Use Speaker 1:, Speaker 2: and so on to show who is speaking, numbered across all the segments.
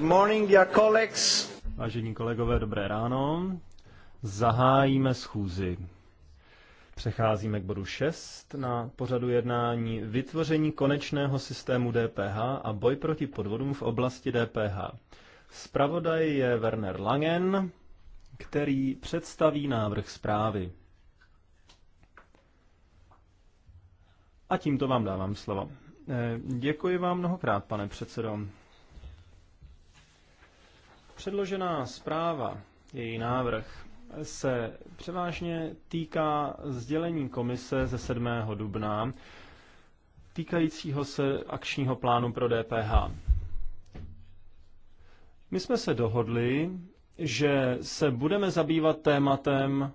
Speaker 1: morning, dear colleagues. Vážení kolegové, dobré ráno. Zahájíme schůzi. Přecházíme k bodu 6 na pořadu jednání vytvoření konečného systému DPH a boj proti podvodům v oblasti DPH. Spravodaj je Werner Langen, který představí návrh zprávy. A tímto vám dávám slovo. Eh, děkuji vám mnohokrát, pane předsedo. Předložená zpráva, její návrh, se převážně týká sdělení komise ze 7. dubna týkajícího se akčního plánu pro DPH. My jsme se dohodli, že se budeme zabývat tématem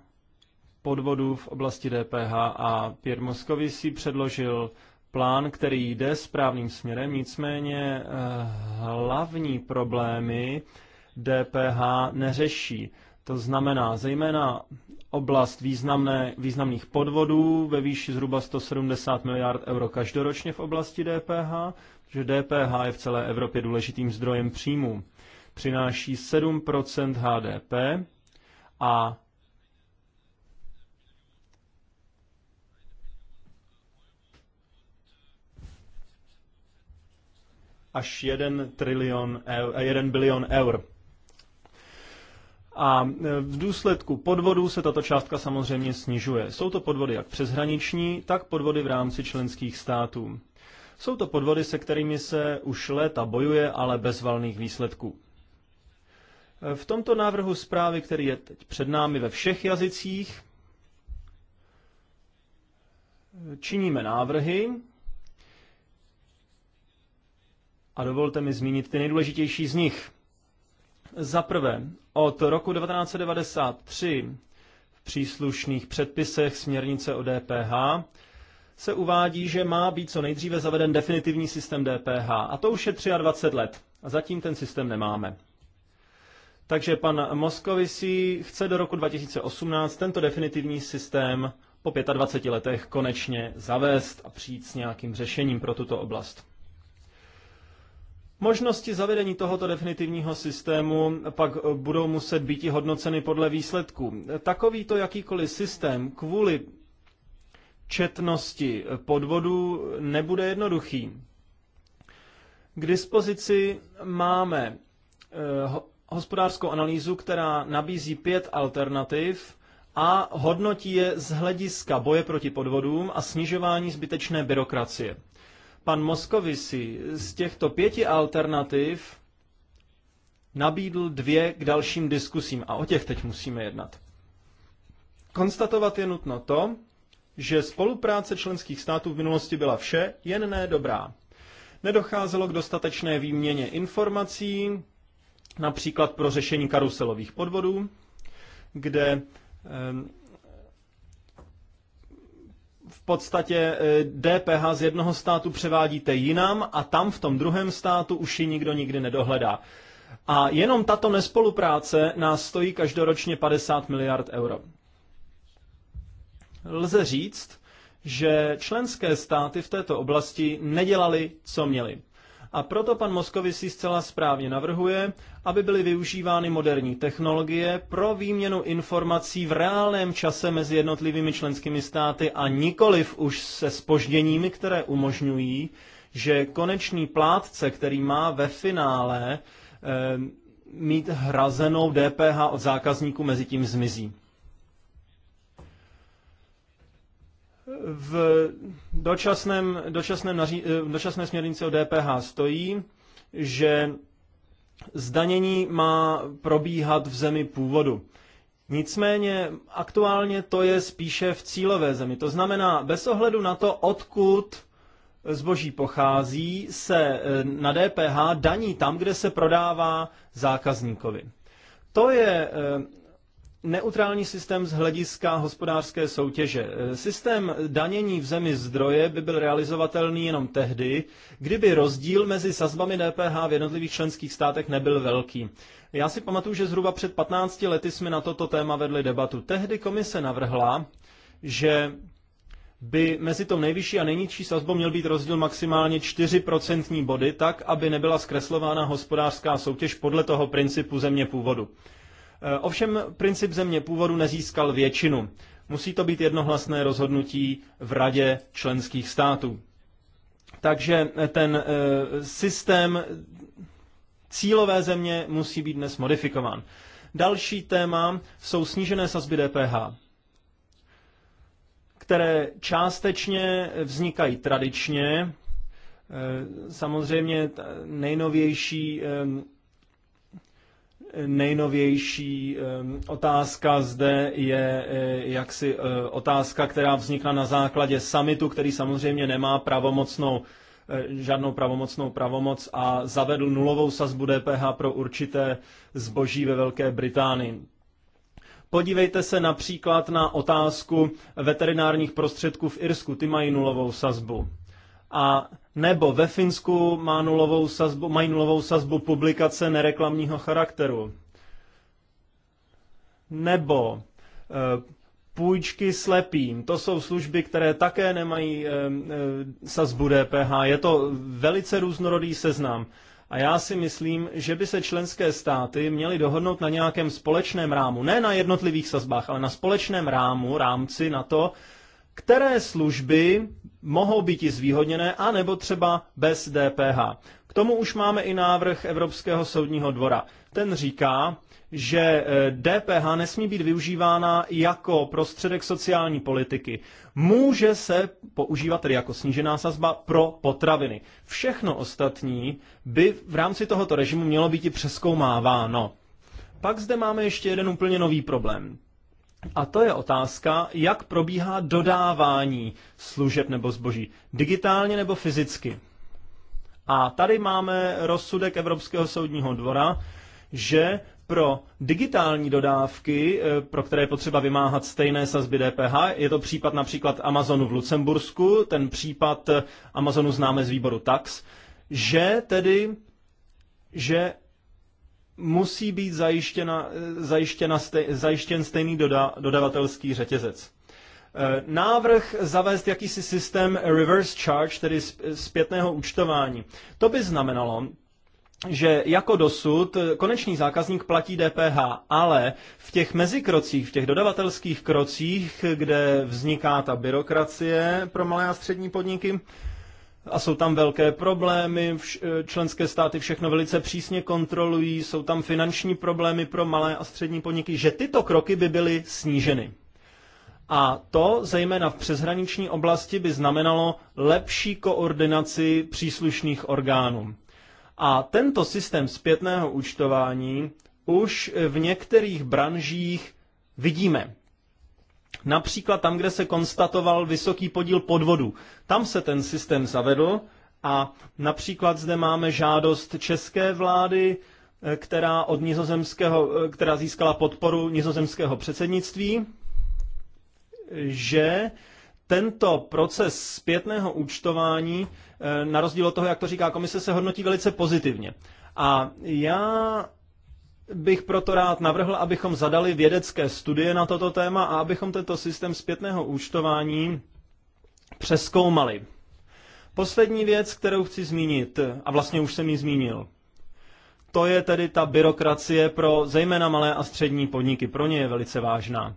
Speaker 1: podvodů v oblasti DPH a Pierre si předložil plán, který jde správným směrem, nicméně eh, hlavní problémy DPH neřeší. To znamená zejména oblast významné, významných podvodů ve výši zhruba 170 miliard euro každoročně v oblasti DPH, že DPH je v celé Evropě důležitým zdrojem příjmů. Přináší 7 HDP a až 1 trilion, 1 e- bilion eur. A e, v důsledku podvodů se tato částka samozřejmě snižuje. Jsou to podvody jak přeshraniční, tak podvody v rámci členských států. Jsou to podvody, se kterými se už léta bojuje, ale bez valných výsledků. E, v tomto návrhu zprávy, který je teď před námi ve všech jazycích, činíme návrhy a dovolte mi zmínit ty nejdůležitější z nich. Za prvé, od roku 1993 v příslušných předpisech směrnice o DPH se uvádí, že má být co nejdříve zaveden definitivní systém DPH. A to už je 23 let. A zatím ten systém nemáme. Takže pan Moskovisí chce do roku 2018 tento definitivní systém po 25 letech konečně zavést a přijít s nějakým řešením pro tuto oblast. Možnosti zavedení tohoto definitivního systému pak eh, budou muset být i hodnoceny podle výsledků. Takovýto jakýkoliv systém kvůli četnosti eh, podvodů nebude jednoduchý. K dispozici máme eh, hospodářskou analýzu, která nabízí pět alternativ a hodnotí je z hlediska boje proti podvodům a snižování zbytečné byrokracie pan Moskovisi z těchto pěti alternativ nabídl dvě k dalším diskusím a o těch teď musíme jednat. Konstatovat je nutno to, že spolupráce členských států v minulosti byla vše, jen ne dobrá. Nedocházelo k dostatečné výměně informací, například pro řešení karuselových podvodů, kde podstatě DPH eh, z jednoho státu převádíte jinam a tam v tom druhém státu už ji nikdo nikdy nedohledá. A jenom tato nespolupráce nás stojí každoročně 50 miliard euro. Lze říct, že členské státy v této oblasti nedělali, co měli. A proto pan Moskovici zcela správně navrhuje, aby byly využívány moderní technologie pro výměnu informací v reálném čase mezi jednotlivými členskými státy a nikoliv už se spožděními, které umožňují, že konečný plátce, který má ve finále e, mít hrazenou DPH od zákazníků, mezi tím zmizí. V dočasném, dočasném naří, eh, dočasné směrnici o DPH stojí, že zdanění má probíhat v zemi původu. Nicméně aktuálně to je spíše v cílové zemi. To znamená, bez ohledu na to, odkud zboží pochází, se eh, na DPH daní tam, kde se prodává zákazníkovi. To je eh, neutrální systém z hlediska hospodářské soutěže. Eh, systém danění v zemi zdroje by byl realizovatelný jenom tehdy, kdyby rozdíl mezi sazbami DPH v jednotlivých členských státech nebyl velký. Já si pamatuju, že zhruba před 15 lety jsme na toto téma vedli debatu. Tehdy komise navrhla, že by mezi tou nejvyšší a nejnižší sazbou měl být rozdíl maximálně 4% body, tak, aby nebyla zkreslována hospodářská soutěž podle toho principu země původu. Eh, ovšem princip země původu nezískal většinu. Musí to být jednohlasné rozhodnutí v radě členských států. Takže eh, ten eh, systém cílové země musí být dnes modifikován. Další téma jsou snížené sazby DPH, které částečně vznikají tradičně. Samozřejmě nejnovější nejnovější ehm, otázka zde je eh, jaksi eh, otázka, která vznikla na základě summitu, který samozřejmě nemá pravomocnou eh, žádnou pravomocnou pravomoc a zavedl nulovou sazbu DPH pro určité zboží ve Velké Británii. Podívejte se například na otázku veterinárních prostředků v Irsku, ty mají nulovou sazbu a nebo ve Finsku má nulovou sazbu, mají nulovou sazbu publikace nereklamního charakteru. Nebo e, půjčky slepým. To jsou služby, které také nemají e, e, sazbu DPH. Je to velice různorodý seznam. A já si myslím, že by se členské státy měly dohodnout na nějakém společném rámu. Ne na jednotlivých sazbách, ale na společném rámu, rámci na to, které služby mohou být i zvýhodněné, anebo třeba bez DPH. K tomu už máme i návrh Evropského soudního dvora. Ten říká, že DPH eh, nesmí být využívána jako prostředek sociální politiky. Může se používat tedy jako snížená sazba pro potraviny. Všechno ostatní by v rámci tohoto režimu mělo být i přeskoumáváno. Pak zde máme ještě jeden úplně nový problém. A to je otázka, jak probíhá dodávání služeb nebo zboží, digitálně nebo fyzicky. A tady máme rozsudek Evropského soudního dvora, že pro digitální dodávky, eh, pro které je potřeba vymáhat stejné sazby DPH, je to případ například Amazonu v Lucembursku, ten případ eh, Amazonu známe z výboru Tax, že tedy že musí být zajištěna, zajištěna stej, zajištěn stejný doda, dodavatelský řetězec. Eh, návrh zavést jakýsi systém reverse charge, tedy zpětného účtování. To by znamenalo, že jako dosud eh, konečný zákazník platí DPH, ale v těch mezikrocích, v těch dodavatelských krocích, kde vzniká ta byrokracie pro malé a střední podniky, a jsou tam velké problémy, eh, členské státy všechno velice přísně kontrolují, jsou tam finanční problémy pro malé a střední podniky, že tyto kroky by byly sníženy. A to, zejména v přeshraniční oblasti, by znamenalo lepší koordinaci příslušných orgánů. A tento systém zpětného účtování už v některých branžích vidíme. Například tam, kde se konstatoval vysoký podíl podvodu. Tam se ten systém zavedl a například zde máme žádost české vlády, e, která, od nizozemského, e, která získala podporu nizozemského předsednictví, že tento proces zpětného účtování, e, na rozdíl od toho, jak to říká komise, se hodnotí velice pozitivně. A já bych proto rád navrhl, abychom zadali vědecké studie na toto téma a abychom tento systém zpětného účtování přeskoumali. Poslední věc, kterou chci zmínit, a vlastně už jsem ji zmínil, to je tedy ta byrokracie pro zejména malé a střední podniky. Pro ně je velice vážná,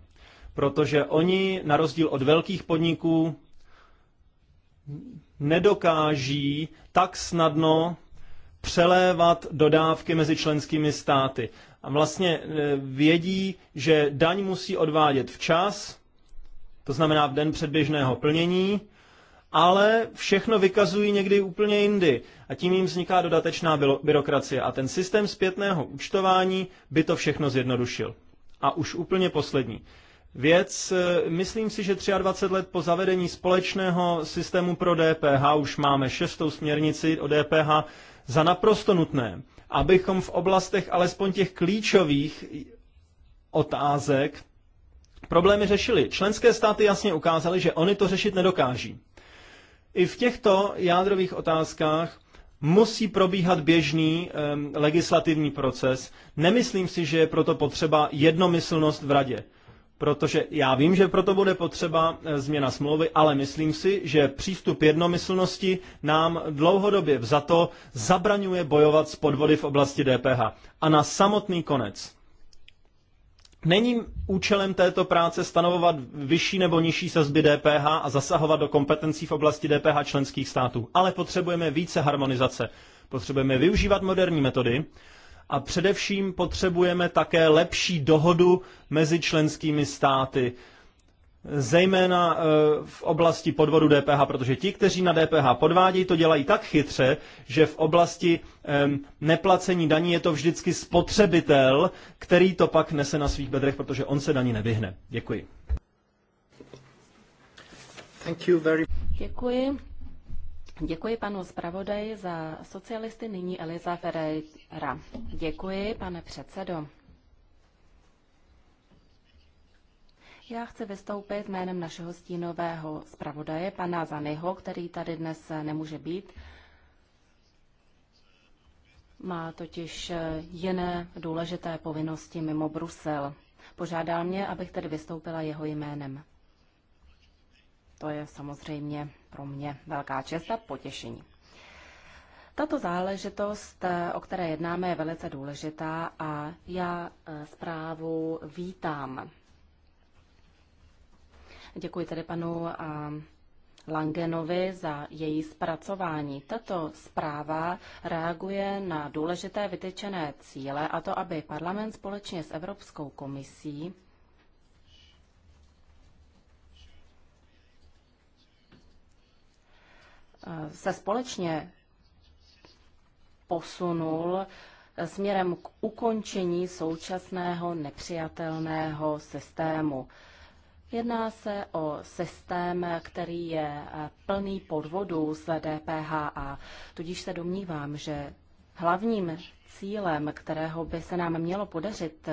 Speaker 1: protože oni, na rozdíl od velkých podniků, nedokáží tak snadno přelévat dodávky mezi členskými státy. A vlastně e, vědí, že daň musí odvádět včas, to znamená v den předběžného plnění, ale všechno vykazují někdy úplně jindy a tím jim vzniká dodatečná byrokracie a ten systém zpětného účtování by to všechno zjednodušil. A už úplně poslední věc. E, myslím si, že 23 let po zavedení společného systému pro DPH už máme šestou směrnici o DPH, za naprosto nutné, abychom v oblastech alespoň těch klíčových otázek problémy řešili. Členské státy jasně ukázaly, že oni to řešit nedokáží. I v těchto jádrových otázkách musí probíhat běžný um, legislativní proces. Nemyslím si, že je proto potřeba jednomyslnost v radě protože já vím, že proto bude potřeba e, změna smlouvy, ale myslím si, že přístup jednomyslnosti nám dlouhodobě za to zabraňuje bojovat s podvody v oblasti DPH. A na samotný konec. Není účelem této práce stanovovat vyšší nebo nižší sazby DPH a zasahovat do kompetencí v oblasti DPH členských států, ale potřebujeme více harmonizace. Potřebujeme využívat moderní metody a především potřebujeme také lepší dohodu mezi členskými státy, zejména e, v oblasti podvodu DPH, protože ti, kteří na DPH podvádějí, to dělají tak chytře, že v oblasti neplacení daní je to vždycky spotřebitel, který to pak nese na svých bedrech, protože on se daní nevyhne. Děkuji. Thank you very...
Speaker 2: Děkuji. Děkuji panu zpravodaji za socialisty, nyní Eliza Ferreira. Děkuji, pane předsedo. Já chci vystoupit jménem našeho stínového zpravodaje, pana Zanyho, který tady dnes nemůže být. Má totiž jiné důležité povinnosti mimo Brusel. Požádal mě, abych tedy vystoupila jeho jménem to je samozřejmě pro mě velká čest a potěšení. Tato záležitost, eh, o které jednáme, je velice důležitá a já eh, zprávu vítám. Děkuji tedy panu eh, Langenovi za její zpracování. Tato zpráva reaguje na důležité vytyčené cíle, a to aby parlament společně s Evropskou komisí se společně posunul směrem k ukončení současného nepřijatelného systému. Jedná se o systém, který je plný podvodů z DPH a tudíž se domnívám, že hlavním cílem, kterého by se nám mělo podařit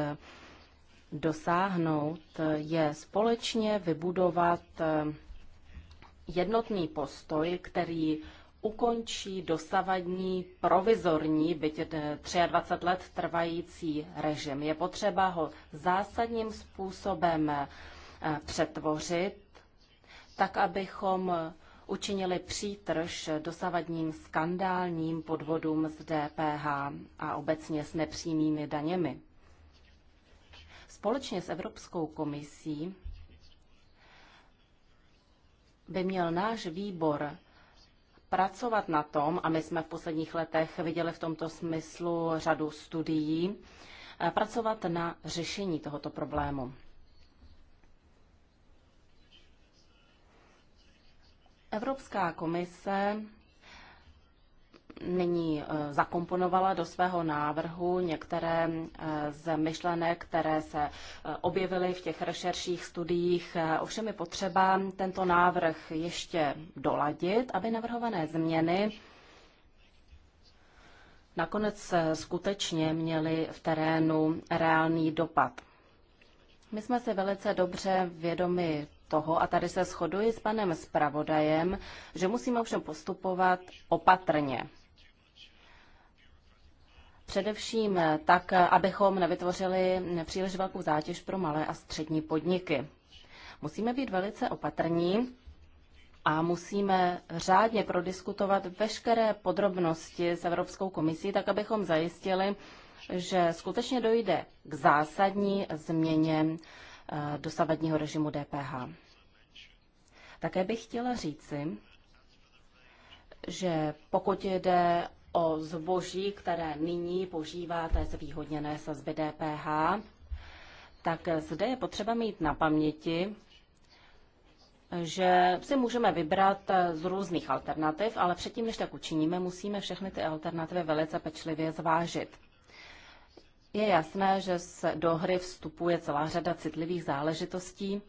Speaker 2: dosáhnout, je společně vybudovat jednotný postoj, který ukončí dosavadní provizorní, byť 23 let trvající režim. Je potřeba ho zásadním způsobem eh, přetvořit, tak abychom učinili přítrž dosavadním skandálním podvodům s DPH a obecně s nepřímými daněmi. Společně s Evropskou komisí by měl náš výbor pracovat na tom, a my jsme v posledních letech viděli v tomto smyslu řadu studií, eh, pracovat na řešení tohoto problému. Evropská komise nyní eh, zakomponovala do svého návrhu některé eh, z myšlenek, které se eh, objevily v těch rešerších studiích. Ovšem je potřeba tento návrh ještě doladit, aby navrhované změny nakonec skutečně měly v terénu reálný dopad. My jsme si velice dobře vědomi toho, a tady se shoduji s panem zpravodajem, že musíme ovšem postupovat opatrně. Především tak, abychom nevytvořili příliš velkou zátěž pro malé a střední podniky. Musíme být velice opatrní a musíme řádně prodiskutovat veškeré podrobnosti s Evropskou komisí, tak abychom zajistili, že skutečně dojde k zásadní změně eh, dosavadního režimu DPH. Také bych chtěla říci, že pokud jde o zboží, které nyní požíváte z výhodněné sazby DPH, tak zde je potřeba mít na paměti, že si můžeme vybrat z různých alternativ, ale předtím, než tak učiníme, musíme všechny ty alternativy velice pečlivě zvážit. Je jasné, že se do hry vstupuje celá řada citlivých záležitostí,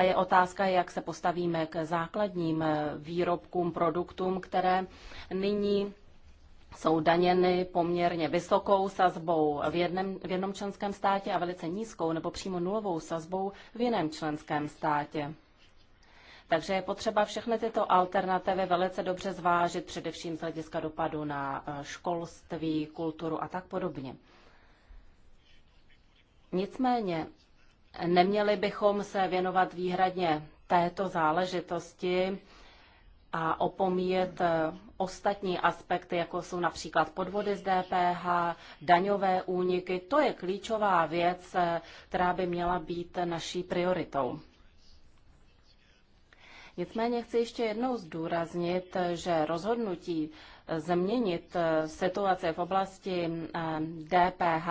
Speaker 2: a je otázka, jak se postavíme k základním eh, výrobkům, produktům, které nyní jsou daněny poměrně vysokou sazbou v, jednem, v jednom členském státě a velice nízkou nebo přímo nulovou sazbou v jiném členském státě. Takže je potřeba všechny tyto alternativy velice dobře zvážit, především z hlediska dopadu na eh, školství, kulturu a tak podobně. Nicméně Neměli bychom se věnovat výhradně této záležitosti a opomíjet eh, ostatní aspekty, jako jsou například podvody z DPH, daňové úniky. To je klíčová věc, eh, která by měla být naší prioritou. Nicméně chci ještě jednou zdůraznit, eh, že rozhodnutí změnit situaci v oblasti DPH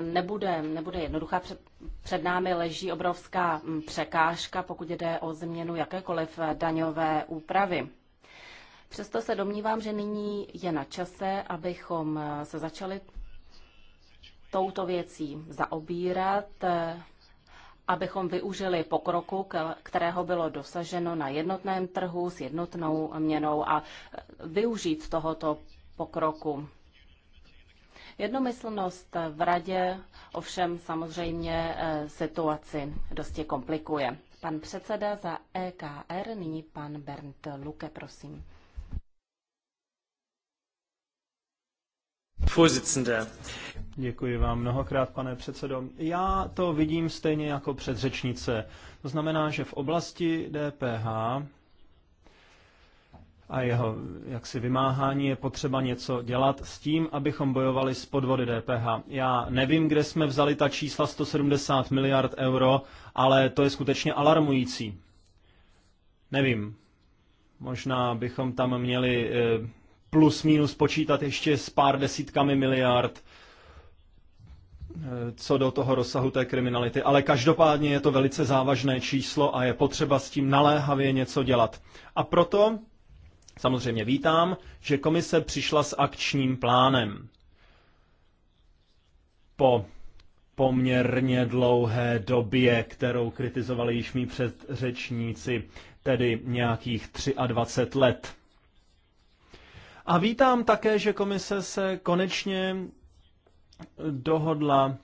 Speaker 2: nebude, nebude jednoduchá před námi leží obrovská mm, překážka, pokud jde o změnu jakékoliv eh, daňové úpravy. Přesto se domnívám, že nyní je na čase, abychom eh, se začali touto věcí zaobírat, eh, abychom využili pokroku, kterého bylo dosaženo na jednotném trhu s jednotnou měnou a využít tohoto pokroku. Jednomyslnost v radě ovšem samozřejmě eh, situaci dosti komplikuje. Pan předseda za EKR, nyní pan Bernd Luke, prosím.
Speaker 1: Děkuji vám mnohokrát, pane předsedo. Já to vidím stejně jako předřečnice. To znamená, že v oblasti DPH a jeho jaksi vymáhání je potřeba něco dělat s tím, abychom bojovali s podvody DPH. Já nevím, kde jsme vzali ta čísla 170 miliard euro, ale to je skutečně alarmující. Nevím. Možná bychom tam měli eh, plus minus počítat ještě s pár desítkami miliard eh, co do toho rozsahu té kriminality. Ale každopádně je to velice závažné číslo a je potřeba s tím naléhavě něco dělat. A proto Samozřejmě vítám, že komise přišla s akčním plánem. Po poměrně dlouhé době, kterou kritizovali již mý předřečníci, tedy nějakých 23 let. A vítám také, že komise se konečně dohodla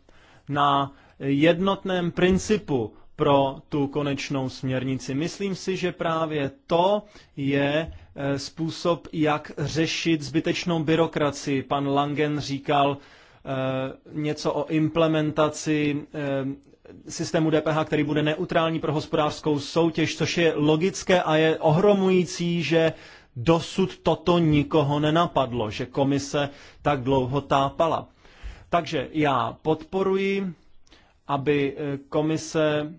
Speaker 1: na jednotném principu pro tu konečnou směrnici. Myslím si, že právě to je e, způsob, jak řešit zbytečnou byrokracii. Pan Langen říkal e, něco o implementaci e, systému DPH, který bude neutrální pro hospodářskou soutěž, což je logické a je ohromující, že dosud toto nikoho nenapadlo, že komise tak dlouho tápala. Takže já podporuji, aby komise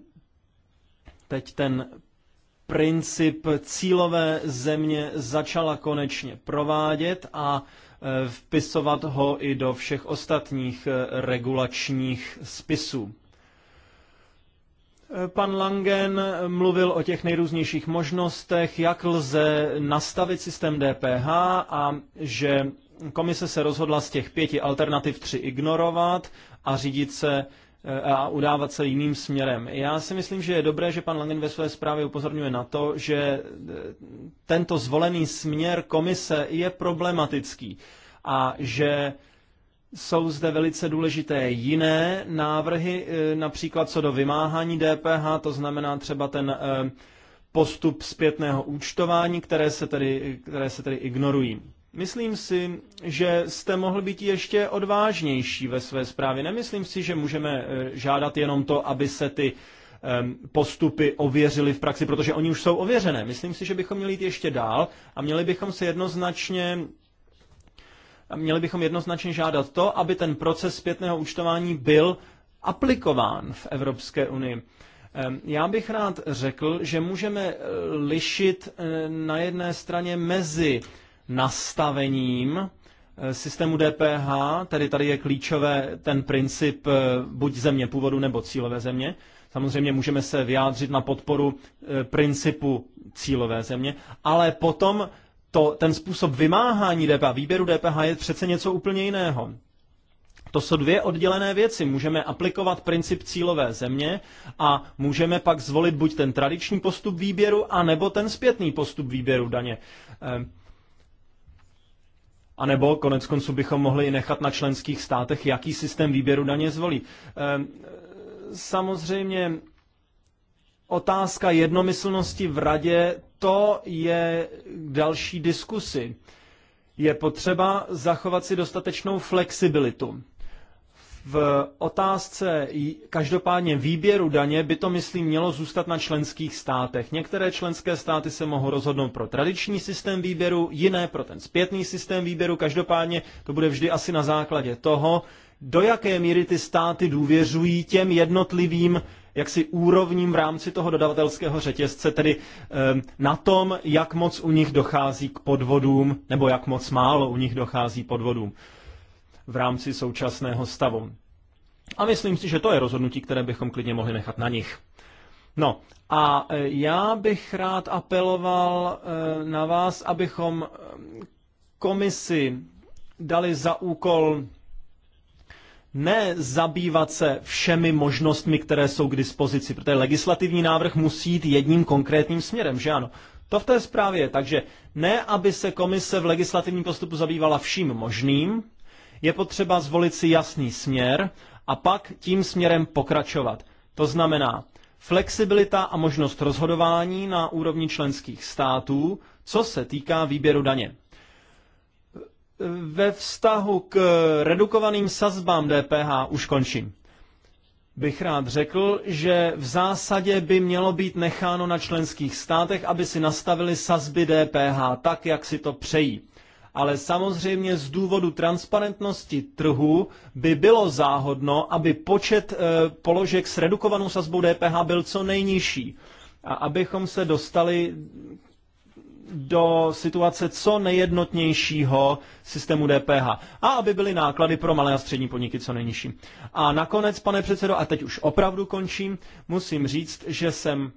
Speaker 1: Teď ten princip cílové země začala konečně provádět a e, vpisovat ho i do všech ostatních e, regulačních spisů. E, pan Langen mluvil o těch nejrůznějších možnostech, jak lze nastavit systém DPH a že komise se rozhodla z těch pěti alternativ tři ignorovat a řídit se a udávat se jiným směrem. Já si myslím, že je dobré, že pan Langen ve své zprávě upozorňuje na to, že e, tento zvolený směr komise je problematický a že jsou zde velice důležité jiné návrhy, e, například co do vymáhání DPH, to znamená třeba ten e, postup zpětného účtování, které se tedy, které se tedy ignorují. Myslím si, že jste mohl být ještě odvážnější ve své zprávě. Nemyslím si, že můžeme eh, žádat jenom to, aby se ty ehm, postupy ověřili v praxi, protože oni už jsou ověřené. Myslím si, že bychom měli jít ještě dál a měli bychom se jednoznačně měli bychom jednoznačně žádat to, aby ten proces zpětného účtování byl aplikován v Evropské unii. Ehm, já bych rád řekl, že můžeme eh, lišit eh, na jedné straně mezi nastavením eh, systému DPH, tedy tady je klíčové ten princip eh, buď země původu nebo cílové země. Samozřejmě můžeme se vyjádřit na podporu eh, principu cílové země, ale potom to, ten způsob vymáhání DPH, výběru DPH je přece něco úplně jiného. To jsou dvě oddělené věci. Můžeme aplikovat princip cílové země a můžeme pak zvolit buď ten tradiční postup výběru, anebo ten zpětný postup výběru daně. Ehm, a nebo konec konců bychom mohli i nechat na členských státech, jaký systém výběru daně zvolí. Ehm, samozřejmě otázka jednomyslnosti v radě, to je další diskusi. Je potřeba zachovat si dostatečnou flexibilitu v otázce každopádně výběru daně by to, myslím, mělo zůstat na členských státech. Některé členské státy se mohou rozhodnout pro tradiční systém výběru, jiné pro ten zpětný systém výběru. Každopádně to bude vždy asi na základě toho, do jaké míry ty státy důvěřují těm jednotlivým jaksi úrovním v rámci toho dodavatelského řetězce, tedy na tom, jak moc u nich dochází k podvodům, nebo jak moc málo u nich dochází podvodům v rámci současného stavu. A myslím si, že to je rozhodnutí, které bychom klidně mohli nechat na nich. No a e, já bych rád apeloval e, na vás, abychom e, komisi dali za úkol ne zabývat se všemi možnostmi, které jsou k dispozici, protože legislativní návrh musí jít jedním konkrétním směrem, že ano? To v té zprávě je, takže ne, aby se komise v legislativním postupu zabývala vším možným, je potřeba zvolit si jasný směr a pak tím směrem pokračovat. To znamená flexibilita a možnost rozhodování na úrovni členských států, co se týká výběru daně. Ve vztahu k redukovaným sazbám DPH už končím bych rád řekl, že v zásadě by mělo být necháno na členských státech, aby si nastavili sazby DPH tak, jak si to přejí ale samozřejmě z důvodu transparentnosti trhu by bylo záhodno, aby počet eh, položek s redukovanou sazbou DPH byl co nejnižší. A abychom se dostali do situace co nejjednotnějšího systému DPH a aby byly náklady pro malé a střední podniky co nejnižší. A nakonec, pane předsedo, a teď už opravdu končím, musím říct, že jsem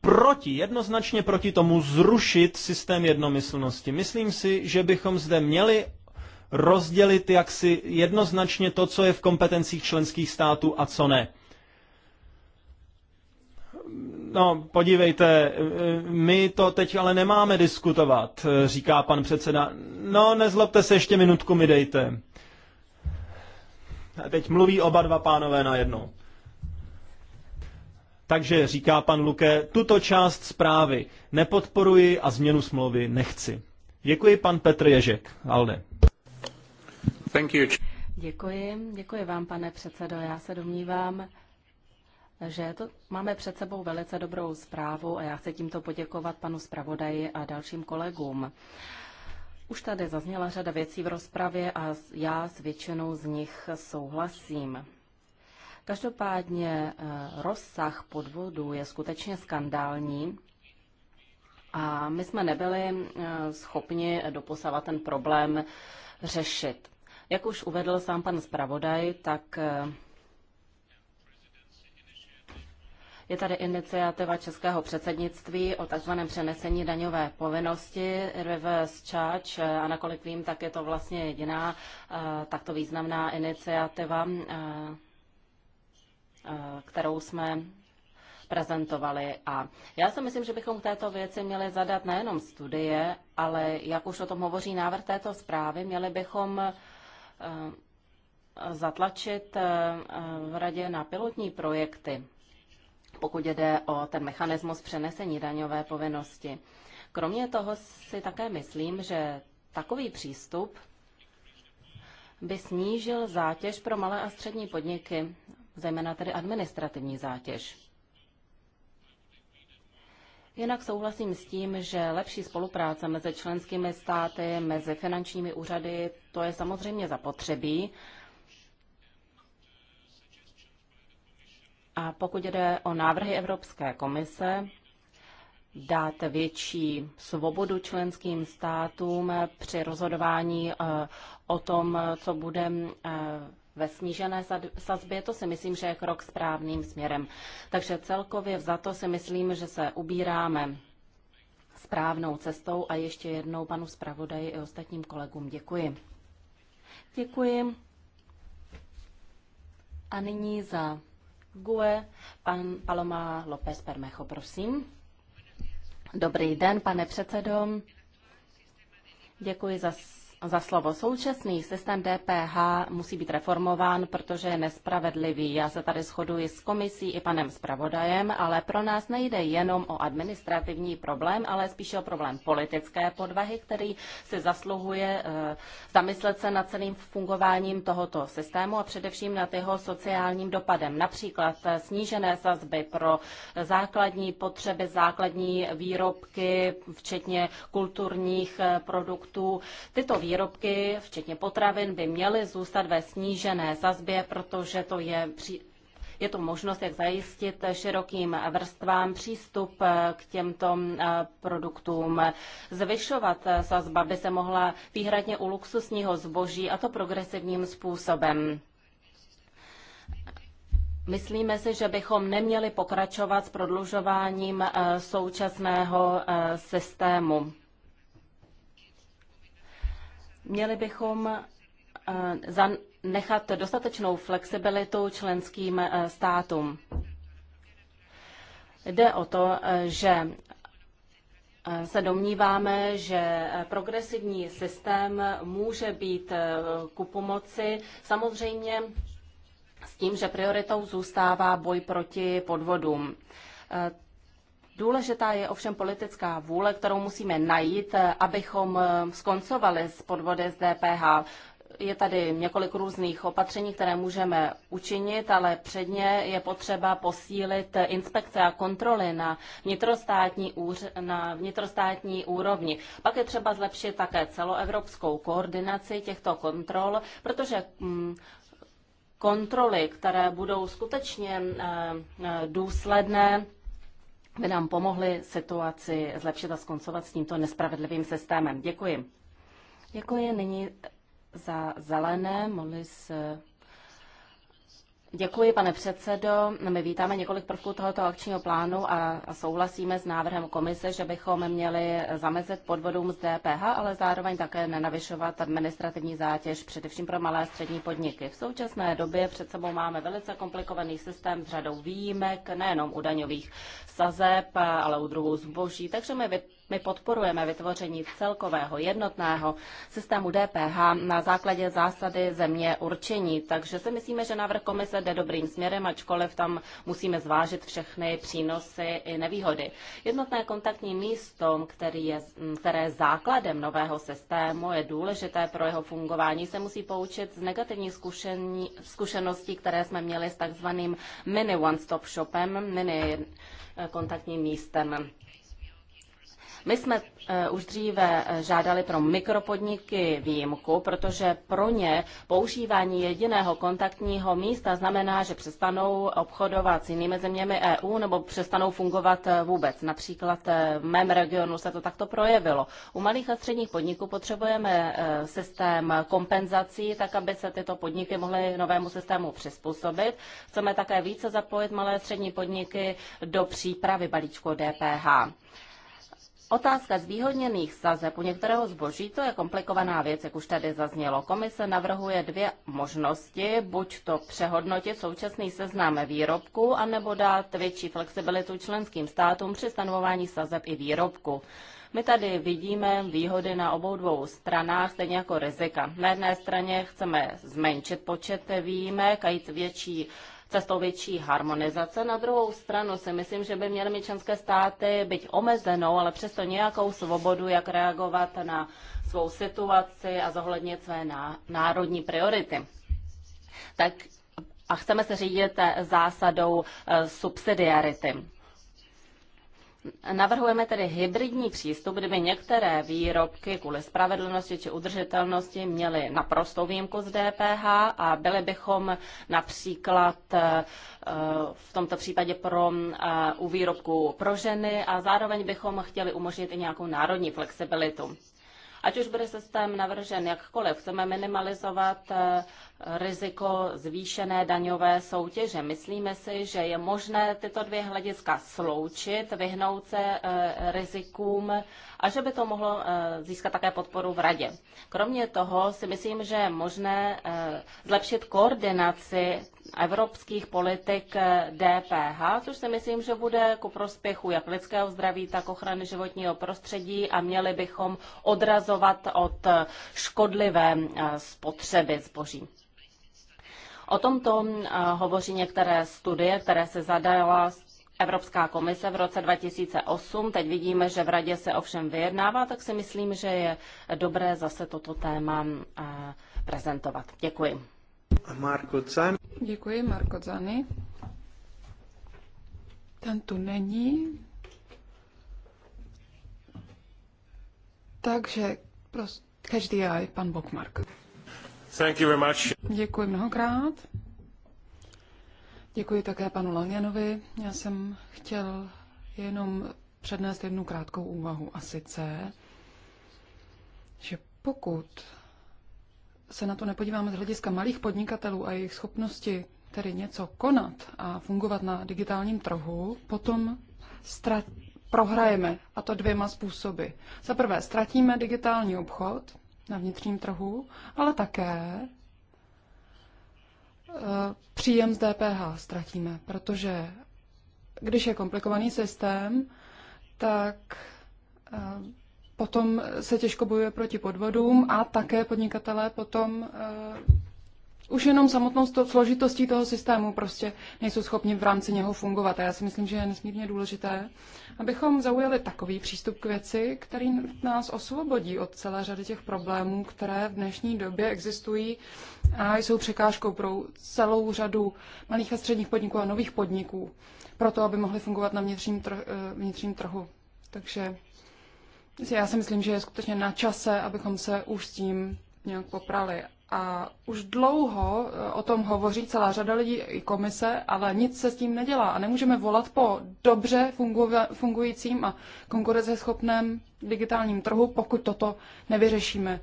Speaker 1: proti, jednoznačně proti tomu zrušit systém jednomyslnosti. Myslím si, že bychom zde měli rozdělit jaksi jednoznačně to, co je v kompetencích členských států a co ne. No, podívejte, my to teď ale nemáme diskutovat, říká pan předseda. No, nezlobte se, ještě minutku mi dejte. A teď mluví oba dva pánové najednou. Takže říká pan Luke, tuto část zprávy nepodporuji a změnu smlouvy nechci. Děkuji pan Petr Ježek. Alde. Thank you.
Speaker 2: Děkuji, děkuji vám, pane předsedo. Já se domnívám, že to máme před sebou velice dobrou zprávu a já chci tímto poděkovat panu zpravodaji a dalším kolegům. Už tady zazněla řada věcí v rozpravě a já s většinou z nich souhlasím. Každopádně eh, rozsah podvodu je skutečně skandální a my jsme nebyli eh, schopni doposavat ten problém řešit. Jak už uvedl sám pan zpravodaj, tak eh, je tady iniciativa českého předsednictví o takzvaném přenesení daňové povinnosti reverse charge a nakolik vím, tak je to vlastně jediná takto významná iniciativa Eh, kterou jsme prezentovali. A já si myslím, že bychom k této věci měli zadat nejenom studie, ale jak už o tom hovoří návrh této zprávy, měli bychom eh, zatlačit eh, v radě na pilotní projekty, pokud jde o ten mechanismus přenesení daňové povinnosti. Kromě toho si také myslím, že takový přístup by snížil zátěž pro malé a střední podniky zejména tedy administrativní zátěž. Jinak souhlasím s tím, že lepší spolupráce mezi členskými státy, mezi finančními úřady, to je samozřejmě zapotřebí. A pokud jde o návrhy Evropské komise, dát větší svobodu členským státům při rozhodování eh, o tom, co bude eh, ve snížené sazbě, to si myslím, že je krok správným směrem. Takže celkově za to si myslím, že se ubíráme správnou cestou a ještě jednou panu zpravodaji i ostatním kolegům děkuji. Děkuji. A nyní za GUE pan Paloma López Permecho, prosím. Dobrý den, pane předsedo. Děkuji za za slovo. Současný systém DPH musí být reformován, protože je nespravedlivý. Já se tady shoduji s komisí i panem zpravodajem, ale pro nás nejde jenom o administrativní problém, ale spíše o problém politické podvahy, který se zasluhuje e, zamyslet se nad celým fungováním tohoto systému a především nad jeho sociálním dopadem. Například eh, snížené sazby pro základní potřeby, základní výrobky, včetně kulturních eh, produktů. Tyto výrobky výrobky, včetně potravin, by měly zůstat ve snížené sazbě, protože to je při... Je to možnost, jak zajistit širokým vrstvám přístup eh, k těmto eh, produktům. Zvyšovat eh, sazba by se mohla výhradně u luxusního zboží, a to progresivním způsobem. Myslíme si, že bychom neměli pokračovat s prodlužováním současného systému. Měli bychom eh, nechat dostatečnou flexibilitu členským eh, státům. Jde o to, eh, že se domníváme, že progresivní systém může být ku pomoci. Samozřejmě s tím, že prioritou zůstává boj proti podvodům. Důležitá je ovšem politická vůle, kterou musíme najít, eh, abychom eh, skoncovali s podvody z DPH. Je tady několik různých opatření, které můžeme učinit, ale předně je potřeba posílit inspekce a kontroly na vnitrostátní, úř, na vnitrostátní úrovni. Pak je třeba zlepšit také celoevropskou koordinaci těchto kontrol, protože hm, kontroly, které budou skutečně eh, důsledné, by nám pomohly situaci zlepšit a skoncovat s tímto nespravedlivým systémem. Děkuji. Děkuji nyní za zelené, Molis eh, Děkuji, pane předsedo. My vítáme několik prvků tohoto akčního plánu a souhlasíme s návrhem komise, že bychom měli zamezit podvodům z DPH, ale zároveň také nenavyšovat administrativní zátěž, především pro malé a střední podniky. V současné době před sebou máme velice komplikovaný systém s řadou výjimek, nejenom u daňových sazeb, ale u druhů zboží, takže my my podporujeme vytvoření celkového jednotného systému DPH na základě zásady země určení, takže si myslíme, že návrh komise jde dobrým směrem, ačkoliv tam musíme zvážit všechny přínosy i nevýhody. Jednotné kontaktní místo, který je, které je základem nového systému, je důležité pro jeho fungování, se musí poučit z negativních zkušeností, které jsme měli s takzvaným mini one-stop shopem, mini kontaktním místem. My jsme eh, už dříve eh, žádali pro mikropodniky výjimku, protože pro ně používání jediného kontaktního místa znamená, že přestanou obchodovat s jinými zeměmi EU nebo přestanou fungovat eh, vůbec. Například v mém regionu se to takto projevilo. U malých a středních podniků potřebujeme systém kompenzací, tak aby se tyto podniky mohly novému systému přizpůsobit. Chceme také více zapojit malé a střední podniky do přípravy balíčku DPH. Otázka zvýhodněných sazeb u některého zboží, to je komplikovaná věc, jak už tady zaznělo. Komise navrhuje dvě možnosti, buď to přehodnotit současný seznam výrobku, anebo dát větší flexibilitu členským státům při stanovování sazeb i výrobku. My tady vidíme výhody na obou dvou stranách, stejně jako rizika. Na jedné straně chceme zmenšit počet výjimek a jít větší cestou větší harmonizace. Na druhou stranu si myslím, že by měly mít členské státy být omezenou, ale přesto nějakou svobodu, jak reagovat na svou situaci a zohlednit své národní priority. Tak a chceme se řídit zásadou eh, subsidiarity. Navrhujeme tedy hybridní přístup, kdyby některé výrobky kvůli spravedlnosti či udržitelnosti měly naprostou výjimku z DPH a byli bychom například eh, v tomto případě pro, eh, u výrobku pro ženy a zároveň bychom chtěli umožnit i nějakou národní flexibilitu. Ať už bude systém navržen jakkoliv, chceme minimalizovat eh, riziko zvýšené daňové soutěže. Myslíme si, že je možné tyto dvě hlediska sloučit, vyhnout se eh, rizikům a že by to mohlo eh, získat také podporu v radě. Kromě toho si myslím, že je možné zlepšit koordinaci evropských politik DPH, eh, což si myslím, že bude ku prospěchu jak lidského zdraví, tak ochrany životního prostředí a měli bychom odrazovat od eh, škodlivé eh, spotřeby zboží. O tomto hovoří některé studie, které se zadala Evropská komise v roce 2008. Teď vidíme, že v radě se ovšem vyjednává, tak si myslím, že je dobré zase toto téma
Speaker 3: prezentovat. Děkuji.
Speaker 1: Marko Zani.
Speaker 3: Děkuji, Marco Zani. Ten tu není. Takže prostě každý je pan Bokmark. Thank you very much. Děkuji mnohokrát. Děkuji také panu Langenovi. Já jsem chtěl jenom přednést jednu krátkou úvahu a sice, že pokud se na to nepodíváme z hlediska malých podnikatelů a jejich schopnosti tedy něco konat a fungovat na digitálním trhu, potom strat, prohrajeme, a to dvěma způsoby. Za prvé, ztratíme digitální obchod na vnitřním trhu, ale také eh, příjem z DPH ztratíme, protože když je komplikovaný systém, tak eh, potom se těžko bojuje proti podvodům a také podnikatelé potom eh, už jenom samotnou složitostí toho systému prostě nejsou schopni v rámci něho fungovat. A já si myslím, že je nesmírně důležité, abychom zaujali takový přístup k věci, který nás osvobodí od celé řady těch problémů, které v dnešní době existují a jsou překážkou pro celou řadu malých a středních podniků a nových podniků, proto aby mohly fungovat na vnitřním, trh, eh, vnitřním trhu. Takže já si myslím, že je skutečně na čase, abychom se už s tím nějak poprali. A už dlouho eh, o tom hovoří celá řada lidí i komise, ale nic se s tím nedělá. A nemůžeme volat po dobře fungujícím a konkurenceschopném digitálním trhu, pokud toto nevyřešíme.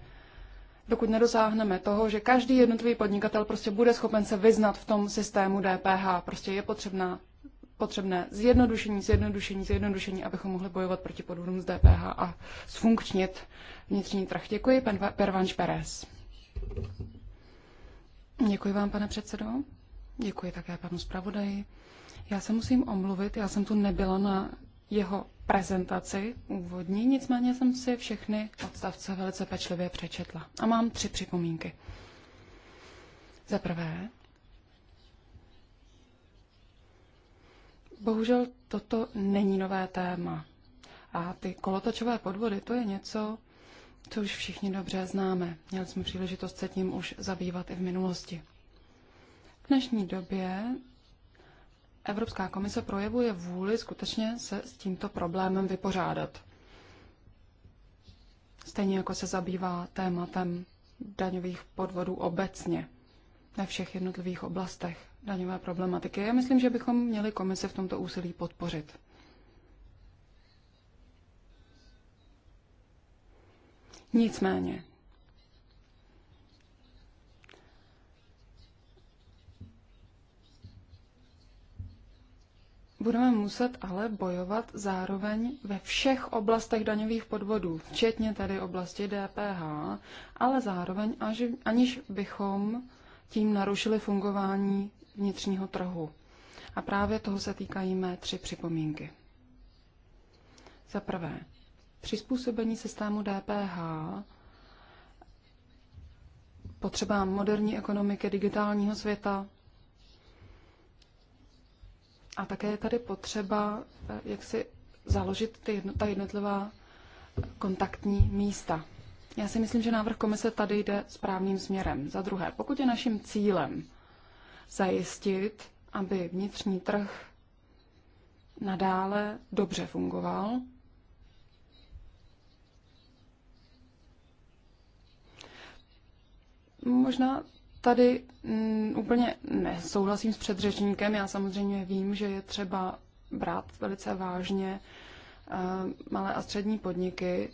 Speaker 3: Dokud nedosáhneme toho, že každý jednotlivý podnikatel prostě bude schopen se vyznat v tom systému DPH. Prostě je potřebná potřebné zjednodušení, zjednodušení, zjednodušení, abychom mohli bojovat proti podvodům z DPH a zfunkčnit vnitřní trh. Děkuji, pan Pervanš Perez. Děkuji vám, pane předsedo. Děkuji také panu zpravodaji. Já se musím omluvit, já jsem tu nebyla na jeho prezentaci úvodní, nicméně jsem si všechny odstavce velice pečlivě přečetla. A mám tři připomínky. Za prvé, Bohužel toto není nové téma. A ty kolotočové podvody, to je něco, co už všichni dobře známe. Měli jsme příležitost se tím už zabývat i v minulosti. V dnešní době Evropská komise projevuje vůli skutečně se s tímto problémem vypořádat. Stejně jako se zabývá tématem daňových podvodů obecně ve všech jednotlivých oblastech daňové problematiky. Já myslím, že bychom měli komise v tomto úsilí podpořit. Nicméně, budeme muset ale bojovat zároveň ve všech oblastech daňových podvodů, včetně tedy oblasti DPH, ale zároveň, aniž bychom tím narušili fungování vnitřního trhu. A právě toho se týkají mé tři připomínky. Za prvé, přizpůsobení systému DPH potřebám moderní ekonomiky digitálního světa. A také je tady potřeba, eh, jak si založit ty jedno, ta jednotlivá kontaktní místa. Já si myslím, že návrh komise tady jde správným směrem. Za druhé, pokud je naším cílem zajistit, aby vnitřní trh nadále dobře fungoval, možná tady mm, úplně nesouhlasím s předřečníkem. Já samozřejmě vím, že je třeba brát velice vážně eh, malé a střední podniky,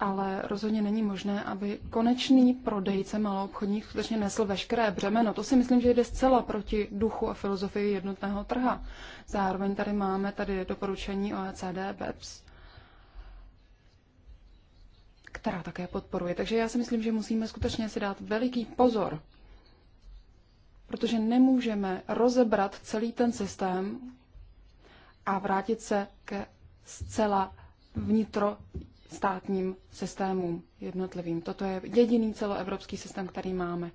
Speaker 3: ale rozhodně není možné, aby konečný prodejce maloobchodních skutečně nesl veškeré břemeno. To si myslím, že jde zcela proti duchu a filozofii jednotného trha. Zároveň tady máme tady doporučení OECD BEPS, která také podporuje. Takže já si myslím, že musíme skutečně si dát veliký pozor, protože nemůžeme rozebrat celý ten systém a vrátit se ke zcela vnitro státním systémům jednotlivým. Toto je jediný celoevropský systém, který máme.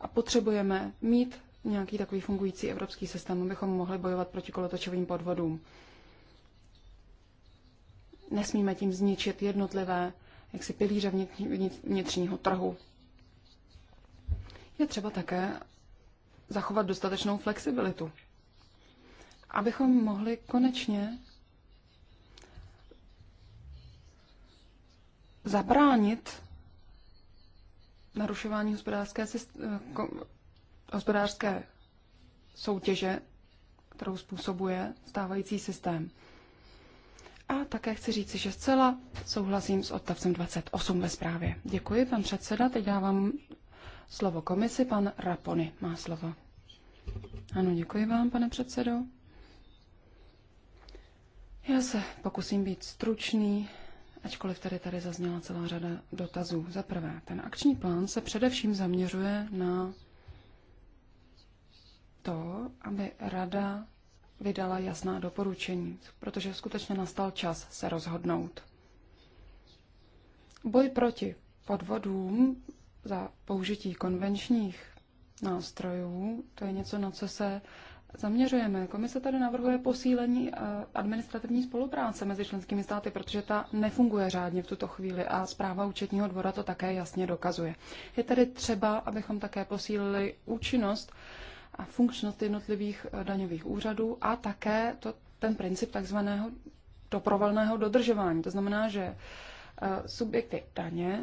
Speaker 3: A potřebujeme mít nějaký takový fungující evropský systém, abychom mohli bojovat proti kolotočovým podvodům. Nesmíme tím zničit jednotlivé jaksi pilíře vnitřního trhu. Je třeba také zachovat dostatečnou flexibilitu, abychom mohli konečně zabránit narušování hospodářské, eh, hospodářské soutěže, kterou způsobuje stávající systém. A také chci říci, že zcela souhlasím s odstavcem 28 ve zprávě. Děkuji, pan předseda. Teď dávám slovo komisi. Pan Rapony má slovo. Ano, děkuji vám, pane předsedo. Já se pokusím být stručný ačkoliv tady tady zazněla celá řada dotazů. Za prvé, ten akční plán se především zaměřuje na to, aby rada vydala jasná doporučení, protože skutečně nastal čas se rozhodnout. Boj proti podvodům za použití konvenčních nástrojů, to je něco, na co se zaměřujeme. Komise tady navrhuje posílení eh, administrativní spolupráce mezi členskými státy, protože ta nefunguje řádně v tuto chvíli a zpráva účetního dvora to také jasně dokazuje. Je tedy třeba, abychom také posílili účinnost a funkčnost jednotlivých eh, daňových úřadů a také to, ten princip takzvaného doprovolného dodržování. To znamená, že eh, subjekty daně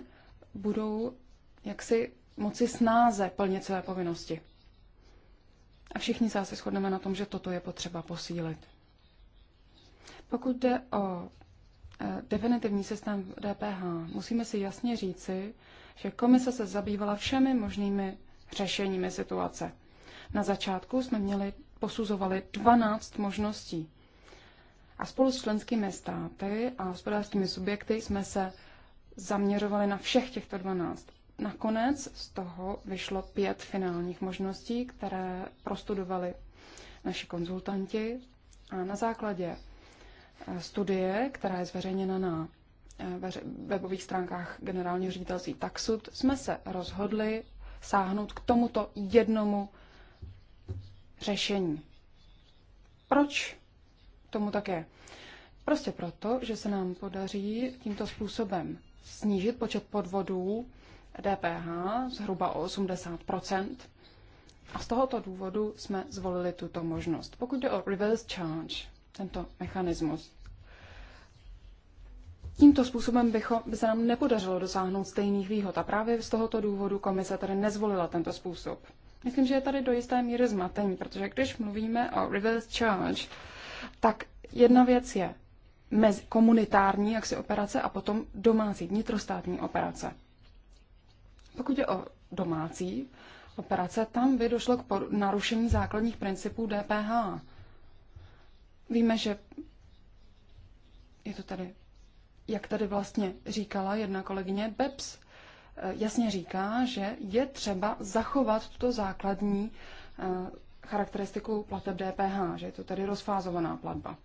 Speaker 3: budou jaksi moci snáze plnit své povinnosti. A všichni se asi shodneme na tom, že toto je potřeba posílit. Pokud jde o eh, definitivní systém DPH, musíme si jasně říci, že komise se zabývala všemi možnými řešeními situace. Na začátku jsme měli, posuzovali 12 možností. A spolu s členskými státy a hospodářskými subjekty jsme se zaměřovali na všech těchto 12 nakonec z toho vyšlo pět finálních možností, které prostudovali naši konzultanti a na základě eh, studie, která je zveřejněna na eh, webových stránkách generálního ředitelství Taxud, jsme se rozhodli sáhnout k tomuto jednomu řešení. Proč tomu tak je? Prostě proto, že se nám podaří tímto způsobem snížit počet podvodů DPH zhruba o 80 a z tohoto důvodu jsme zvolili tuto možnost. Pokud jde o reverse charge, tento mechanismus, Tímto způsobem bychom, by se nám nepodařilo dosáhnout stejných výhod a právě z tohoto důvodu komise tady nezvolila tento způsob. Myslím, že je tady do jisté míry zmatení, protože když mluvíme o reverse charge, tak jedna věc je mezi komunitární jaksi operace a potom domácí vnitrostátní operace. Pokud je o domácí operace, tam by došlo k narušení základních principů DPH. Víme, že je to tady, jak tady vlastně říkala jedna kolegyně, BEPS eh, jasně říká, že je třeba zachovat tuto základní eh, charakteristiku plateb DPH, že je to tedy rozfázovaná platba.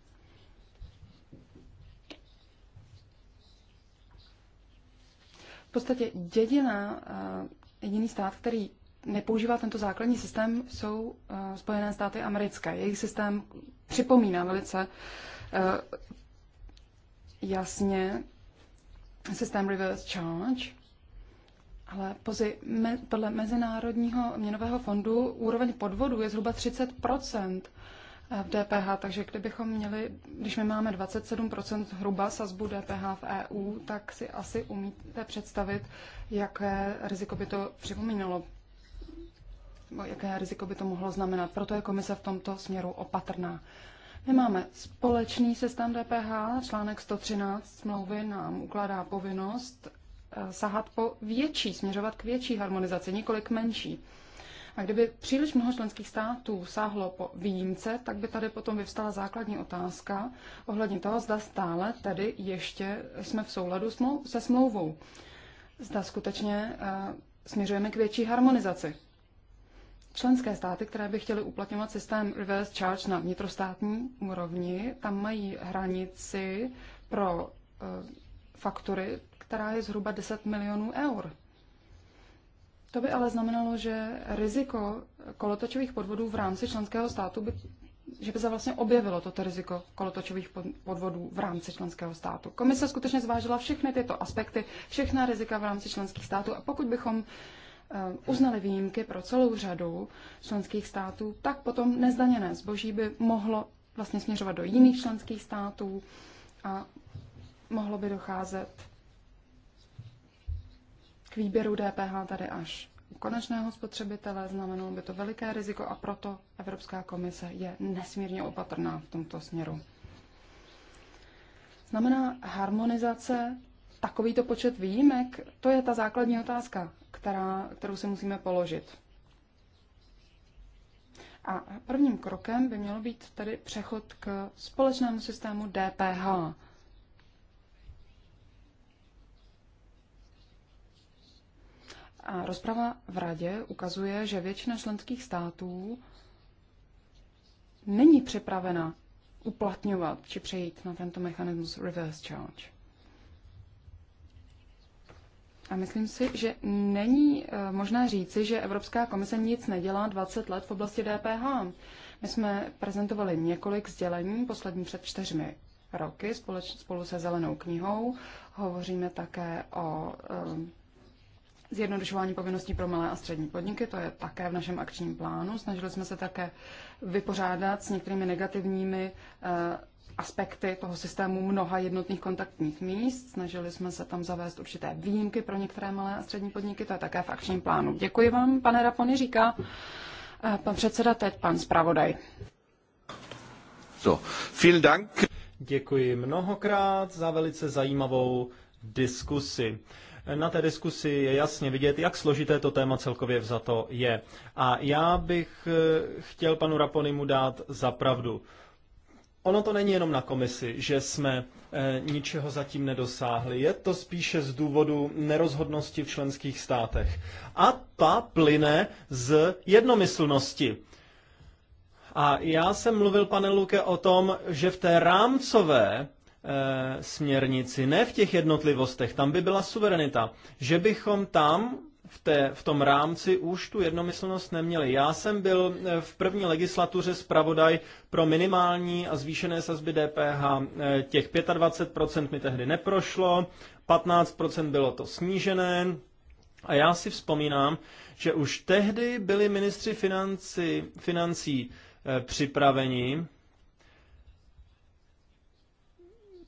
Speaker 3: V podstatě jediná, eh, jediný stát, který nepoužívá tento základní systém, jsou eh, Spojené státy americké. Jejich systém připomíná velice eh, jasně systém reverse charge, ale pozi, me, podle Mezinárodního měnového fondu úroveň podvodu je zhruba 30 v DPH, takže kdybychom měli, když my máme 27% hruba sazbu DPH v EU, tak si asi umíte představit, jaké riziko by to připomínalo jaké riziko by to mohlo znamenat. Proto je komise v tomto směru opatrná. My máme společný systém DPH, článek 113 smlouvy nám ukládá povinnost eh, sahat po větší, směřovat k větší harmonizaci, nikoli k menší. A kdyby příliš mnoho členských států sáhlo po výjimce, tak by tady potom vyvstala základní otázka ohledně toho, zda stále tedy ještě jsme v souladu se smlouvou. Zda skutečně eh, směřujeme k větší harmonizaci. Členské státy, které by chtěly uplatňovat systém reverse charge na vnitrostátní úrovni, tam mají hranici pro eh, faktury, která je zhruba 10 milionů eur. To by ale znamenalo, že riziko kolotočových podvodů v rámci členského státu by že by se vlastně objevilo toto riziko kolotočových podvodů v rámci členského státu. Komise skutečně zvážila všechny tyto aspekty, všechna rizika v rámci členských států a pokud bychom eh, uznali výjimky pro celou řadu členských států, tak potom nezdaněné zboží by mohlo vlastně směřovat do jiných členských států a mohlo by docházet k výběru DPH tady až u konečného spotřebitele, znamenalo by to veliké riziko a proto Evropská komise je nesmírně opatrná v tomto směru. Znamená harmonizace takovýto počet výjimek? To je ta základní otázka, která, kterou si musíme položit. A prvním krokem by mělo být tedy přechod k společnému systému DPH. A rozprava v Radě ukazuje, že většina členských států není připravena uplatňovat či přejít na tento mechanismus reverse charge. A myslím si, že není eh, možné říci, že Evropská komise nic nedělá 20 let v oblasti DPH. My jsme prezentovali několik sdělení poslední před čtyřmi roky spolu se Zelenou knihou. Hovoříme také o um, Zjednodušování povinností pro malé a střední podniky, to je také v našem akčním plánu. Snažili jsme se také vypořádat s některými negativními eh, aspekty toho systému mnoha jednotných kontaktních míst. Snažili jsme se tam zavést určité výjimky pro některé malé a střední podniky, to je také v akčním plánu. Děkuji vám, pane Rapony, říká eh, pan předseda, teď pan zpravodaj.
Speaker 1: So, vielen Dank. Děkuji mnohokrát za velice zajímavou diskusi. Na té diskusi je jasně vidět, jak složité to téma celkově vzato je. A já bych eh, chtěl panu Raponimu dát za pravdu. Ono to není jenom na komisi, že jsme e, ničeho zatím nedosáhli. Je to spíše z důvodu nerozhodnosti v členských státech. A ta plyne z jednomyslnosti. A já jsem mluvil, pane Luke, o tom, že v té rámcové Eh, směrnici, ne v těch jednotlivostech, tam by byla suverenita, že bychom tam v, té, v tom rámci už tu jednomyslnost neměli. Já jsem byl eh, v první legislatuře zpravodaj pro minimální a zvýšené sazby DPH. Eh, těch 25% mi tehdy neprošlo, 15% bylo to snížené. A já si vzpomínám, že už tehdy byli ministři financí financí připraveni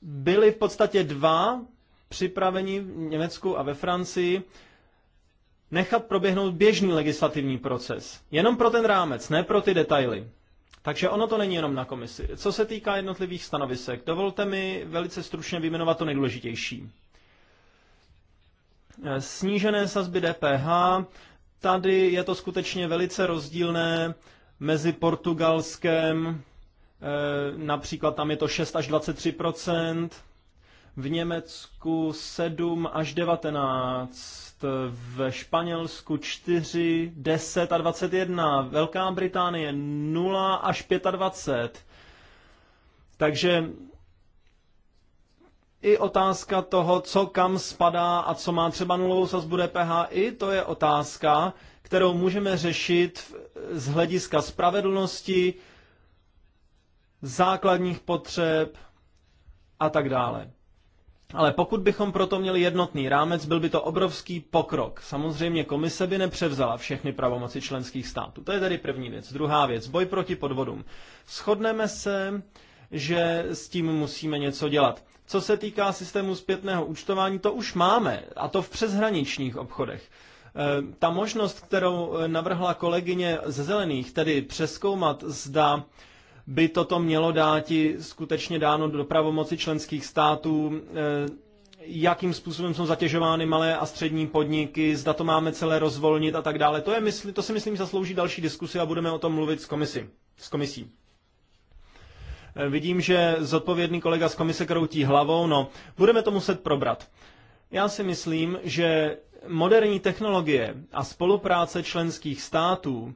Speaker 1: byly v podstatě dva připraveni v Německu a ve Francii nechat proběhnout běžný legislativní proces. Jenom pro ten rámec, ne pro ty detaily. Takže ono to není jenom na komisi. Co se týká jednotlivých stanovisek, dovolte mi velice stručně vyjmenovat to nejdůležitější. Snížené sazby DPH, tady je to skutečně velice rozdílné mezi Portugalskem, Eh, například tam je to 6 až 23 v Německu 7 až 19, ve Španělsku 4, 10 a 21, Velká Británie 0 až 25. Takže i otázka toho, co kam spadá a co má třeba nulovou sazbu DPH, i to je otázka, kterou můžeme řešit z hlediska spravedlnosti, základních potřeb a tak dále. Ale pokud bychom proto měli jednotný rámec, byl by to obrovský pokrok. Samozřejmě komise by nepřevzala všechny pravomoci členských států. To je tedy první věc. Druhá věc, boj proti podvodům. Shodneme se, že s tím musíme něco dělat. Co se týká systému zpětného účtování, to už máme, a to v přeshraničních obchodech. E, ta možnost, kterou navrhla kolegyně ze Zelených, tedy přeskoumat, zda by toto mělo dát skutečně dáno do pravomoci členských států, eh, jakým způsobem jsou zatěžovány malé a střední podniky, zda to máme celé rozvolnit a tak dále. To, je, mysli, to si myslím zaslouží další diskusi a budeme o tom mluvit s, komisi, s komisí. Eh, vidím, že zodpovědný kolega z komise kroutí hlavou, no, budeme to muset probrat. Já si myslím, že moderní technologie a spolupráce členských států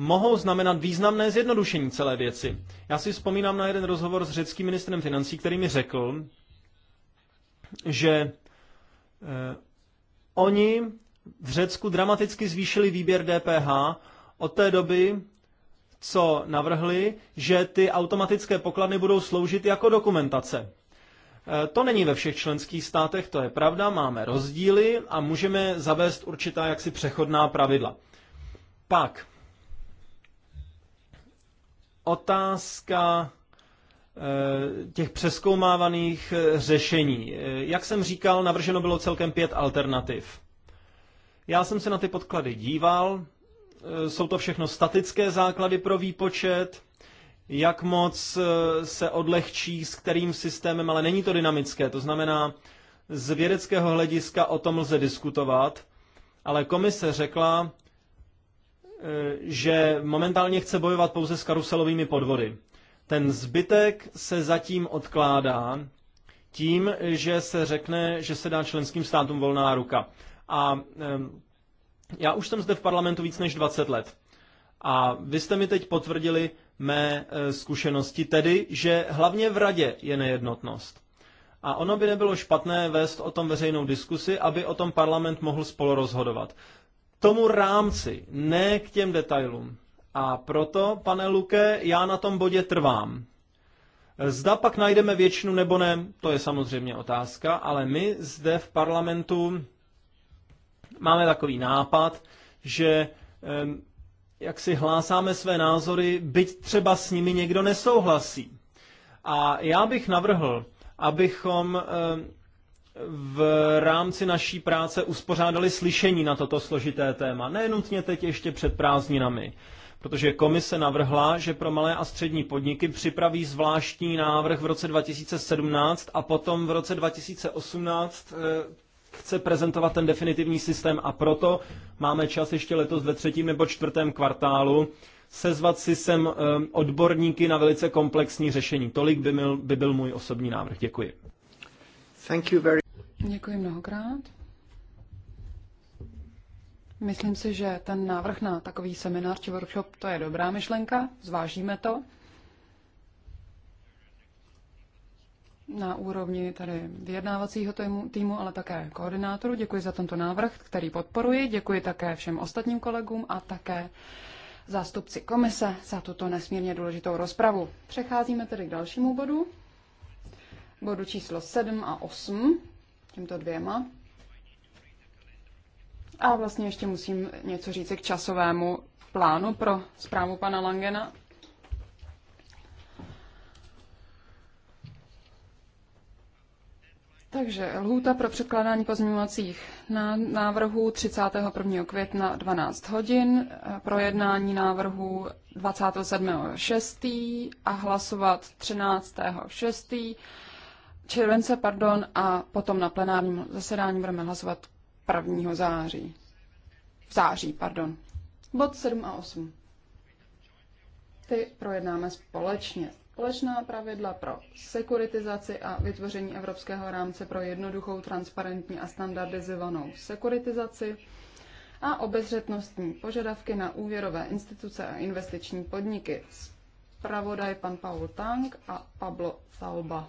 Speaker 1: mohou znamenat významné zjednodušení celé věci. Já si vzpomínám na jeden rozhovor s řeckým ministrem financí, který mi řekl, že eh, oni v Řecku dramaticky zvýšili výběr DPH od té doby, co navrhli, že ty automatické pokladny budou sloužit jako dokumentace. Eh, to není ve všech členských státech, to je pravda, máme rozdíly a můžeme zavést určitá jaksi přechodná pravidla. Pak otázka eh, těch přeskoumávaných eh, řešení. Eh, jak jsem říkal, navrženo bylo celkem pět alternativ. Já jsem se na ty podklady díval, jsou to všechno statické základy pro výpočet, jak moc se odlehčí s kterým systémem, ale není to dynamické. To znamená, z vědeckého hlediska o tom lze diskutovat, ale komise řekla, Eh, že momentálně chce bojovat pouze s karuselovými podvody. Ten zbytek se zatím odkládá tím, že se řekne, že se dá členským státům volná ruka. A eh, já už jsem zde v parlamentu víc než 20 let. A vy jste mi teď potvrdili mé eh, zkušenosti, tedy, že hlavně v radě je nejednotnost. A ono by nebylo špatné vést o tom veřejnou diskusi, aby o tom parlament mohl rozhodovat tomu rámci, ne k těm detailům. A proto, pane Luke, já na tom bodě trvám. Zda pak najdeme většinu nebo ne, to je samozřejmě otázka, ale my zde v parlamentu máme takový nápad, že jak si hlásáme své názory, byť třeba s nimi někdo nesouhlasí. A já bych navrhl, abychom v rámci naší práce uspořádali slyšení na toto složité téma. Nenutně teď ještě před prázdninami, protože komise navrhla, že pro malé a střední podniky připraví zvláštní návrh v roce 2017 a potom v roce 2018 eh, chce prezentovat ten definitivní systém a proto máme čas ještě letos ve třetím nebo čtvrtém kvartálu sezvat si sem eh, odborníky na velice komplexní řešení. Tolik by byl, by byl můj osobní návrh. Děkuji. Thank you very
Speaker 3: Děkuji mnohokrát. Myslím si, že ten návrh na takový seminář či workshop, to je dobrá myšlenka, zvážíme to. Na úrovni tady vyjednávacího týmu, ale také koordinátoru. Děkuji za tento návrh, který podporuji. Děkuji také všem ostatním kolegům a také zástupci komise za tuto nesmírně důležitou rozpravu. Přecházíme tedy k dalšímu bodu, bodu číslo 7 a 8 těmto dvěma. A vlastně ještě musím něco říct k časovému plánu pro zprávu pana Langena. Takže lhůta pro předkládání pozměňovacích návrhů 31. května 12 hodin, projednání návrhu 27. 6. a hlasovat 13. 6 července pardon, a potom na plenárním zasedání budeme hlasovat 1. září. V září, pardon. Bod 7 a 8. Ty projednáme společně. Společná pravidla pro sekuritizaci a vytvoření evropského rámce pro jednoduchou, transparentní a standardizovanou sekuritizaci a obezřetnostní požadavky na úvěrové instituce a investiční podniky. Pravodaj pan Paul Tang a Pablo Salba.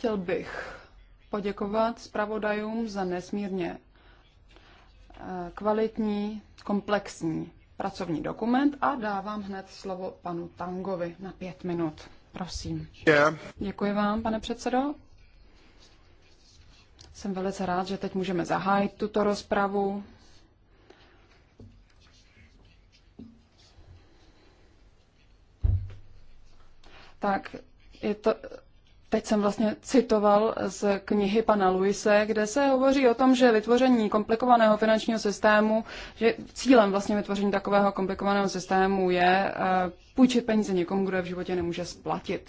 Speaker 3: Chtěl bych poděkovat zpravodajům za nesmírně eh, kvalitní, komplexní pracovní dokument a dávám hned slovo panu Tangovi na pět minut. Prosím. Yeah. Děkuji vám, pane předsedo. Jsem velice rád, že teď můžeme zahájit tuto rozpravu. Tak je to, Teď jsem vlastně citoval z knihy pana Luise, kde se hovoří o tom, že vytvoření komplikovaného finančního systému, že cílem vlastně vytvoření takového komplikovaného systému je eh, půjčit peníze někomu, kdo je v životě nemůže splatit.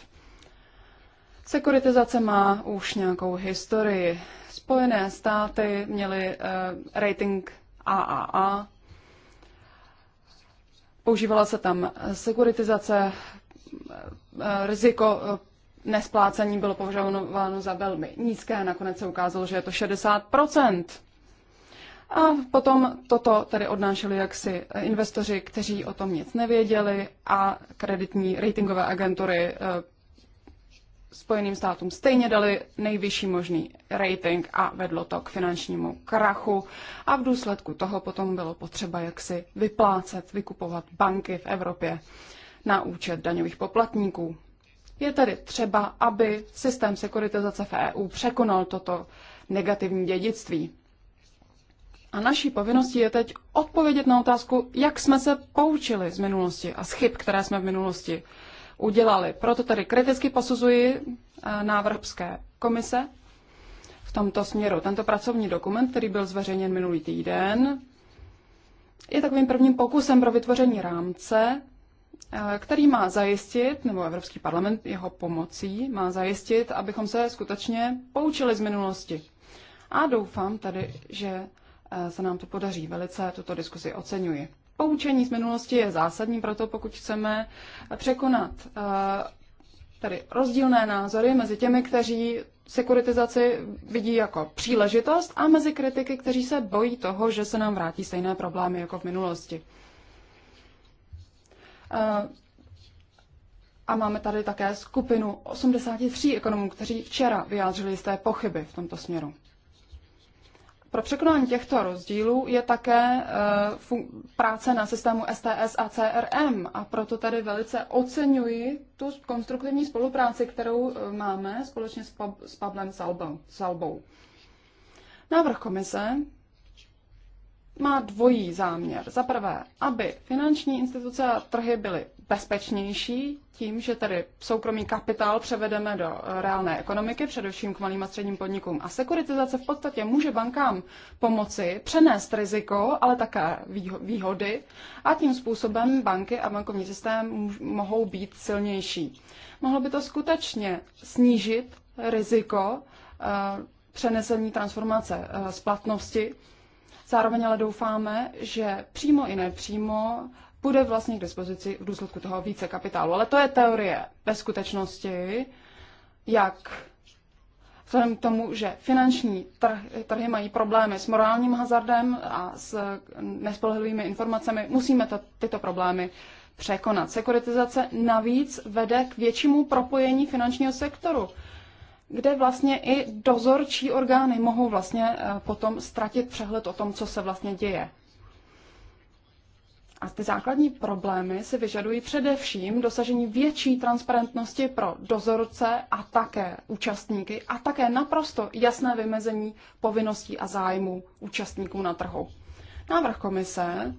Speaker 3: Sekuritizace má už nějakou historii. Spojené státy měly eh, rating AAA. Používala se tam sekuritizace, eh, riziko nesplácení bylo považováno za velmi nízké a nakonec se ukázalo, že je to 60 a potom toto tedy odnášeli jaksi investoři, kteří o tom nic nevěděli a kreditní ratingové agentury eh, Spojeným státům stejně dali nejvyšší možný rating a vedlo to k finančnímu krachu a v důsledku toho potom bylo potřeba jaksi vyplácet, vykupovat banky v Evropě na účet daňových poplatníků. Je tedy třeba, aby systém sekuritizace v EU překonal toto negativní dědictví. A naší povinností je teď odpovědět na otázku, jak jsme se poučili z minulosti a z chyb, které jsme v minulosti udělali. Proto tedy kriticky posuzuji eh, návrh Pské komise v tomto směru. Tento pracovní dokument, který byl zveřejněn minulý týden, je takovým prvním pokusem pro vytvoření rámce Eh, který má zajistit, nebo Evropský parlament jeho pomocí má zajistit, abychom se skutečně poučili z minulosti. A doufám tady, že eh, se nám to podaří. Velice tuto diskusi oceňuji. Poučení z minulosti je zásadní proto, pokud chceme překonat eh, tady rozdílné názory mezi těmi, kteří sekuritizaci vidí jako příležitost a mezi kritiky, kteří se bojí toho, že se nám vrátí stejné problémy jako v minulosti. Eh, a máme tady také skupinu 83 ekonomů, kteří včera vyjádřili jisté pochyby v tomto směru. Pro překonání těchto rozdílů je také eh, práce na systému STS a CRM a proto tady velice oceňuji tu konstruktivní spolupráci, kterou eh, máme společně s, Pab- s Pablem Salbou. Návrh komise má dvojí záměr. Za prvé, aby finanční instituce a trhy byly bezpečnější tím, že tedy soukromý kapitál převedeme do reálné ekonomiky, především k malým a středním podnikům. A sekuritizace v podstatě může bankám pomoci přenést riziko, ale také výhody a tím způsobem banky a bankovní systém mohou být silnější. Mohlo by to skutečně snížit riziko eh, přenesení transformace splatnosti eh, Zároveň ale doufáme, že přímo i nepřímo bude vlastně k dispozici v důsledku toho více kapitálu. Ale to je teorie. Ve skutečnosti, jak vzhledem k tomu, že finanční trh, trhy mají problémy s morálním hazardem a s nespolehlivými informacemi, musíme to, tyto problémy překonat. Sekuritizace navíc vede k většímu propojení finančního sektoru kde vlastně i dozorčí orgány mohou vlastně eh, potom ztratit přehled o tom, co se vlastně děje. A ty základní problémy si vyžadují především dosažení větší transparentnosti pro dozorce a také účastníky a také naprosto jasné vymezení povinností a zájmů účastníků na trhu. Návrh komise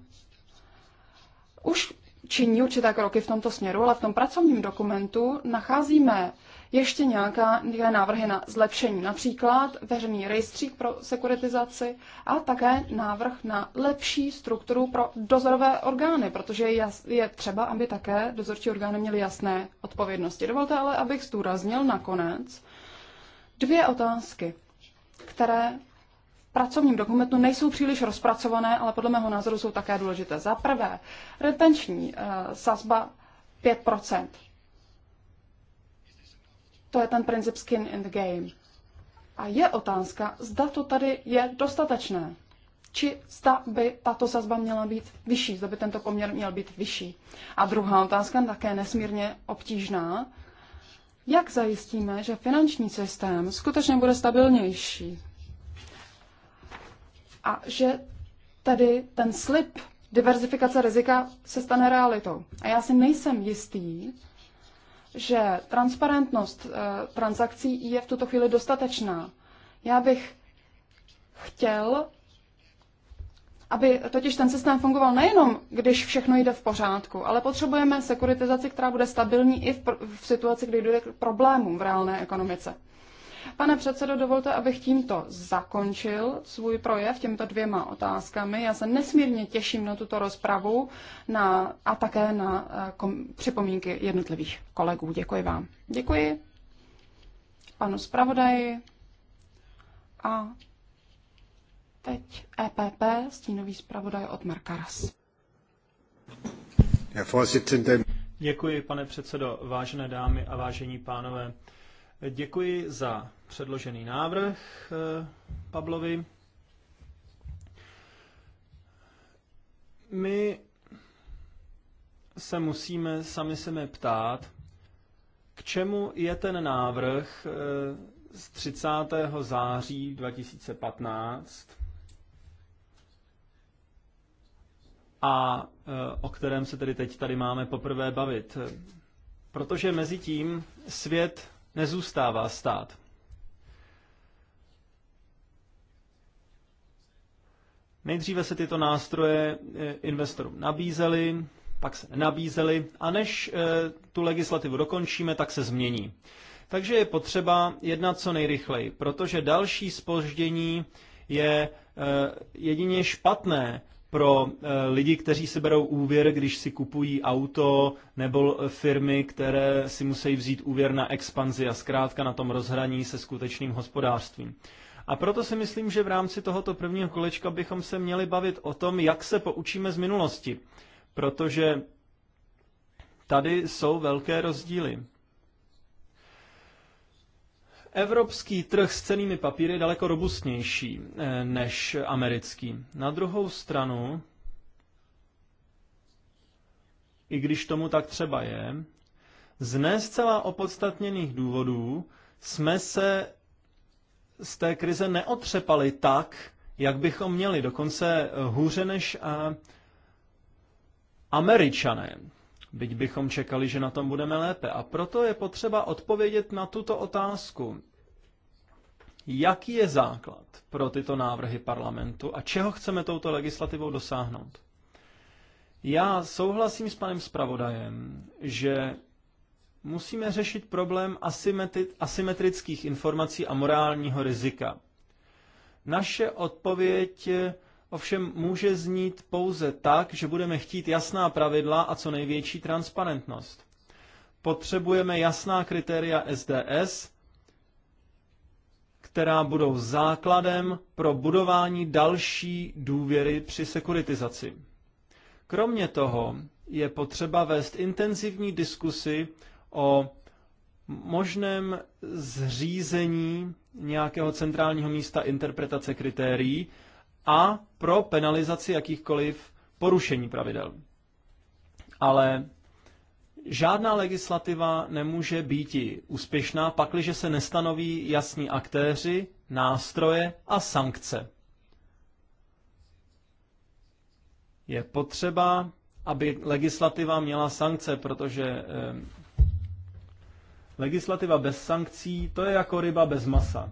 Speaker 3: už činí určité kroky v tomto směru, ale v tom pracovním dokumentu nacházíme ještě nějaká, nějaké návrhy na zlepšení, například veřejný rejstřík pro sekuritizaci a také návrh na lepší strukturu pro dozorové orgány, protože je třeba, aby také dozorčí orgány měly jasné odpovědnosti. Dovolte ale, abych zdůraznil nakonec dvě otázky, které pracovním dokumentu nejsou příliš rozpracované, ale podle mého názoru jsou také důležité. Za prvé, retenční uh, sazba 5 to je ten princip skin in the game. A je otázka, zda to tady je dostatečné. Či zda by tato sazba měla být vyšší, zda by tento poměr měl být vyšší. A druhá otázka, také nesmírně obtížná, jak zajistíme, že finanční systém skutečně bude stabilnější a že tady ten slib diverzifikace rizika se stane realitou. A já si nejsem jistý, že transparentnost eh, transakcí je v tuto chvíli dostatečná. Já bych chtěl, aby totiž ten systém fungoval nejenom, když všechno jde v pořádku, ale potřebujeme sekuritizaci, která bude stabilní i v, v situaci, kdy dojde k problémům v reálné ekonomice. Pane předsedo, dovolte, abych tímto zakončil svůj projev těmto dvěma otázkami. Já se nesmírně těším na tuto rozpravu na, a také na eh, kom, připomínky jednotlivých kolegů. Děkuji vám. Děkuji panu zpravodaji a teď EPP, stínový zpravodaj od Markaras.
Speaker 1: Děkuji, pane předsedo, vážené dámy a vážení pánové. Děkuji za předložený návrh eh, Pavlovi. My se musíme sami sebe ptát, k čemu je ten návrh eh, z 30. září 2015 a eh, o kterém se tedy teď tady máme poprvé bavit. Protože mezi tím svět nezůstává stát. Nejdříve se tyto nástroje eh, investorům nabízely, pak se nenabízely a než eh, tu legislativu dokončíme, tak se změní. Takže je potřeba jednat co nejrychleji, protože další spoždění je eh, jedině špatné pro eh, lidi, kteří si berou úvěr, když si kupují auto, nebo eh, firmy, které si musí vzít úvěr na expanzi a zkrátka na tom rozhraní se skutečným hospodářstvím. A proto si myslím, že v rámci tohoto prvního kolečka bychom se měli bavit o tom, jak se poučíme z minulosti. Protože tady jsou velké rozdíly. Evropský trh s cenými papíry je daleko robustnější eh, než americký. Na druhou stranu, i když tomu tak třeba je, z nescela opodstatněných důvodů jsme se z té krize neotřepali tak, jak bychom měli, dokonce eh, hůře než eh, američané byť bychom čekali, že na tom budeme lépe. A proto je potřeba odpovědět na tuto otázku. Jaký je základ pro tyto návrhy parlamentu a čeho chceme touto legislativou dosáhnout? Já souhlasím s panem zpravodajem, že musíme řešit problém asymetrických informací a morálního rizika. Naše odpověď ovšem může znít pouze tak, že budeme chtít jasná pravidla a co největší transparentnost. Potřebujeme jasná kritéria SDS, která budou základem pro budování další důvěry při sekuritizaci. Kromě toho je potřeba vést intenzivní diskusy o možném zřízení nějakého centrálního místa interpretace kritérií, a pro penalizaci jakýchkoliv porušení pravidel. Ale žádná legislativa nemůže být úspěšná, pakliže se nestanoví jasní aktéři, nástroje a sankce. Je potřeba, aby legislativa měla sankce, protože eh, legislativa bez sankcí to je jako ryba bez masa.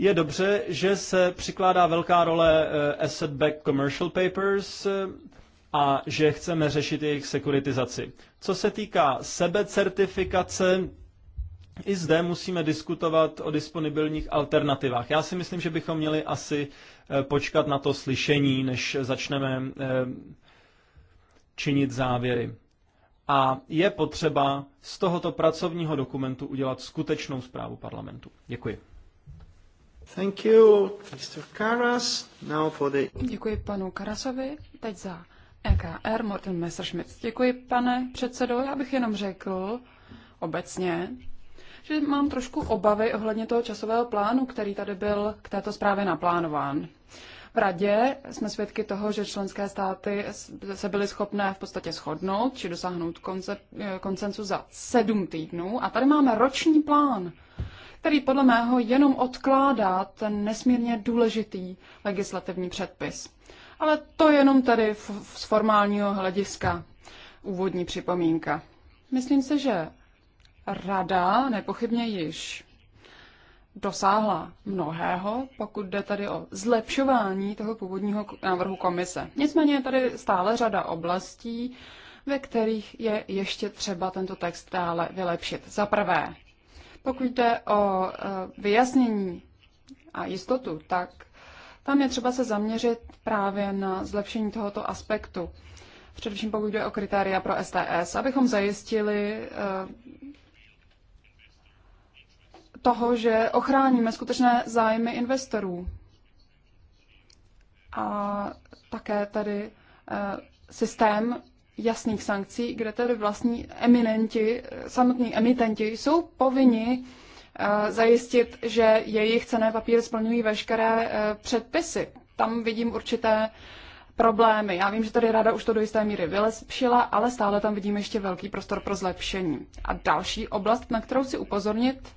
Speaker 1: Je dobře, že se přikládá velká role eh, asset back commercial papers eh, a že chceme řešit jejich sekuritizaci. Co se týká sebecertifikace, i zde musíme diskutovat o disponibilních alternativách. Já si myslím, že bychom měli asi eh, počkat na to slyšení, než začneme činit závěry. A je potřeba z tohoto pracovního dokumentu udělat skutečnou zprávu parlamentu. Děkuji. Thank you, Mr. Karas. Now for the...
Speaker 3: Děkuji panu Karasovi. Teď za EKR Morten Messerschmidt. Děkuji, pane předsedo. Já bych jenom řekl obecně, že mám trošku obavy ohledně toho časového plánu, který tady byl k této zprávě naplánován. V radě jsme svědky toho, že členské státy se byly schopné v podstatě shodnout či dosáhnout konce, eh, za sedm týdnů. A tady máme roční plán který podle mého jenom odkládá ten nesmírně důležitý legislativní předpis. Ale to jenom tady z formálního hlediska úvodní připomínka. Myslím si, že rada nepochybně již dosáhla mnohého, pokud jde tady o zlepšování toho původního návrhu komise. Nicméně je tady stále řada oblastí, ve kterých je ještě třeba tento text dále vylepšit. Za prvé, pokud jde o e, vyjasnění a jistotu, tak tam je třeba se zaměřit právě na zlepšení tohoto aspektu. Především pokud jde o kritéria pro STS, abychom zajistili e, toho, že ochráníme skutečné zájmy investorů. A také tady e, systém jasných sankcí, kde tedy vlastní eminenti, samotní emitenti jsou povinni eh, zajistit, že jejich cené papíry splňují veškeré eh, předpisy. Tam vidím určité problémy. Já vím, že tady rada už to do jisté míry vylepšila, ale stále tam vidím ještě velký prostor pro zlepšení. A další oblast, na kterou si upozornit,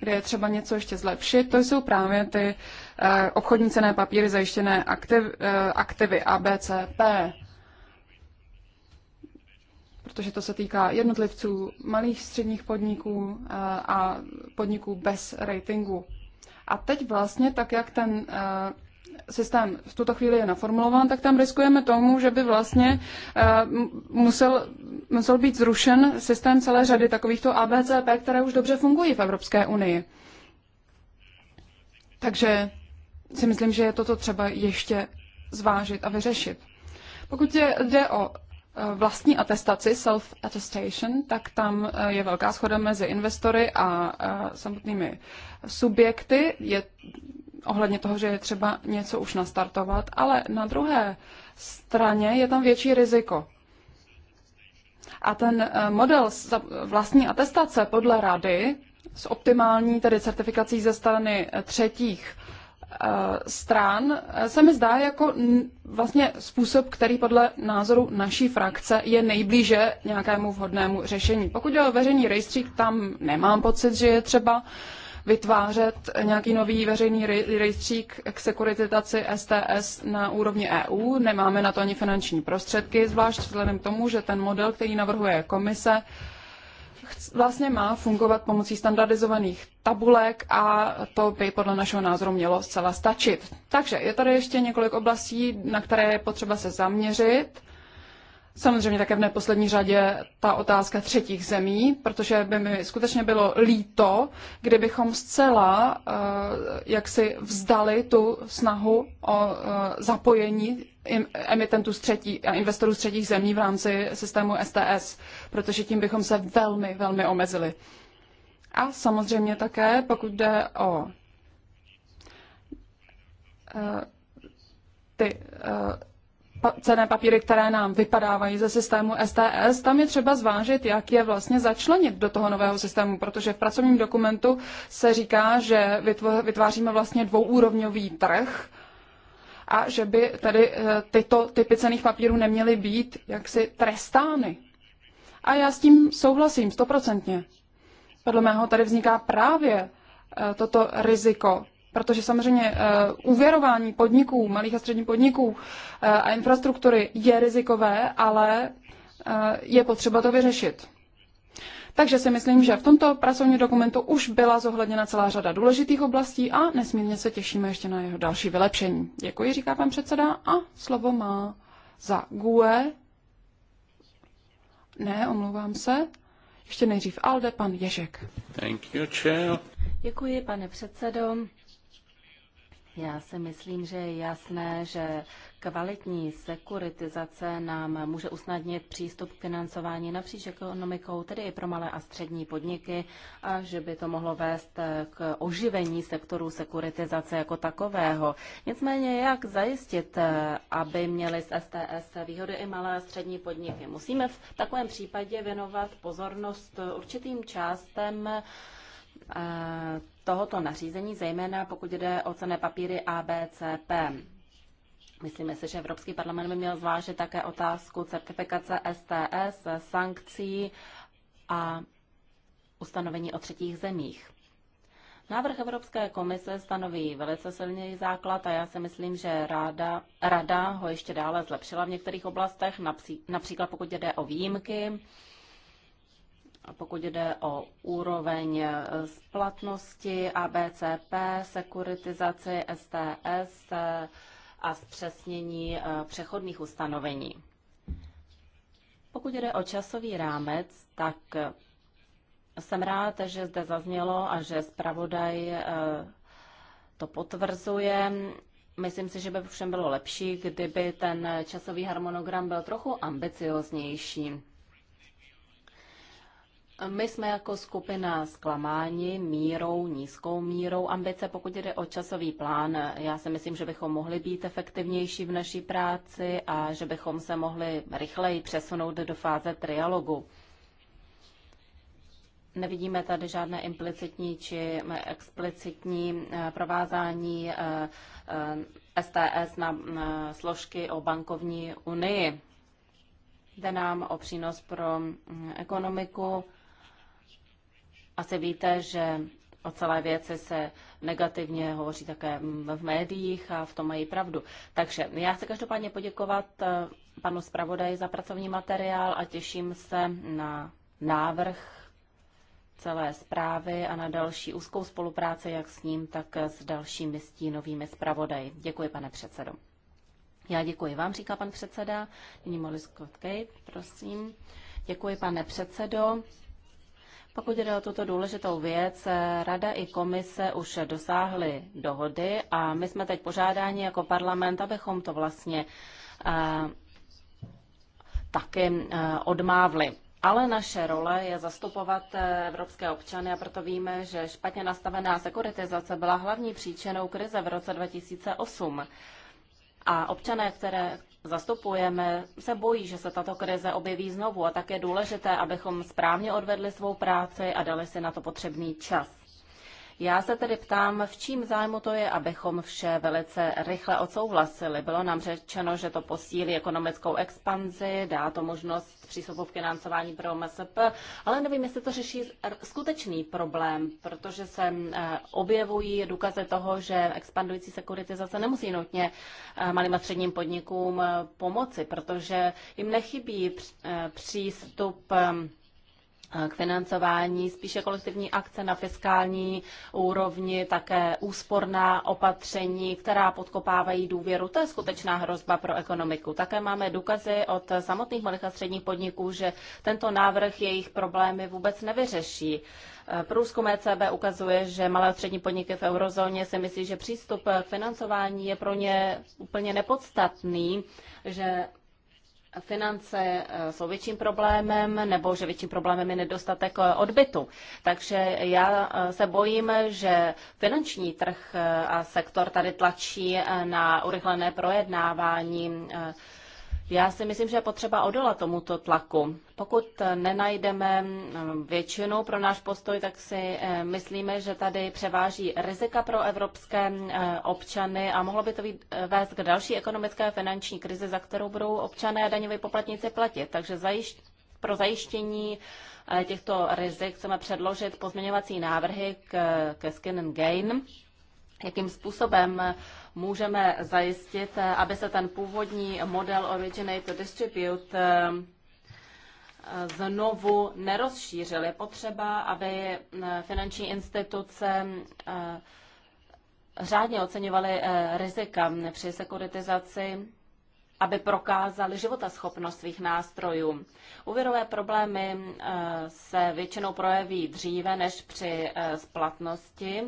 Speaker 3: kde je třeba něco ještě zlepšit, to jsou právě ty eh, obchodní cené papíry zajištěné aktiv, aktivy ABCP protože to se týká jednotlivců, malých středních podniků eh, a podniků bez ratingu. A teď vlastně, tak jak ten eh, systém v tuto chvíli je naformulován, tak tam riskujeme tomu, že by vlastně eh, musel, musel být zrušen systém celé řady takovýchto ABCP, které už dobře fungují v Evropské unii. Takže si myslím, že je toto třeba ještě zvážit a vyřešit. Pokud jde o vlastní atestaci, self-attestation, tak tam eh, je velká schoda mezi investory a eh, samotnými subjekty. Je ohledně toho, že je třeba něco už nastartovat, ale na druhé straně je tam větší riziko. A ten eh, model vlastní atestace podle rady s optimální tedy certifikací ze strany třetích Eh, stran eh, se mi zdá jako vlastně způsob, který podle názoru naší frakce je nejblíže nějakému vhodnému řešení. Pokud je o veřejný rejstřík, tam nemám pocit, že je třeba vytvářet nějaký nový veřejný rejstřík k sekuritizaci STS na úrovni EU. Nemáme na to ani finanční prostředky, zvlášť vzhledem k tomu, že ten model, který navrhuje komise, vlastně má fungovat pomocí standardizovaných tabulek a to by podle našeho názoru mělo zcela stačit. Takže je tady ještě několik oblastí, na které je potřeba se zaměřit. Samozřejmě také v neposlední řadě ta otázka třetích zemí, protože by mi skutečně bylo líto, kdybychom zcela uh, jaksi vzdali tu snahu o uh, zapojení emitentů z třetí, investorů z třetích zemí v rámci systému STS, protože tím bychom se velmi, velmi omezili. A samozřejmě také, pokud jde o eh, ty eh, cené papíry, které nám vypadávají ze systému STS, tam je třeba zvážit, jak je vlastně začlenit do toho nového systému, protože v pracovním dokumentu se říká, že vytváříme vlastně dvouúrovňový trh, a že by tady eh, tyto typy cených papírů neměly být jaksi trestány. A já s tím souhlasím stoprocentně. Podle mého tady vzniká právě eh, toto riziko, protože samozřejmě eh, úvěrování podniků, malých a středních podniků a infrastruktury je rizikové, ale je potřeba to vyřešit. Takže si myslím, že v tomto pracovním dokumentu už byla zohledněna celá řada důležitých oblastí a nesmírně se těšíme ještě na jeho další vylepšení. Děkuji, říká pan předseda a slovo má za GUE. Ne, omlouvám se. Ještě nejdřív Alde, pan Ježek. Thank you, chair.
Speaker 2: Děkuji, pane předsedo. Já si myslím, že je jasné, že Kvalitní sekuritizace nám může usnadnit přístup k financování napříč ekonomikou, tedy i pro malé a střední podniky, a že by to mohlo vést k oživení sektoru sekuritizace jako takového. Nicméně, jak zajistit, aby měly z STS výhody i malé a střední podniky? Musíme v takovém případě věnovat pozornost určitým částem eh, tohoto nařízení, zejména pokud jde o cené papíry ABCP. Myslíme si, že Evropský parlament by měl zvážit také otázku certifikace STS, sankcí a ustanovení o třetích zemích. Návrh Evropské komise stanoví velice silný základ a já si myslím, že ráda, rada ho ještě dále zlepšila v některých oblastech, například pokud jde o výjimky, pokud jde o úroveň eh, splatnosti, ABCP, sekuritizaci, STS, a zpřesnění eh, přechodných ustanovení. Pokud jde o časový rámec, tak eh, jsem rád, že zde zaznělo a že zpravodaj eh, to potvrzuje. Myslím si, že by všem bylo lepší, kdyby ten časový harmonogram byl trochu ambicioznější. My jsme jako skupina zklamáni mírou, nízkou mírou ambice, pokud jde o časový plán. Já si myslím, že bychom mohli být efektivnější v naší práci a že bychom se mohli rychleji přesunout do fáze trialogu. Nevidíme tady žádné implicitní či explicitní eh, provázání STS eh, eh, na složky o bankovní unii. Jde nám o přínos pro mm, ekonomiku, asi víte, že o celé věci se negativně hovoří také v médiích a v tom mají pravdu. Takže já chci každopádně poděkovat eh, panu zpravodaji za pracovní materiál a těším se na návrh celé zprávy a na další úzkou spolupráci jak s ním, tak s dalšími stínovými zpravodaji. Děkuji, pane předsedo. Já děkuji vám, říká pan předseda. Nyní Molly Scott Kate, prosím. Děkuji, pane předsedo. Pokud jde o tuto důležitou věc, Rada i komise už dosáhly dohody a my jsme teď požádáni jako parlament, abychom to vlastně eh, taky eh, odmávli. Ale naše role je zastupovat eh, evropské občany a proto víme, že špatně nastavená sekuritizace byla hlavní příčinou krize v roce 2008. A občané, které, zastupujeme, se bojí, že se tato krize objeví znovu a tak je důležité, abychom správně odvedli svou práci a dali si na to potřebný čas. Já se tedy ptám, v čím zájmu to je, abychom vše velice rychle odsouhlasili. Bylo nám řečeno, že to posílí ekonomickou expanzi, dá to možnost přístupu financování pro MSP, ale nevím, jestli to řeší skutečný problém, protože se eh, objevují důkazy toho, že expandující sekuritizace nemusí nutně eh, malým a středním podnikům eh, pomoci, protože jim nechybí přístup Eh, k financování, spíše kolektivní akce na fiskální úrovni, také úsporná opatření, která podkopávají důvěru. To je skutečná hrozba pro ekonomiku. Také máme důkazy od samotných malých a středních podniků, že tento návrh jejich problémy vůbec nevyřeší. Eh, průzkum ECB ukazuje, že malé a střední podniky v eurozóně si myslí, že přístup k financování je pro ně úplně nepodstatný, že finance eh, jsou větším problémem, nebo že větším problémem je nedostatek eh, odbytu. Takže já eh, se bojím, že finanční trh a sektor tady tlačí na urychlené projednávání já si myslím, že je potřeba odolat tomuto tlaku. Pokud nenajdeme eh, většinu pro náš postoj, tak si eh, myslíme, že tady převáží rizika pro evropské eh, občany a mohlo by to vést k další ekonomické a finanční krizi, za kterou budou občané a daňoví poplatníci platit. Takže zajišť, pro zajištění těchto rizik chceme předložit pozměňovací návrhy k, ke Skin and Gain jakým způsobem můžeme zajistit, aby se ten původní model Originate to Distribute eh, znovu nerozšířil. Je potřeba, aby eh, finanční instituce eh, řádně oceňovaly rizika při sekuritizaci aby prokázali životaschopnost svých nástrojů. Úvěrové problémy se většinou projeví dříve než při splatnosti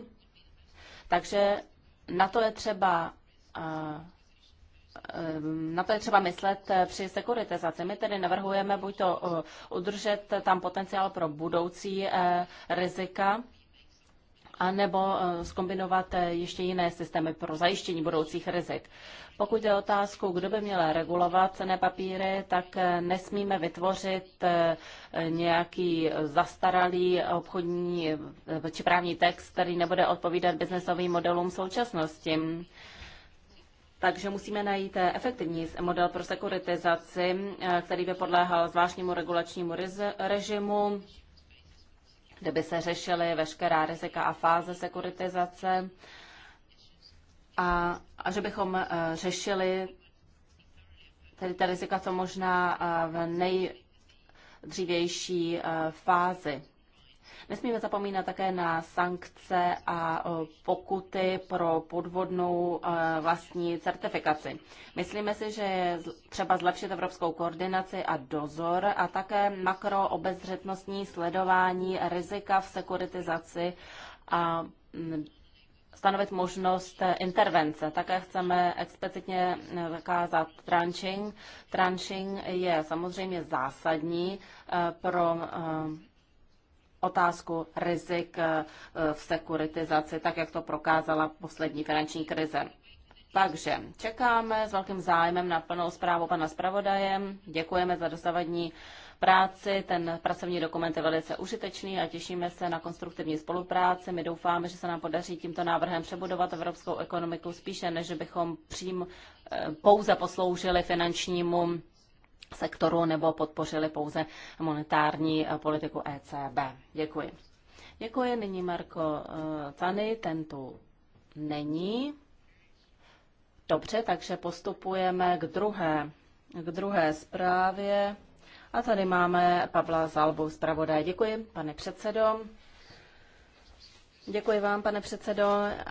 Speaker 2: takže na to je třeba na to je třeba myslet eh, při sekuritizaci. My tedy navrhujeme buď to eh, udržet tam potenciál pro budoucí eh, rizika, anebo skombinovat eh, eh, ještě jiné systémy pro zajištění budoucích rizik. Pokud je otázku, kdo by měl regulovat cené papíry, tak eh, nesmíme vytvořit nějaký zastaralý obchodní či právní text, který nebude odpovídat biznesovým modelům současnosti. Takže musíme najít efektivní model pro sekuritizaci, který by podléhal zvláštnímu regulačnímu režimu, kde by se řešily veškerá rizika a fáze sekuritizace a, a že bychom eh, řešili tedy ta rizika co možná eh, v nejdřívější eh, fázi. Nesmíme zapomínat také na sankce a e, pokuty pro podvodnou e, vlastní certifikaci. Myslíme si, že je třeba zlepšit evropskou koordinaci a dozor a také makroobezřetnostní sledování rizika v sekuritizaci a stanovit možnost e, intervence. Také chceme explicitně zakázat tranching. Tranching je samozřejmě zásadní pro otázku rizik eh, v sekuritizaci, tak jak to prokázala poslední finanční krize. Takže čekáme s velkým zájmem na plnou zprávu pana zpravodaje. Děkujeme za dosavadní práci. Ten pracovní dokument je velice užitečný a těšíme se na konstruktivní spolupráci. My doufáme, že se nám podaří tímto návrhem přebudovat evropskou ekonomiku spíše, než bychom přím eh, pouze posloužili finančnímu sektoru nebo podpořili pouze monetární eh, politiku ECB. Děkuji. Děkuji. Nyní Marko eh, Tany, ten tu není. Dobře, takže postupujeme k druhé, k druhé zprávě. A tady máme Pavla Zalbu, zpravodaj. Děkuji, pane předsedo. Děkuji vám, pane předsedo. Eh,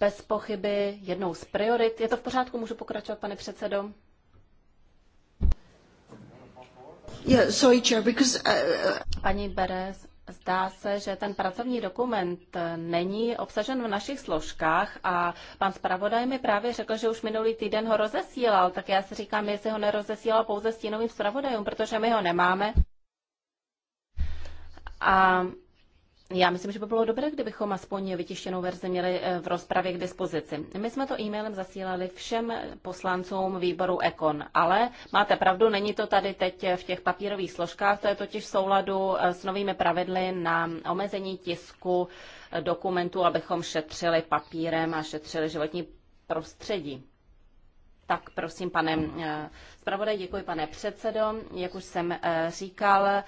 Speaker 2: Bez pochyby jednou z priorit. Je to v pořádku, můžu pokračovat, pane předsedo? Yeah, sorry, Chair, because, uh, Paní Beres, zdá se, že ten pracovní dokument eh, není obsažen v našich složkách a pan zpravodaj mi právě řekl, že už minulý týden ho rozesílal, tak já si říkám, jestli ho nerozesílal pouze stínovým zpravodajům, protože my ho nemáme. A já myslím, že by bylo dobré, kdybychom aspoň vytištěnou verzi měli eh, v rozpravě k dispozici. My jsme to e-mailem zasílali všem poslancům výboru Ekon, ale máte pravdu, není to tady teď v těch papírových složkách, to je totiž v souladu eh, s novými pravidly na omezení tisku eh, dokumentů, abychom šetřili papírem a šetřili životní prostředí. Tak prosím, pane eh, zpravodaj, děkuji, pane předsedo. Jak už jsem eh, říkal, eh,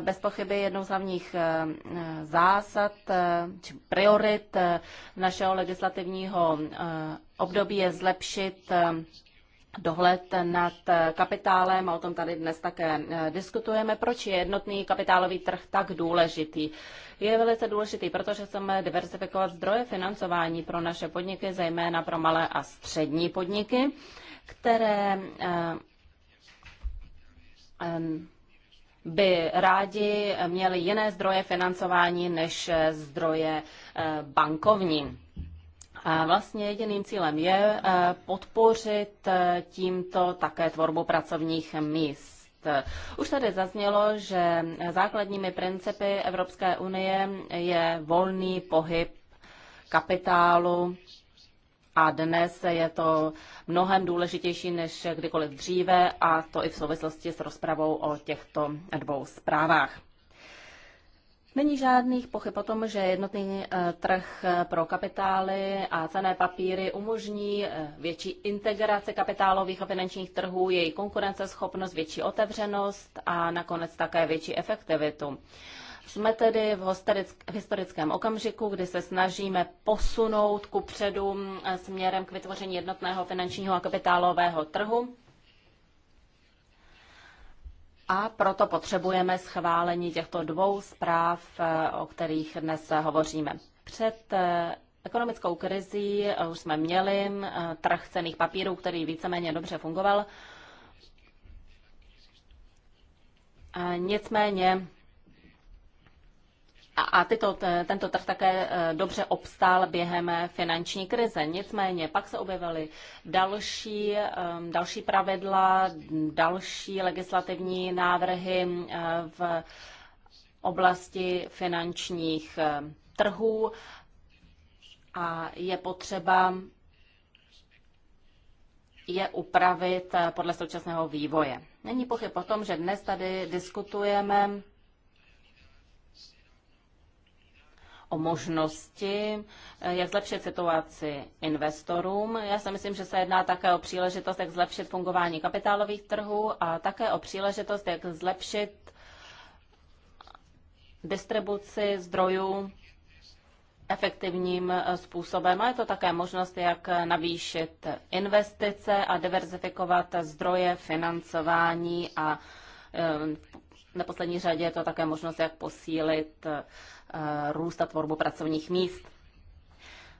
Speaker 2: bez pochyby jednou z hlavních zásad či priorit našeho legislativního období je zlepšit dohled nad kapitálem, a o tom tady dnes také diskutujeme, proč je jednotný kapitálový trh tak důležitý. Je velice důležitý, protože chceme diversifikovat zdroje financování pro naše podniky, zejména pro malé a střední podniky které eh, by rádi měli jiné zdroje financování než zdroje eh, bankovní. A vlastně jediným cílem je eh, podpořit tímto také tvorbu pracovních míst. Už tady zaznělo, že základními principy Evropské unie je volný pohyb kapitálu a dnes je to mnohem důležitější než kdykoliv dříve a to i v souvislosti s rozpravou o těchto dvou zprávách. Není žádných pochyb o tom, že jednotný eh, trh eh, pro kapitály a cené papíry umožní eh, větší integraci kapitálových a finančních trhů, její konkurenceschopnost, větší otevřenost a nakonec také větší efektivitu. Jsme tedy v, v historickém okamžiku, kdy se snažíme posunout ku předu eh, směrem k vytvoření jednotného finančního a kapitálového trhu. A proto potřebujeme schválení těchto dvou zpráv, eh, o kterých dnes hovoříme. Před eh, ekonomickou krizí už jsme měli trh cených papírů, který víceméně dobře fungoval. Nicméně a, a tyto, tento trh také e, dobře obstál během finanční krize. Nicméně pak se objevily další, e, další pravidla, další legislativní návrhy e, v oblasti finančních trhů a je potřeba je upravit podle současného vývoje. Není pochyb o tom, že dnes tady diskutujeme o možnosti, eh, jak zlepšit situaci investorům. Já si myslím, že se jedná také o příležitost, jak zlepšit fungování kapitálových trhů a také o příležitost, jak zlepšit distribuci zdrojů efektivním eh, způsobem. A je to také možnost, jak navýšit investice a diverzifikovat zdroje financování a eh, na poslední řadě je to také možnost, jak posílit eh, růst a tvorbu pracovních míst.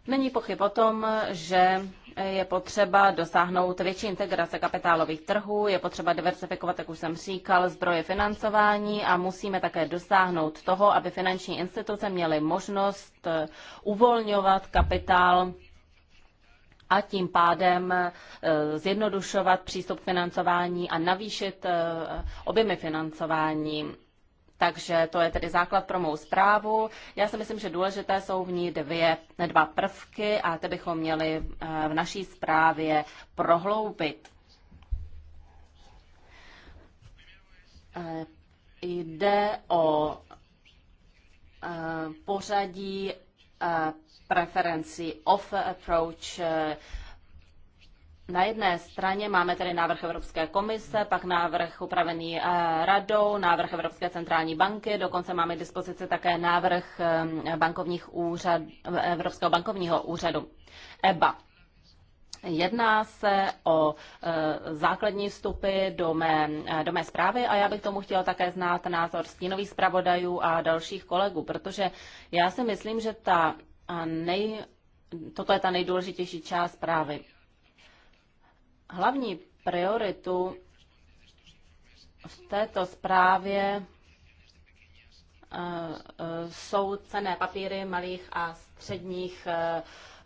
Speaker 2: Není pochyb o tom, že je potřeba dosáhnout větší integrace kapitálových trhů, je potřeba diversifikovat, jak už jsem říkal, zdroje financování a musíme také dosáhnout toho, aby finanční instituce měly možnost eh, uvolňovat kapitál a tím pádem eh, zjednodušovat přístup k financování a navýšit eh, objemy financování. Takže to je tedy základ pro mou zprávu. Já si myslím, že důležité jsou v ní dvě, dva prvky a ty bychom měli eh, v naší zprávě prohloubit. Jde o pořadí preferencí, off approach. Na jedné straně máme tedy návrh Evropské komise, pak návrh upravený eh, radou, návrh Evropské centrální banky, dokonce máme k dispozici také návrh eh, bankovních úřad, eh, Evropského bankovního úřadu EBA. Jedná se o eh, základní vstupy do mé, eh, do mé zprávy a já bych tomu chtěla také znát názor stínových zpravodajů a dalších kolegů, protože já si myslím, že ta nej, toto je ta nejdůležitější část zprávy. Hlavní prioritu v této zprávě eh, jsou cené papíry malých a středních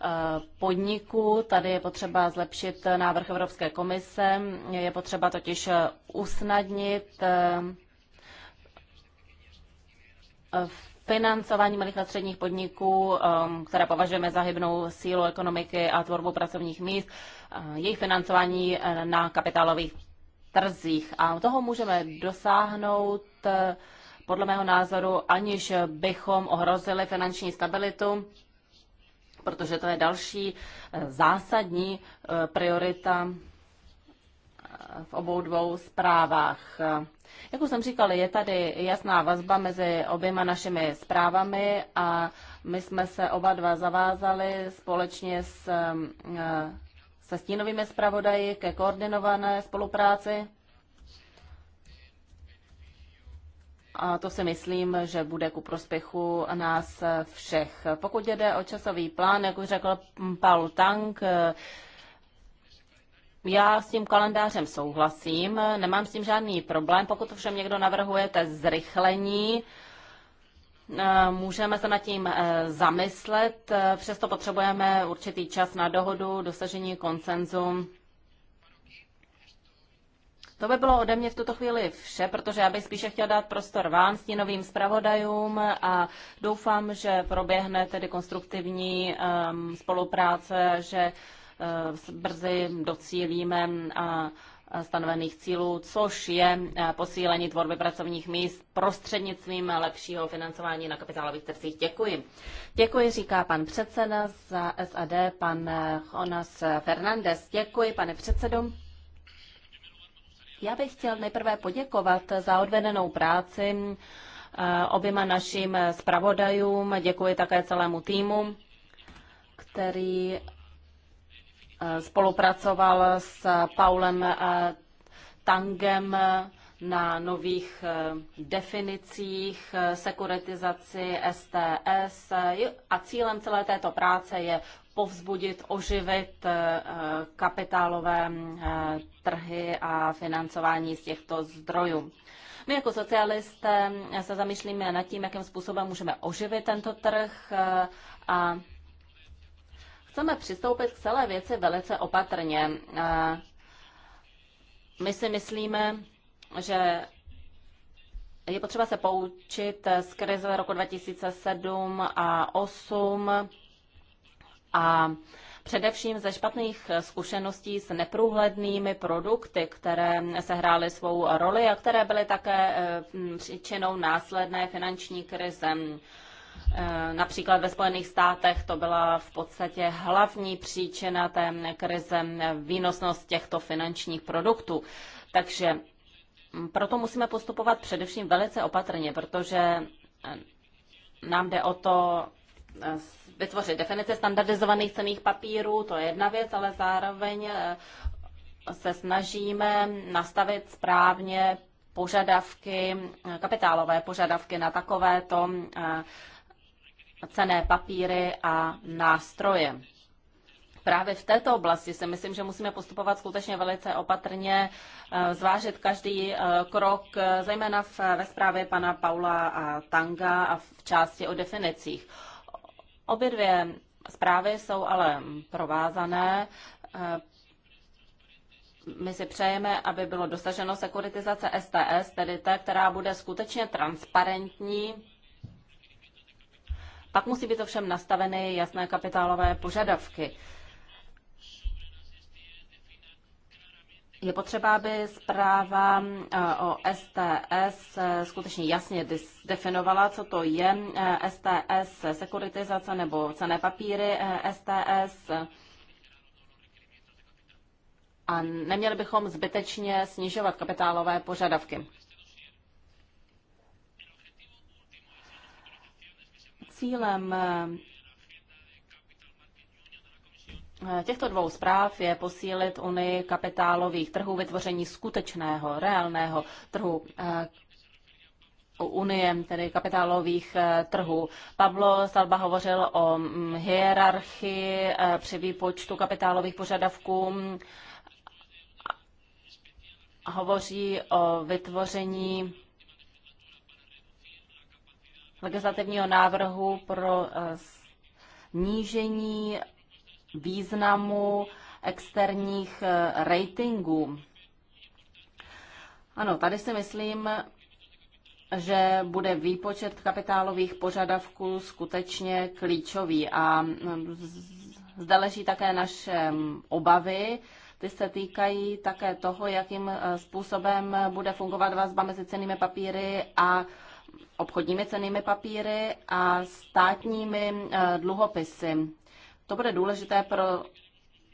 Speaker 2: Eh, podniků. Tady je potřeba zlepšit návrh Evropské komise, je potřeba totiž usnadnit eh, financování malých a středních podniků, eh, které považujeme za hybnou sílu ekonomiky a tvorbu pracovních míst, jejich financování na kapitálových trzích. A toho můžeme dosáhnout podle mého názoru, aniž bychom ohrozili finanční stabilitu protože to je další eh, zásadní eh, priorita eh, v obou dvou zprávách. Jak už jsem říkal, je tady jasná vazba mezi oběma našimi zprávami a my jsme se oba dva zavázali společně s, se stínovými zpravodaji ke koordinované spolupráci A to si myslím, že bude ku prospěchu nás všech. Pokud jde o časový plán, jak už řekl Paul Tank, já s tím kalendářem souhlasím, nemám s tím žádný problém. Pokud všem někdo navrhujete zrychlení, eh, Můžeme se nad tím eh, zamyslet, eh, přesto potřebujeme určitý čas na dohodu, dosažení koncenzu to by bylo ode mě v tuto chvíli vše, protože já bych spíše chtěla dát prostor vám, stínovým zpravodajům a doufám, že proběhne tedy konstruktivní um, spolupráce, že uh, brzy docílíme a stanovených cílů, což je eh, posílení tvorby pracovních míst prostřednictvím lepšího financování na kapitálových trzích. Děkuji. Děkuji, říká pan předseda za SAD, pan eh, Jonas Fernandez. Děkuji, pane předsedo. Já bych chtěl nejprve poděkovat za odvedenou práci eh, oběma našim zpravodajům. Děkuji také celému týmu, který eh, spolupracoval s Paulem eh, Tangem na nových definicích, sekuritizaci STS a cílem celé této práce je povzbudit, oživit eh, kapitálové eh, trhy a financování z těchto zdrojů. My jako socialisté se zamýšlíme nad tím, jakým způsobem můžeme oživit tento trh eh, a chceme přistoupit k celé věci velice opatrně. My si myslíme, že je potřeba se poučit z krize roku 2007 a 2008 a především ze špatných zkušeností s neprůhlednými produkty, které sehrály svou roli a které byly také eh, příčinou následné finanční krize. Eh, například ve Spojených státech to byla v podstatě hlavní příčina té krize eh, výnosnost těchto finančních produktů. Takže mm, proto musíme postupovat především velice opatrně, protože nám jde o to vytvořit definice standardizovaných cených papírů, to je jedna věc, ale zároveň eh, se snažíme nastavit správně požadavky, eh, kapitálové požadavky na takovéto eh, cené papíry a nástroje. Právě v této oblasti si myslím, že musíme postupovat skutečně velice opatrně, zvážit každý krok, zejména ve zprávě pana Paula a Tanga a v části o definicích. Obě dvě zprávy jsou ale provázané. Eh, my si přejeme, aby bylo dosaženo sekuritizace STS, tedy ta, která bude skutečně transparentní. Pak musí být ovšem nastaveny jasné kapitálové požadavky. Je potřeba, aby zpráva eh, o STS eh, skutečně jasně definovala, co to je STS eh, sekuritizace nebo cené papíry STS. A neměli bychom zbytečně snižovat kapitálové požadavky. Cílem těchto dvou zpráv je posílit unii kapitálových trhů, vytvoření skutečného, reálného trhu eh, unie, tedy kapitálových eh, trhů. Pablo Salba hovořil o mm, hierarchii eh, při výpočtu kapitálových požadavků hovoří o vytvoření legislativního návrhu pro nížení významu externích eh, ratingů. Ano, tady si myslím, že bude výpočet kapitálových požadavků skutečně klíčový a mm, zde leží také naše mm, obavy. Ty se týkají také toho, jakým eh, způsobem bude fungovat vazba mezi cenými papíry a obchodními cenými papíry a státními eh, dluhopisy. To bude důležité pro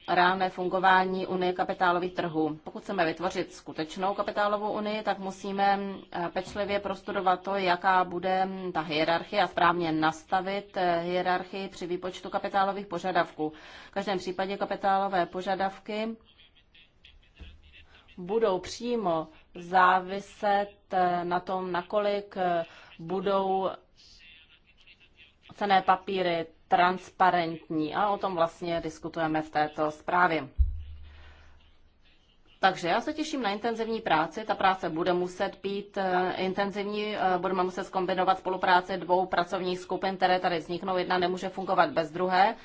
Speaker 2: reálné fungování Unie kapitálových trhů. Pokud chceme vytvořit skutečnou kapitálovou unii, tak musíme eh, pečlivě prostudovat to, jaká bude ta hierarchie a správně nastavit eh, hierarchii při výpočtu kapitálových požadavků. V každém případě kapitálové požadavky budou přímo záviset eh, na tom, nakolik budou cené papíry transparentní. A o tom vlastně diskutujeme v této zprávě. Takže já se těším na intenzivní práci. Ta práce bude muset být eh, intenzivní, eh, budeme muset skombinovat spolupráce dvou pracovních skupin, které tady vzniknou. Jedna nemůže fungovat bez druhé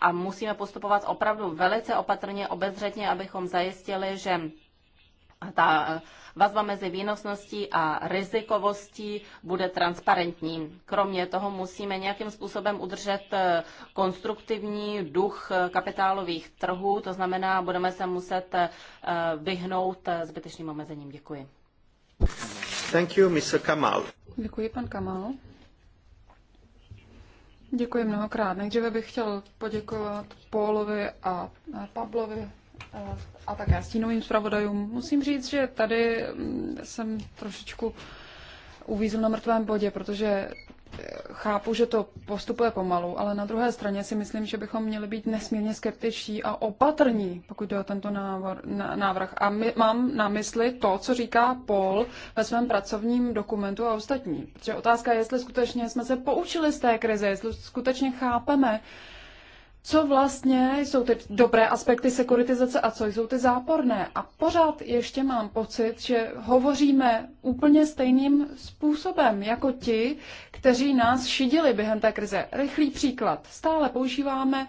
Speaker 2: a musíme postupovat opravdu velice opatrně, obezřetně, abychom zajistili, že ta Vazba mezi výnosností a rizikovostí bude transparentní. Kromě toho musíme nějakým způsobem udržet eh, konstruktivní duch eh, kapitálových trhů, to znamená, budeme se muset eh, vyhnout zbytečným omezením. Děkuji.
Speaker 1: Thank you, Mr. Kamal.
Speaker 3: Děkuji, pan Kamal. Děkuji mnohokrát. Nejdříve bych chtěl poděkovat Pólovi a Pablovi Eh, a také stínovým zpravodajům. Musím říct, že tady mm, jsem trošičku uvízl na mrtvém bodě, protože eh, chápu, že to postupuje pomalu, ale na druhé straně si myslím, že bychom měli být nesmírně skeptičtí a opatrní, pokud jde o tento návrh. A my, mám na mysli to, co říká Paul ve svém pracovním dokumentu a ostatní. Protože otázka je, jestli skutečně jsme se poučili z té krize, jestli skutečně chápeme, uh, co vlastně jsou ty dobré aspekty sekuritizace a co jsou ty záporné. A pořád ještě mám pocit, že hovoříme úplně stejným způsobem jako ti, kteří nás šidili během té krize. Rychlý příklad. Stále používáme e,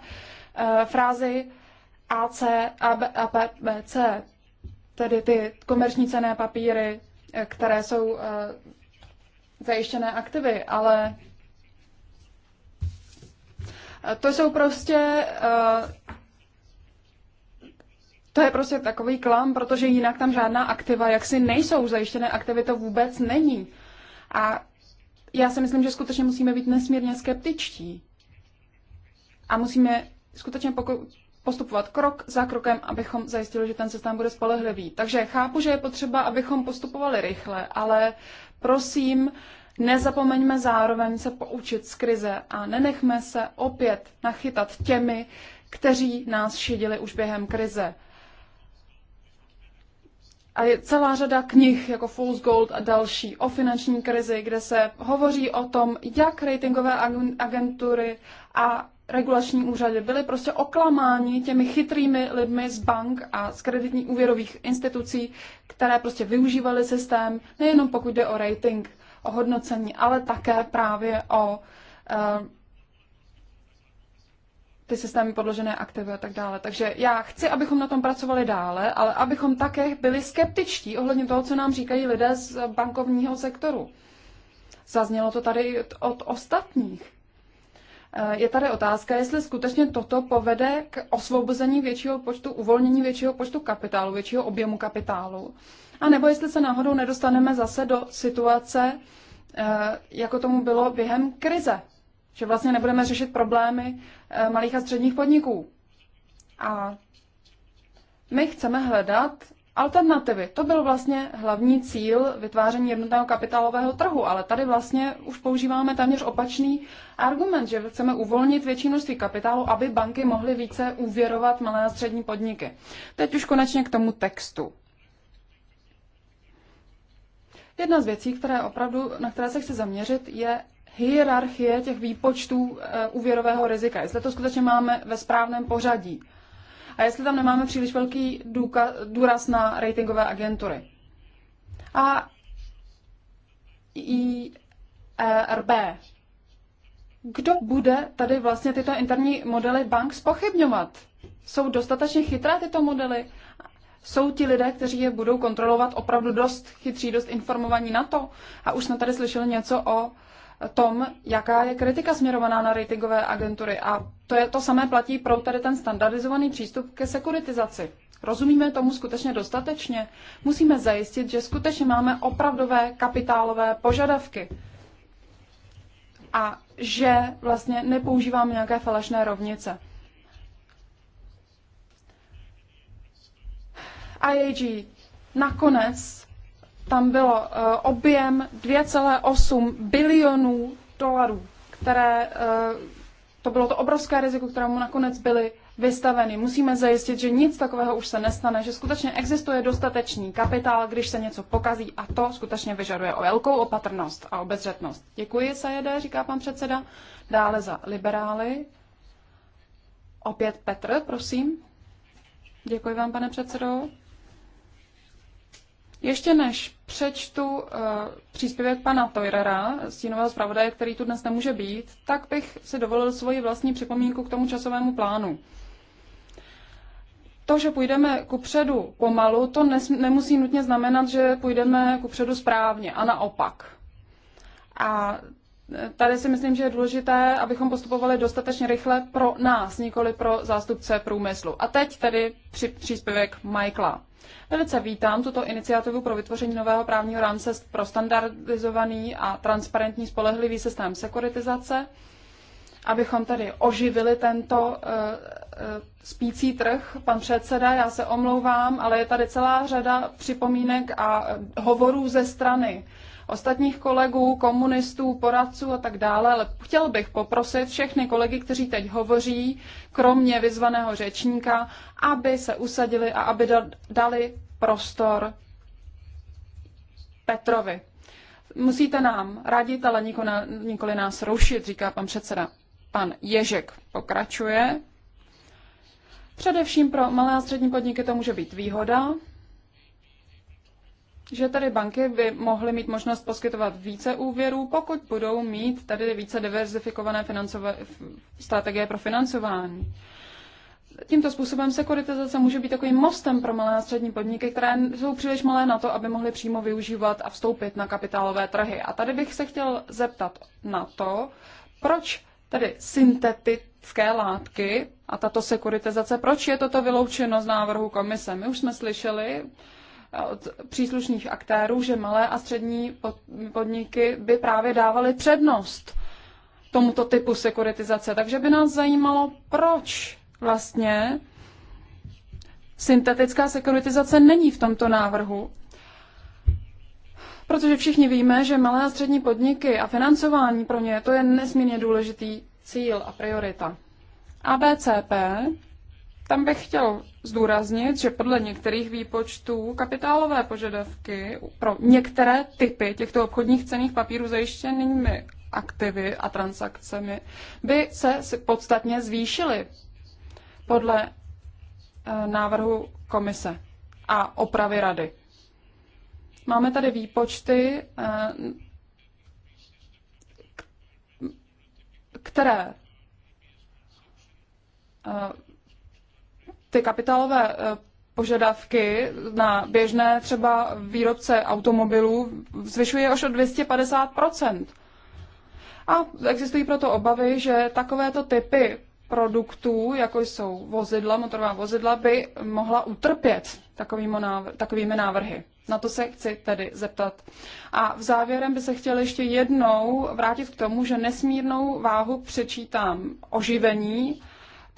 Speaker 3: eh, frázy AC, AB, BC, tedy ty komerční cené papíry, eh, které jsou e, zajištěné aktivy, ale to jsou prostě eh, to je prostě takový klam, protože jinak tam žádná aktiva, jaksi nejsou zajištěné to vůbec není. A já si myslím, že skutečně musíme být nesmírně skeptičtí. A musíme skutečně postupovat krok za krokem, abychom zajistili, že ten systém bude spolehlivý. Takže chápu, že je potřeba, abychom postupovali rychle, ale prosím, Nezapomeňme zároveň se poučit z krize a nenechme se opět nachytat těmi, kteří nás šidili už během krize. A je celá řada knih, jako Fool's Gold a další, o finanční krizi, kde se hovoří o tom, jak ratingové agentury a regulační úřady byly prostě oklamáni těmi chytrými lidmi z bank a z kreditních úvěrových institucí, které prostě využívaly systém, nejenom pokud jde o rating hodnocení, ale také právě o eh, ty systémy podložené aktivy a tak dále. Takže já chci, abychom na tom pracovali dále, ale abychom také byli skeptičtí ohledně toho, co nám říkají lidé z bankovního sektoru. Zaznělo to tady od ostatních. Eh, je tady otázka, jestli skutečně toto povede k osvobození většího počtu, uvolnění většího počtu kapitálu, většího objemu kapitálu a nebo jestli se náhodou nedostaneme zase do situace, eh, jako tomu bylo během krize, že vlastně nebudeme řešit problémy eh, malých a středních podniků. A my chceme hledat alternativy. To byl vlastně hlavní cíl vytváření jednotného kapitálového trhu, ale tady vlastně už používáme téměř opačný argument, že chceme uvolnit větší množství kapitálu, aby banky mohly více úvěrovat malé a střední podniky. Teď už konečně k tomu textu. Jedna z věcí, které opravdu, na které se chci zaměřit, je hierarchie těch výpočtů eh, úvěrového rizika. Jestli to skutečně máme ve správném pořadí. A jestli tam nemáme příliš velký důka, důraz na ratingové agentury. A IRB. E Kdo bude tady vlastně tyto interní modely bank spochybňovat? Jsou dostatečně chytré tyto modely? Jsou ti lidé, kteří je budou kontrolovat opravdu dost chytří, dost informovaní na to? A už jsme tady slyšeli něco o tom, jaká je kritika směrovaná na ratingové agentury. A to, je, to samé platí pro tady ten standardizovaný přístup ke sekuritizaci. Rozumíme tomu skutečně dostatečně? Musíme zajistit, že skutečně máme opravdové kapitálové požadavky a že vlastně nepoužíváme nějaké falešné rovnice. IAG nakonec tam bylo eh, objem 2,8 bilionů dolarů, které eh, to bylo to obrovské riziko, kterému nakonec byly vystaveny. Musíme zajistit, že nic takového už se nestane, že skutečně existuje dostatečný kapitál, když se něco pokazí a to skutečně vyžaduje o velkou opatrnost a obezřetnost. Děkuji, Sajede, říká pan předseda. Dále za liberály. Opět Petr, prosím. Děkuji vám, pane předsedo. Ještě než přečtu uh, příspěvek pana Toirera, stínového zpravodaje, který tu dnes nemůže být, tak bych si dovolil svoji vlastní připomínku k tomu časovému plánu. To, že půjdeme ku předu pomalu, to nemusí nutně znamenat, že půjdeme ku předu správně a naopak. A tady si myslím, že je důležité, abychom postupovali dostatečně rychle pro nás, nikoli pro zástupce průmyslu. A teď tedy při, příspěvek Michaela. Velice vítám tuto iniciativu pro vytvoření nového právního rámce pro standardizovaný a transparentní spolehlivý systém sekuritizace, abychom tedy oživili tento uh, uh, spící trh. Pan předseda, já se omlouvám, ale je tady celá řada připomínek a eh, hovorů ze strany uh, ostatních kolegů, komunistů, poradců a tak dále, ale chtěl bych poprosit všechny kolegy, kteří teď hovoří, kromě vyzvaného řečníka, aby se usadili a aby dali prostor Petrovi. Musíte nám radit, ale nikoli nás rušit, říká pan předseda. Pan Ježek pokračuje. Především pro malé a střední podniky to může být výhoda, že tady banky by mohly mít možnost poskytovat více úvěrů, pokud budou mít tady více diverzifikované financové strategie pro financování. Tímto způsobem sekuritizace může být takovým mostem pro malé a střední podniky, které jsou příliš malé na to, aby mohly přímo využívat a vstoupit na kapitálové trhy. A tady bych se chtěl zeptat na to, proč tedy syntetické látky a tato sekuritizace, proč je toto vyloučeno z návrhu komise? My už jsme slyšeli, od příslušných aktérů, že malé a střední podniky by právě dávaly přednost tomuto typu sekuritizace. Takže by nás zajímalo, proč vlastně syntetická sekuritizace není v tomto návrhu. Protože všichni víme, že malé a střední podniky a financování pro ně to je nesmírně důležitý cíl a priorita. ABCP tam bych chtěl zdůraznit, že podle některých výpočtů kapitálové požadavky pro některé typy těchto obchodních cených papírů zajištěnými aktivy a transakcemi by se podstatně zvýšily podle eh, návrhu komise a opravy rady. Máme tady výpočty, eh, které eh, ty kapitálové eh, požadavky na běžné třeba výrobce automobilů zvyšuje až o 250 A existují proto obavy, že takovéto typy produktů, jako jsou vozidla, motorová vozidla, by mohla utrpět takovými návrhy. Na to se chci tedy zeptat. A v závěrem by se chtěl ještě jednou vrátit k tomu, že nesmírnou váhu přečítám oživení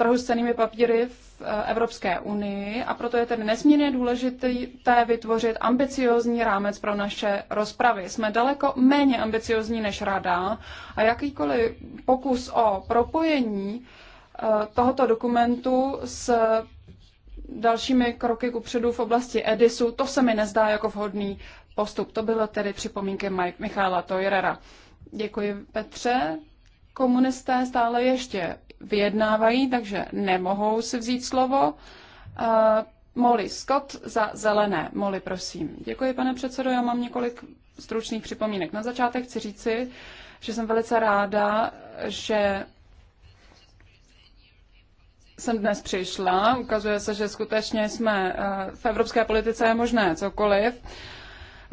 Speaker 3: trhu s cenými papíry v eh, Evropské unii a proto je tedy nesmírně důležité vytvořit ambiciozní rámec pro naše rozpravy. Jsme daleko méně ambiciozní než rada a jakýkoliv pokus o propojení eh, tohoto dokumentu s dalšími kroky kupředu v oblasti Edisu, to se mi nezdá jako vhodný postup. To bylo tedy připomínky Michála Tojrera. Děkuji Petře. Komunisté stále ještě vyjednávají, takže nemohou si vzít slovo. Eh, Molly Scott za zelené. Molly, prosím. Děkuji, pane předsedo. Já mám několik stručných připomínek. Na začátek chci říci, že jsem velice ráda, že jsem dnes přišla. Ukazuje se, že skutečně jsme eh, v evropské politice je možné cokoliv,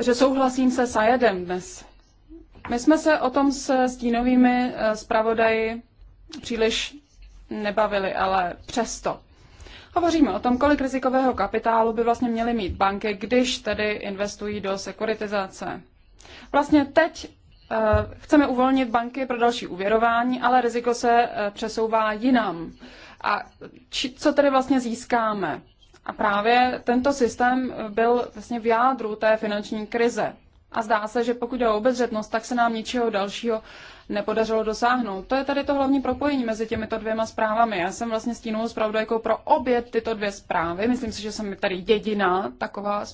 Speaker 3: že souhlasím se Sajedem dnes. My jsme se o tom s stínovými eh, zpravodaji příliš nebavili, ale přesto. Hovoříme o tom, kolik rizikového kapitálu by vlastně měly mít banky, když tedy investují do sekuritizace. Vlastně teď eh, chceme uvolnit banky pro další uvěrování, ale riziko se eh, přesouvá jinam. A či, co tedy vlastně získáme? A právě tento systém byl vlastně v jádru té finanční krize. A zdá se, že pokud jde o obezřetnost, tak se nám ničeho dalšího nepodařilo dosáhnout. To je tady to hlavní propojení mezi těmito dvěma zprávami. Já jsem vlastně stínovou zpravodajkou pro obě tyto dvě zprávy. Myslím si, že jsem tady jediná taková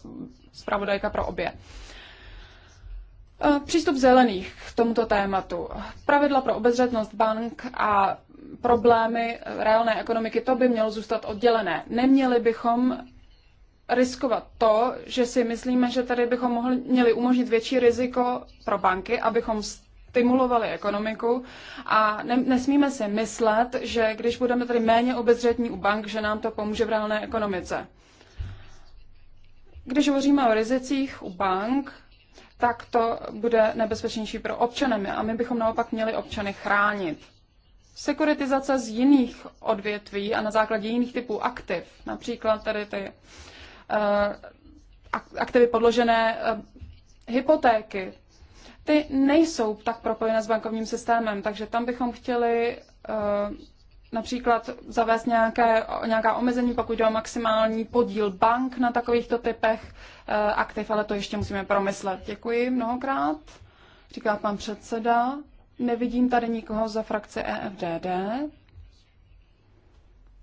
Speaker 3: zpravodajka pro obě. Eh, přístup zelených k tomuto tématu. Pravidla pro obezřetnost bank a problémy reálné ekonomiky, to by mělo zůstat oddělené. Neměli bychom riskovat to, že si myslíme, že tady bychom mohli, měli umožnit větší riziko pro banky, abychom stimulovali ekonomiku a ne, nesmíme si myslet, že když budeme tady méně obezřetní u bank, že nám to pomůže v reálné ekonomice. Když hovoříme o rizicích u bank, tak to bude nebezpečnější pro občany a my bychom naopak měli občany chránit. Sekuritizace z jiných odvětví a na základě jiných typů aktiv, například tady ty uh, aktivy podložené uh, hypotéky, ty nejsou tak propojené s bankovním systémem, takže tam bychom chtěli eh, například zavést nějaké, nějaká omezení, pokud jde o maximální podíl bank na takovýchto typech eh, aktiv, ale to ještě musíme promyslet. Děkuji mnohokrát, říká pan předseda. Nevidím tady nikoho za frakce EFDD.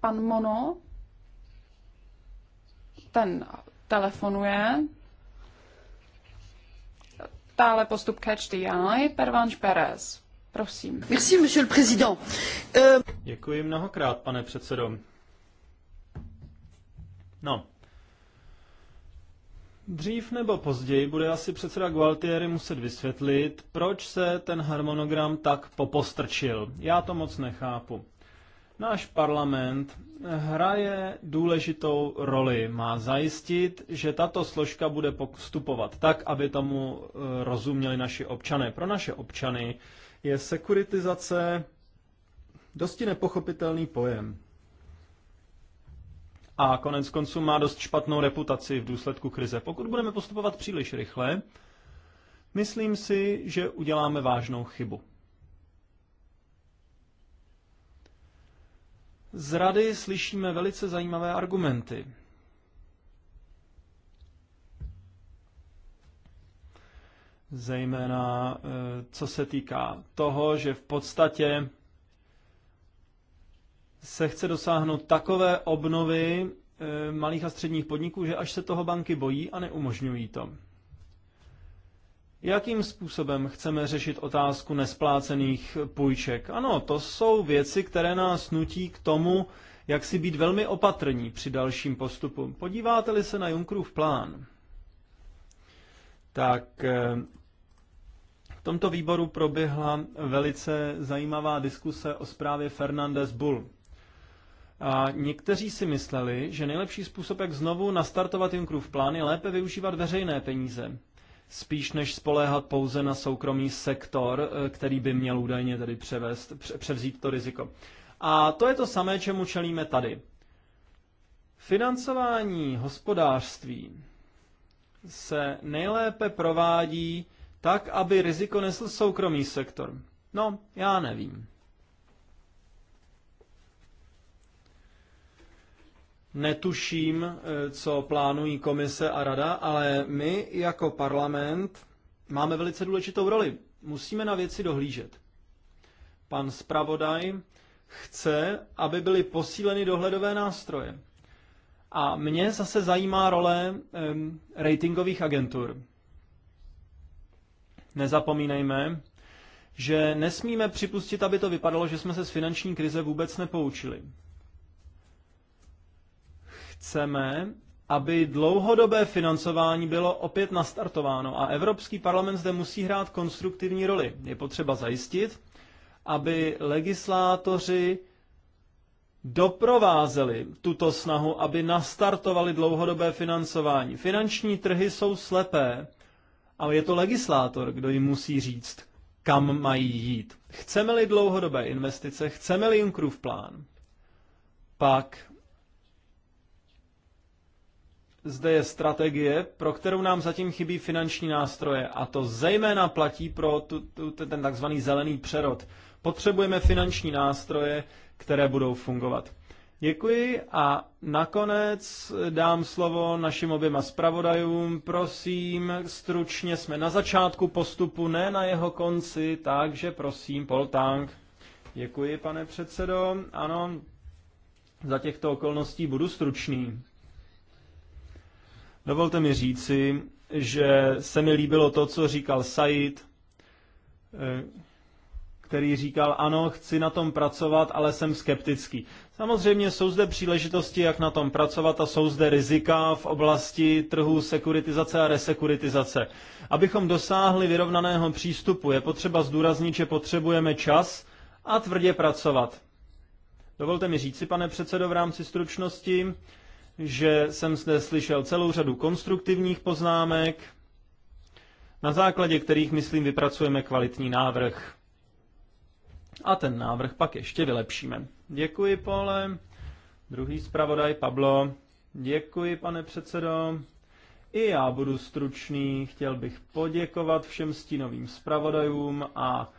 Speaker 3: Pan Mono, ten telefonuje, Stále postup Catch the Eye, Pervanš Perez. Prosím. Merci, monsieur le président.
Speaker 1: Euh, Děkuji mnohokrát, pane předsedo. No. Dřív nebo později bude asi předseda Gualtieri muset vysvětlit, proč se ten harmonogram tak popostrčil. Já to moc nechápu. Náš parlament hraje důležitou roli. Má zajistit, že tato složka bude postupovat tak, aby tomu e, rozuměli naši občané. Pro naše občany je sekuritizace dosti nepochopitelný pojem. A konec konců má dost špatnou reputaci v důsledku krize. Pokud budeme postupovat příliš rychle, myslím si, že uděláme vážnou chybu. Z rady slyšíme velice zajímavé argumenty. Zejména eh, co se týká toho, že v podstatě se chce dosáhnout takové obnovy eh, malých a středních podniků, že až se toho banky bojí a neumožňují to. Jakým způsobem chceme řešit otázku nesplácených půjček? Ano, to jsou věci, které nás nutí k tomu, jak si být velmi opatrní při dalším postupu. Podíváte-li se na Junkrův plán, tak eh, v tomto výboru proběhla velice zajímavá diskuse o zprávě Fernandez Bull. A někteří si mysleli, že nejlepší způsob, jak znovu nastartovat Junckerův plán, je lépe využívat veřejné peníze spíš než spoléhat pouze na soukromý sektor, eh, který by měl údajně tedy převést, převzít to riziko. A to je to samé, čemu čelíme tady. Financování hospodářství se nejlépe provádí tak, aby riziko nesl soukromý sektor. No, já nevím. Netuším, eh, co plánují komise a rada, ale my jako parlament máme velice důležitou roli. Musíme na věci dohlížet. Pan zpravodaj chce, aby byly posíleny dohledové nástroje. A mě zase zajímá role um, ratingových agentur. Nezapomínejme, že nesmíme připustit, aby to vypadalo, že jsme se z finanční krize vůbec nepoučili. Chceme, aby dlouhodobé financování bylo opět nastartováno a Evropský parlament zde musí hrát konstruktivní roli. Je potřeba zajistit, aby legislátoři doprovázeli tuto snahu, aby nastartovali dlouhodobé financování. Finanční trhy jsou slepé, ale je to legislátor, kdo jim musí říct, kam mají jít. Chceme-li dlouhodobé investice, chceme-li Junckerův plán, pak zde je strategie, pro kterou nám zatím chybí finanční nástroje. A to zejména platí pro tu, tu, ten takzvaný zelený přerod. Potřebujeme finanční nástroje, které budou fungovat. Děkuji a nakonec dám slovo našim oběma zpravodajům. Prosím, stručně jsme na začátku postupu, ne na jeho konci, takže prosím, Poltánk. Děkuji, pane předsedo. Ano, za těchto okolností budu stručný. Dovolte mi říci, že se mi líbilo to, co říkal Said, eh, který říkal, ano, chci na tom pracovat, ale jsem skeptický. Samozřejmě jsou zde příležitosti, jak na tom pracovat a jsou zde rizika v oblasti trhu sekuritizace a resekuritizace. Abychom dosáhli vyrovnaného přístupu, je potřeba zdůraznit, že potřebujeme čas a tvrdě pracovat. Dovolte mi říci, pane předsedo, v rámci stručnosti, že jsem zde slyšel celou řadu konstruktivních poznámek, na základě kterých, myslím, vypracujeme kvalitní návrh. A ten návrh pak ještě vylepšíme. Děkuji, Pole. Druhý zpravodaj, Pablo. Děkuji, pane předsedo. I já budu stručný. Chtěl bych poděkovat všem stínovým zpravodajům a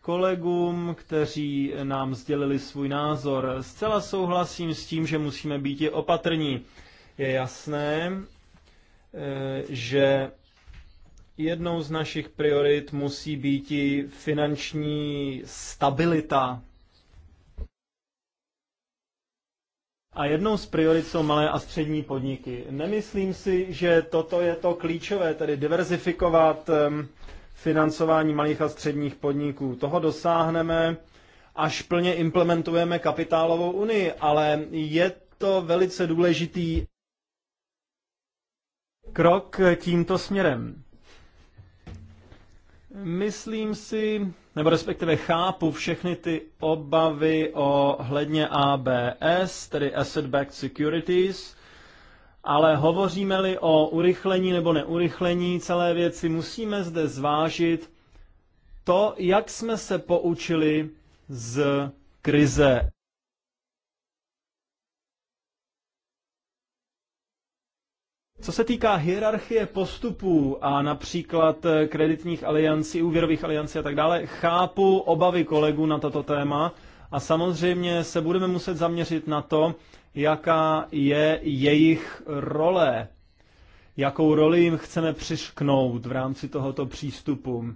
Speaker 1: kolegům, kteří nám sdělili svůj názor. Zcela souhlasím s tím, že musíme být i opatrní. Je jasné, eh, že jednou z našich priorit musí být i finanční stabilita. A jednou z priorit jsou malé a střední podniky. Nemyslím si, že toto je to klíčové, tedy diverzifikovat eh, financování malých a středních podniků. Toho dosáhneme, až plně implementujeme kapitálovou unii, ale je to velice důležitý krok tímto směrem. Myslím si, nebo respektive chápu všechny ty obavy o hledně ABS, tedy Asset Backed Securities, ale hovoříme-li o urychlení nebo neurychlení celé věci, musíme zde zvážit to, jak jsme se poučili z krize. Co se týká hierarchie postupů a například eh, kreditních aliancí, úvěrových aliancí a tak dále, chápu obavy kolegů na toto téma a samozřejmě se budeme muset zaměřit na to, jaká je jejich role, jakou roli jim chceme přišknout v rámci tohoto přístupu.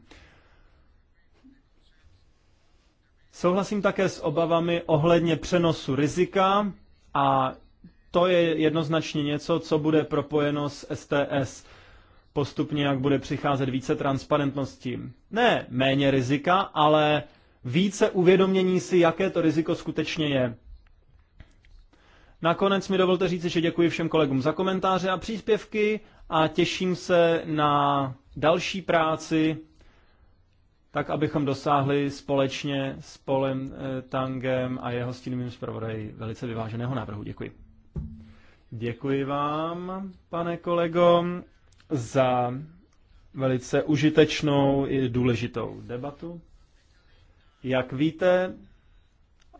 Speaker 1: Souhlasím také s obavami ohledně přenosu rizika a to je jednoznačně něco, co bude propojeno s STS postupně, jak bude přicházet více transparentnosti. Ne méně rizika, ale více uvědomění si, jaké to riziko skutečně je. Nakonec mi dovolte říct, že děkuji všem kolegům za komentáře a příspěvky a těším se na další práci, tak abychom dosáhli společně s Polem eh, Tangem a jeho stínovým zpravodají velice vyváženého návrhu. Děkuji. Děkuji vám, pane kolego, za velice užitečnou i důležitou debatu. Jak víte,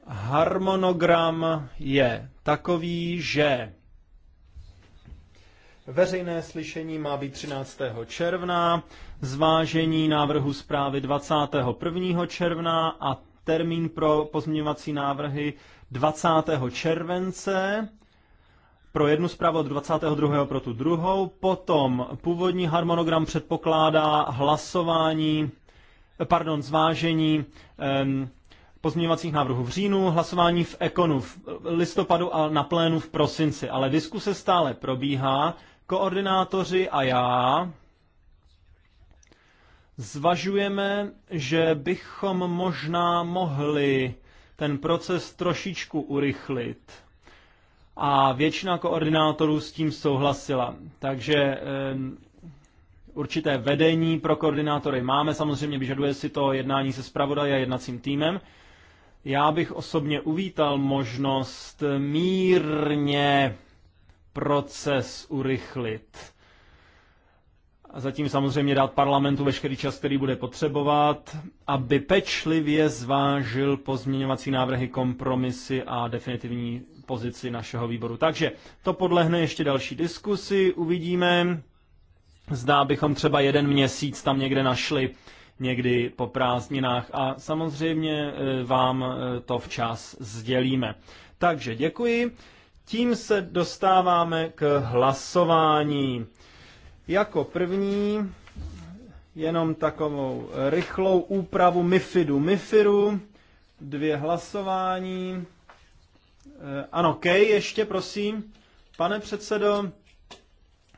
Speaker 1: Harmonogram je takový, že veřejné slyšení má být 13. června, zvážení návrhu zprávy 21. června a termín pro pozměňovací návrhy 20. července pro jednu zprávu od 22. pro tu druhou. Potom původní harmonogram předpokládá hlasování, pardon, zvážení pozměňovacích návrhů v říjnu, hlasování v ekonu v listopadu a na plénu v prosinci, ale diskuse stále probíhá. Koordinátoři a já zvažujeme, že bychom možná mohli ten proces trošičku urychlit. A většina koordinátorů s tím souhlasila. Takže určité vedení pro koordinátory máme. Samozřejmě vyžaduje si to jednání se zpravodají a jednacím týmem. Já bych osobně uvítal možnost mírně proces urychlit. A zatím samozřejmě dát parlamentu veškerý čas, který bude potřebovat, aby pečlivě zvážil pozměňovací návrhy, kompromisy a definitivní pozici našeho výboru. Takže to podlehne ještě další diskusi, uvidíme. Zdá bychom třeba jeden měsíc tam někde našli někdy po prázdninách a samozřejmě e, vám e, to včas sdělíme. Takže děkuji. Tím se dostáváme k hlasování. Jako první jenom takovou rychlou úpravu MIFIDu. MIFIRu, dvě hlasování. E, ano, Kej ještě, prosím. Pane předsedo,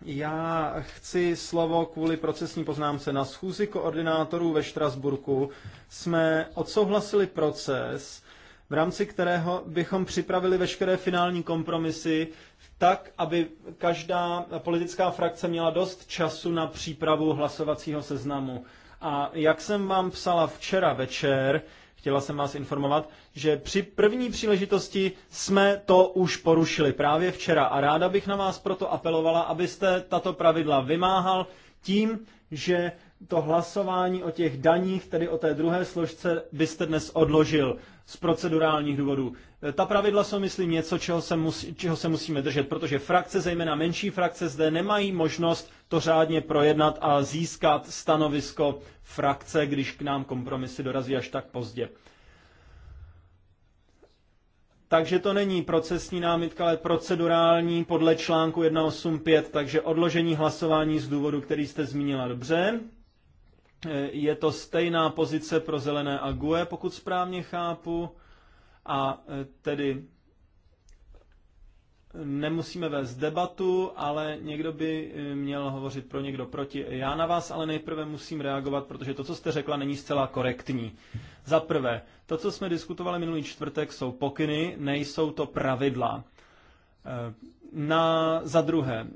Speaker 1: já chci slovo kvůli procesní poznámce. Na schůzi koordinátorů ve Štrasburku jsme odsouhlasili proces, v rámci kterého bychom připravili veškeré finální kompromisy tak, aby každá politická frakce měla dost času na přípravu hlasovacího seznamu. A jak jsem vám psala včera večer, Chtěla jsem vás informovat, že při první příležitosti jsme to už porušili právě včera a ráda bych na vás proto apelovala, abyste tato pravidla vymáhal tím, že to hlasování o těch daních, tedy o té druhé složce, byste dnes odložil z procedurálních důvodů. Ta pravidla jsou, myslím, něco, čeho se, musí, čeho se musíme držet, protože frakce, zejména menší frakce, zde nemají možnost to řádně projednat a získat stanovisko frakce, když k nám kompromisy dorazí až tak pozdě. Takže to není procesní námitka, ale procedurální podle článku 185, takže odložení hlasování z důvodu, který jste zmínila dobře. E, je to stejná pozice pro zelené a GUE, pokud správně chápu. A e, tedy nemusíme vést debatu, ale někdo by e, měl hovořit pro někdo proti. Já na vás ale nejprve musím reagovat, protože to, co jste řekla, není zcela korektní. Za prvé, to, co jsme diskutovali minulý čtvrtek, jsou pokyny, nejsou to pravidla. E, na, za druhé,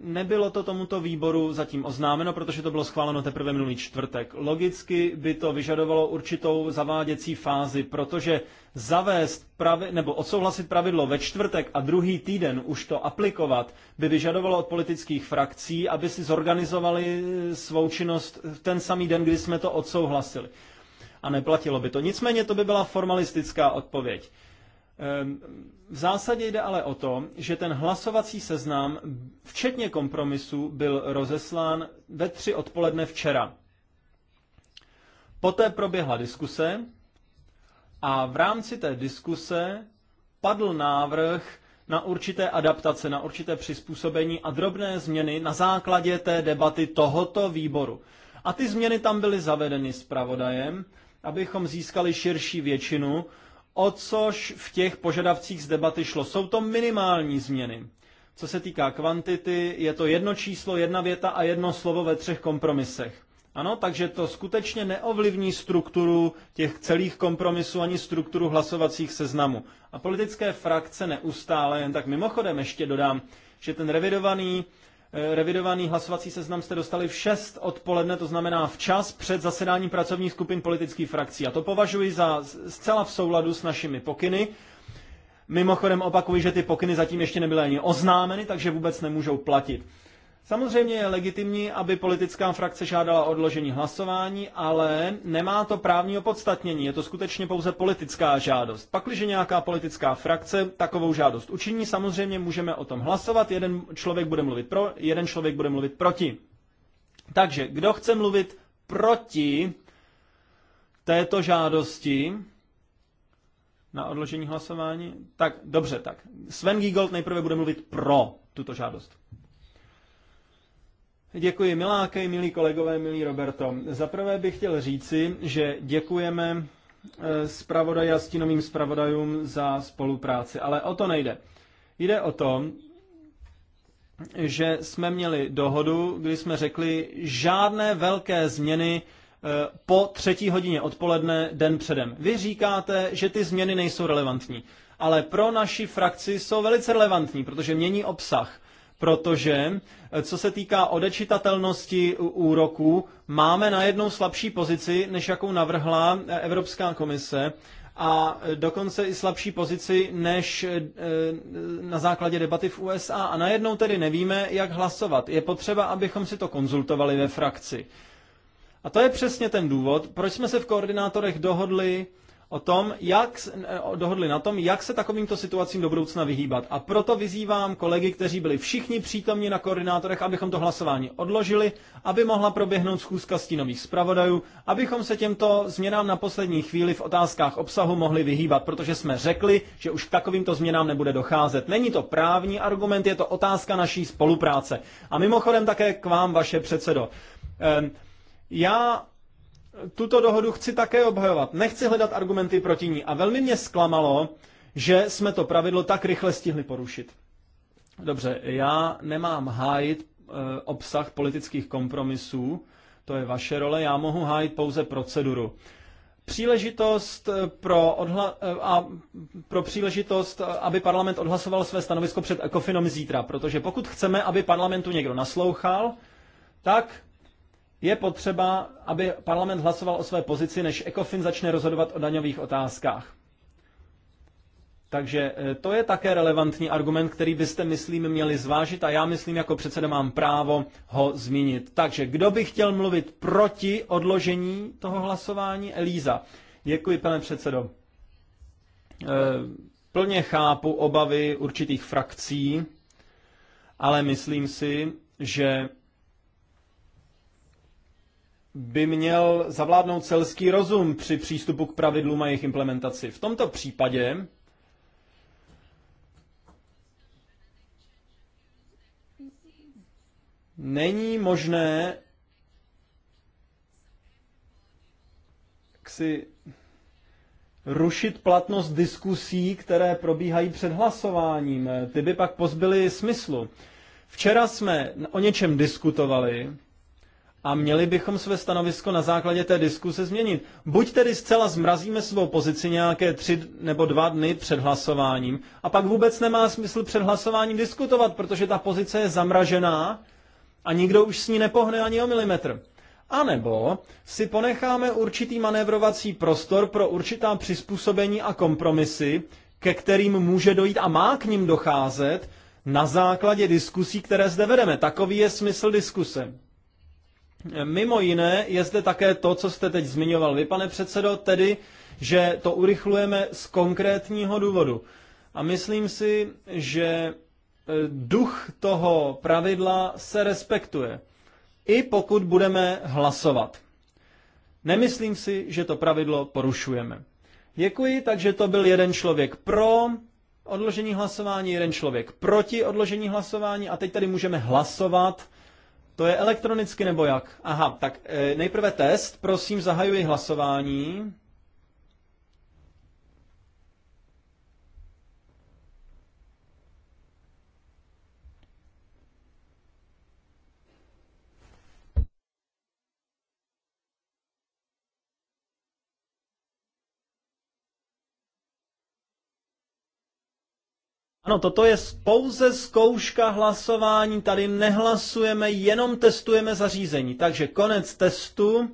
Speaker 1: nebylo to tomuto výboru zatím oznámeno, protože to bylo schváleno teprve minulý čtvrtek. Logicky by to vyžadovalo určitou zaváděcí fázi, protože zavést pravi, nebo odsouhlasit pravidlo ve čtvrtek a druhý týden už to aplikovat by vyžadovalo od politických frakcí, aby si zorganizovali svou činnost v ten samý den, kdy jsme to odsouhlasili. A neplatilo by to. Nicméně to by byla formalistická odpověď. Ehm, v zásadě jde ale o to, že ten hlasovací seznam, včetně kompromisu, byl rozeslán ve tři odpoledne včera. Poté proběhla diskuse a v rámci té diskuse padl návrh na určité adaptace, na určité přizpůsobení a drobné změny na základě té debaty tohoto výboru. A ty změny tam byly zavedeny s pravodajem, abychom získali širší většinu o což v těch požadavcích z debaty šlo. Jsou to minimální změny. Co se týká kvantity, je to jedno číslo, jedna věta a jedno slovo ve třech kompromisech. Ano, takže to skutečně neovlivní strukturu těch celých kompromisů ani strukturu hlasovacích seznamů. A politické frakce neustále, jen tak mimochodem ještě dodám, že ten revidovaný Eh, revidovaný hlasovací seznam jste dostali v 6 odpoledne, to znamená včas před zasedáním pracovních skupin politických frakcí. A to považuji za zcela v souladu s našimi pokyny. Mimochodem opakuji, že ty pokyny zatím ještě nebyly ani oznámeny, takže vůbec nemůžou platit. Samozřejmě je legitimní, aby politická frakce žádala odložení hlasování, ale nemá to právní opodstatnění. Je to skutečně pouze politická žádost. Pakliže nějaká politická frakce takovou žádost učiní, samozřejmě můžeme o tom hlasovat. Jeden člověk bude mluvit pro, jeden člověk bude mluvit proti. Takže kdo chce mluvit proti této žádosti na odložení hlasování, tak dobře, tak Sven Giegold nejprve bude mluvit pro tuto žádost. Děkuji, milákej, milí kolegové, milí Roberto. Zaprvé bych chtěl říci, že děkujeme eh, zpravodaji a stínovým zpravodajům za spolupráci, ale o to nejde. Jde o to, že jsme měli dohodu, kdy jsme řekli žádné velké změny eh, po třetí hodině odpoledne den předem. Vy říkáte, že ty změny nejsou relevantní, ale pro naši frakci jsou velice relevantní, protože mění obsah protože eh, co se týká odečitatelnosti úroků, máme najednou slabší pozici, než jakou navrhla eh, Evropská komise a eh, dokonce i slabší pozici než na základě debaty v USA. A najednou tedy nevíme, jak hlasovat. Je potřeba, abychom si to konzultovali ve frakci. A to je přesně ten důvod, proč jsme se v koordinátorech dohodli o tom, jak eh, dohodli na tom, jak se takovýmto situacím do budoucna vyhýbat. A proto vyzývám kolegy, kteří byli všichni přítomni na koordinátorech, abychom to hlasování odložili, aby mohla proběhnout schůzka stínových zpravodajů, abychom se těmto změnám na poslední chvíli v otázkách obsahu mohli vyhýbat, protože jsme řekli, že už k takovýmto změnám nebude docházet. Není to právní argument, je to otázka naší spolupráce. A mimochodem také k vám, vaše předsedo. Já tuto dohodu chci také obhajovat. Nechci hledat argumenty proti ní. A velmi mě zklamalo, že jsme to pravidlo tak rychle stihli porušit. Dobře, já nemám hájit e, obsah politických kompromisů, to je vaše role, já mohu hájit pouze proceduru. Příležitost eh, pro odhla- eh, a pro příležitost, aby parlament odhlasoval své stanovisko před ECOFINom zítra, protože pokud chceme, aby parlamentu někdo naslouchal, tak je potřeba, aby parlament hlasoval o své pozici, než ECOFIN začne rozhodovat o daňových otázkách. Takže e, to je také relevantní argument, který byste, myslím, měli zvážit a já myslím, jako předseda mám právo ho zmínit. Takže kdo by chtěl mluvit proti odložení toho hlasování? Elíza. Děkuji, pane předsedo. E, plně chápu obavy určitých frakcí, ale myslím si, že by měl zavládnout celský rozum při přístupu k pravidlům a jejich implementaci. V tomto případě není možné si rušit platnost diskusí, které probíhají před hlasováním. Ty by pak pozbyly smyslu. Včera jsme o něčem diskutovali, a měli bychom své stanovisko na základě té diskuse změnit. Buď tedy zcela zmrazíme svou pozici nějaké tři nebo dva dny před hlasováním a pak vůbec nemá smysl před hlasováním diskutovat, protože ta pozice je zamražená a nikdo už s ní nepohne ani o milimetr. A nebo si ponecháme určitý manévrovací prostor pro určitá přizpůsobení a kompromisy, ke kterým může dojít a má k ním docházet na základě diskusí, které zde vedeme. Takový je smysl diskuse. Mimo jiné je zde také to, co jste teď zmiňoval vy, pane předsedo, tedy, že to urychlujeme z konkrétního důvodu. A myslím si, že e, duch toho pravidla se respektuje, i pokud budeme hlasovat. Nemyslím si, že to pravidlo porušujeme. Děkuji, takže to byl jeden člověk pro odložení hlasování, jeden člověk proti odložení hlasování a teď tady můžeme hlasovat to je elektronicky nebo jak? Aha, tak eh, nejprve test. Prosím, zahajuji hlasování. Ano, toto je pouze zkouška hlasování, tady nehlasujeme, jenom testujeme zařízení. Takže konec testu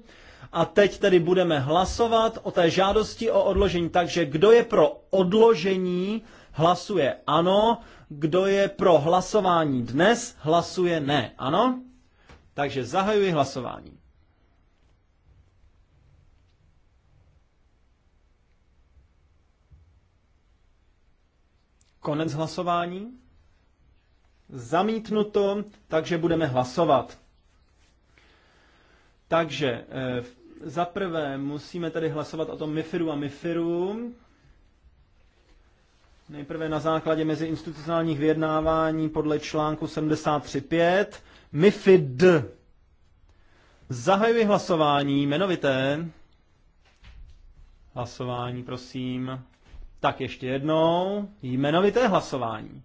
Speaker 1: a teď tedy budeme hlasovat o té žádosti o odložení. Takže kdo je pro odložení, hlasuje ano, kdo je pro hlasování dnes, hlasuje ne. Ano? Takže zahajuji hlasování. Konec hlasování. Zamítnuto, takže budeme hlasovat. Takže eh, za prvé musíme tady hlasovat o tom MIFIRu a MIFIRu. Nejprve na základě meziinstitucionálních vyjednávání podle článku 73.5 MIFID. Zahajuji hlasování jmenovité. Hlasování, prosím. Tak ještě jednou jmenovité hlasování.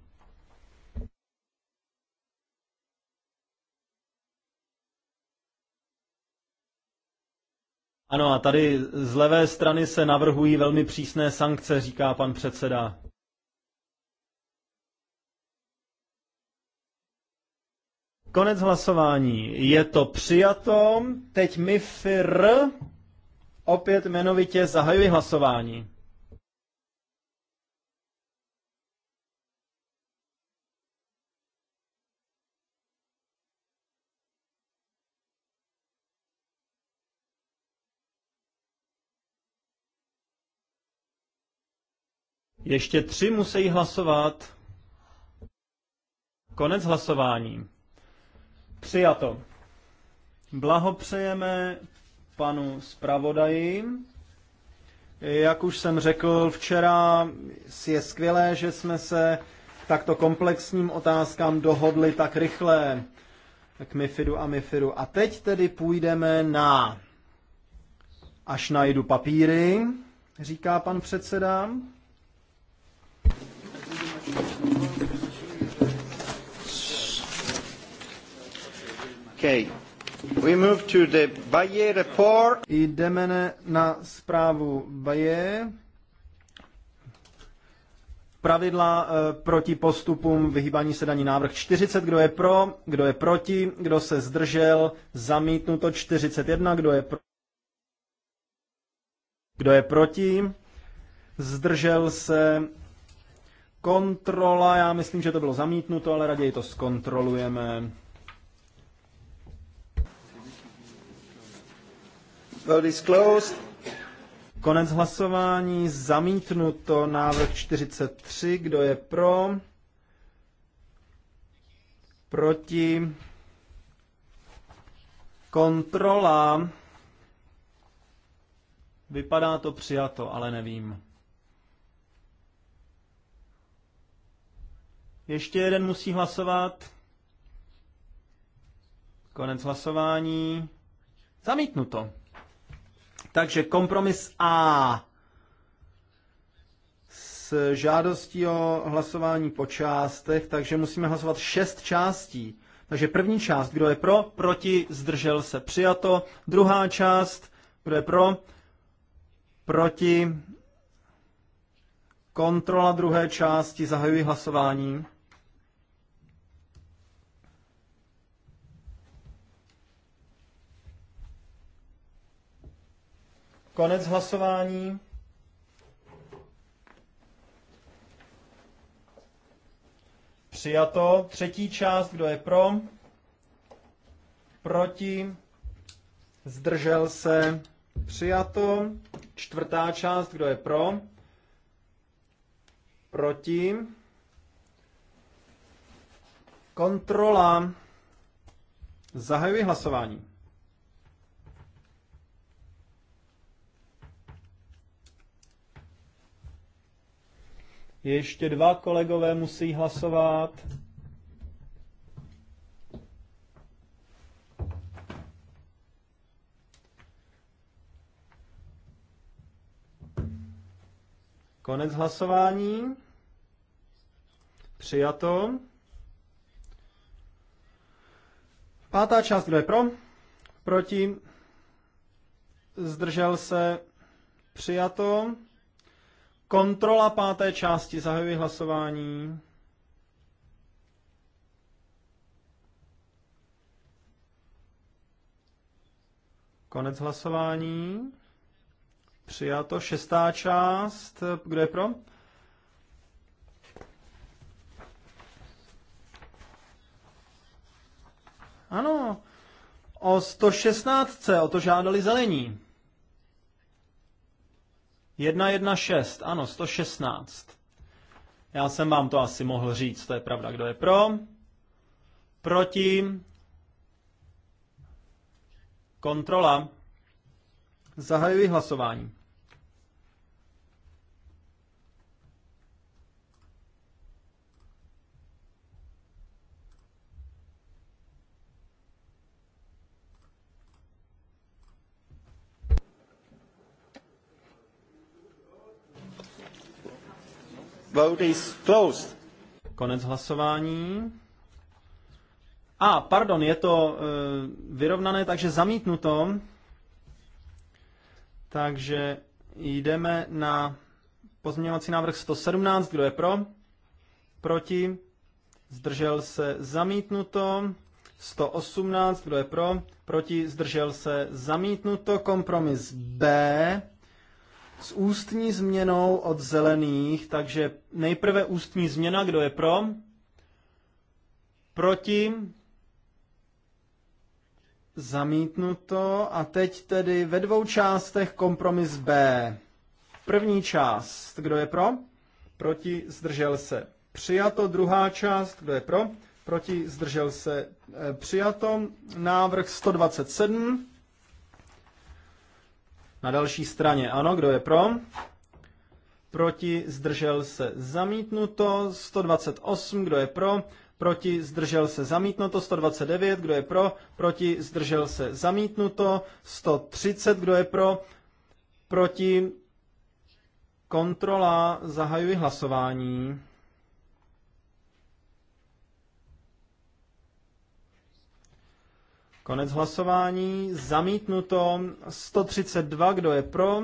Speaker 1: Ano, a tady z levé strany se navrhují velmi přísné sankce, říká pan předseda. Konec hlasování. Je to přijato. Teď mi FIR opět jmenovitě zahajuji hlasování. Ještě tři musí hlasovat. Konec hlasování. Přijato. Blahopřejeme panu zpravodaji. Jak už jsem řekl včera, je skvělé, že jsme se k takto komplexním otázkám dohodli tak rychle k Mifidu a MIFIDu. A teď tedy půjdeme na... Až najdu papíry, říká pan předseda. We move to the Bayer report. Jdeme na zprávu Bayer. Pravidla eh, proti postupům vyhýbání se daní návrh 40, kdo je pro, kdo je proti, kdo se zdržel, zamítnuto 41, kdo je pro, kdo je proti, zdržel se kontrola, já myslím, že to bylo zamítnuto, ale raději to zkontrolujeme. Vote is closed. Konec hlasování, zamítnuto návrh 43, kdo je pro? Proti? Kontrola. Vypadá to přijato, ale nevím. Ještě jeden musí hlasovat. Konec hlasování. Zamítnuto. Takže kompromis A s žádostí o hlasování po částech, takže musíme hlasovat šest částí. Takže první část, kdo je pro, proti, zdržel se, přijato. Druhá část, kdo je pro, proti, kontrola druhé části, zahajuji hlasování. Konec hlasování. Přijato. Třetí část, kdo je pro? Proti? Zdržel se? Přijato. Čtvrtá část, kdo je pro? Proti? Kontrola. Zahajuji hlasování. Ještě dva kolegové musí hlasovat. Konec hlasování. Přijato. Pátá část, kdo je pro? Proti? Zdržel se? Přijato. Kontrola páté části. Zahajuji hlasování. Konec hlasování. Přijato. Šestá část. Kdo je pro? Ano. O 116. O to žádali zelení. 116, ano, 116. Já jsem vám to asi mohl říct, to je pravda. Kdo je pro? Proti? Kontrola. Zahajuji hlasování. Vote is closed. Konec hlasování. A, pardon, je to uh, vyrovnané, takže zamítnuto. Takže jdeme na pozměňovací návrh 117. Kdo je pro? Proti? Zdržel se zamítnuto. 118. Kdo je pro? Proti? Zdržel se zamítnuto. Kompromis B s ústní změnou od zelených, takže nejprve ústní změna, kdo je pro? Proti? Zamítnuto. A teď tedy ve dvou částech kompromis B. První část, kdo je pro? Proti, zdržel se. Přijato. Druhá část, kdo je pro? Proti, zdržel se. E, přijato. Návrh 127 na další straně. Ano, kdo je pro? Proti, zdržel se, zamítnuto. 128, kdo je pro? Proti, zdržel se, zamítnuto. 129, kdo je pro? Proti, zdržel se, zamítnuto. 130, kdo je pro? Proti, kontrola, zahajuji hlasování. Konec hlasování. Zamítnuto 132, kdo je pro,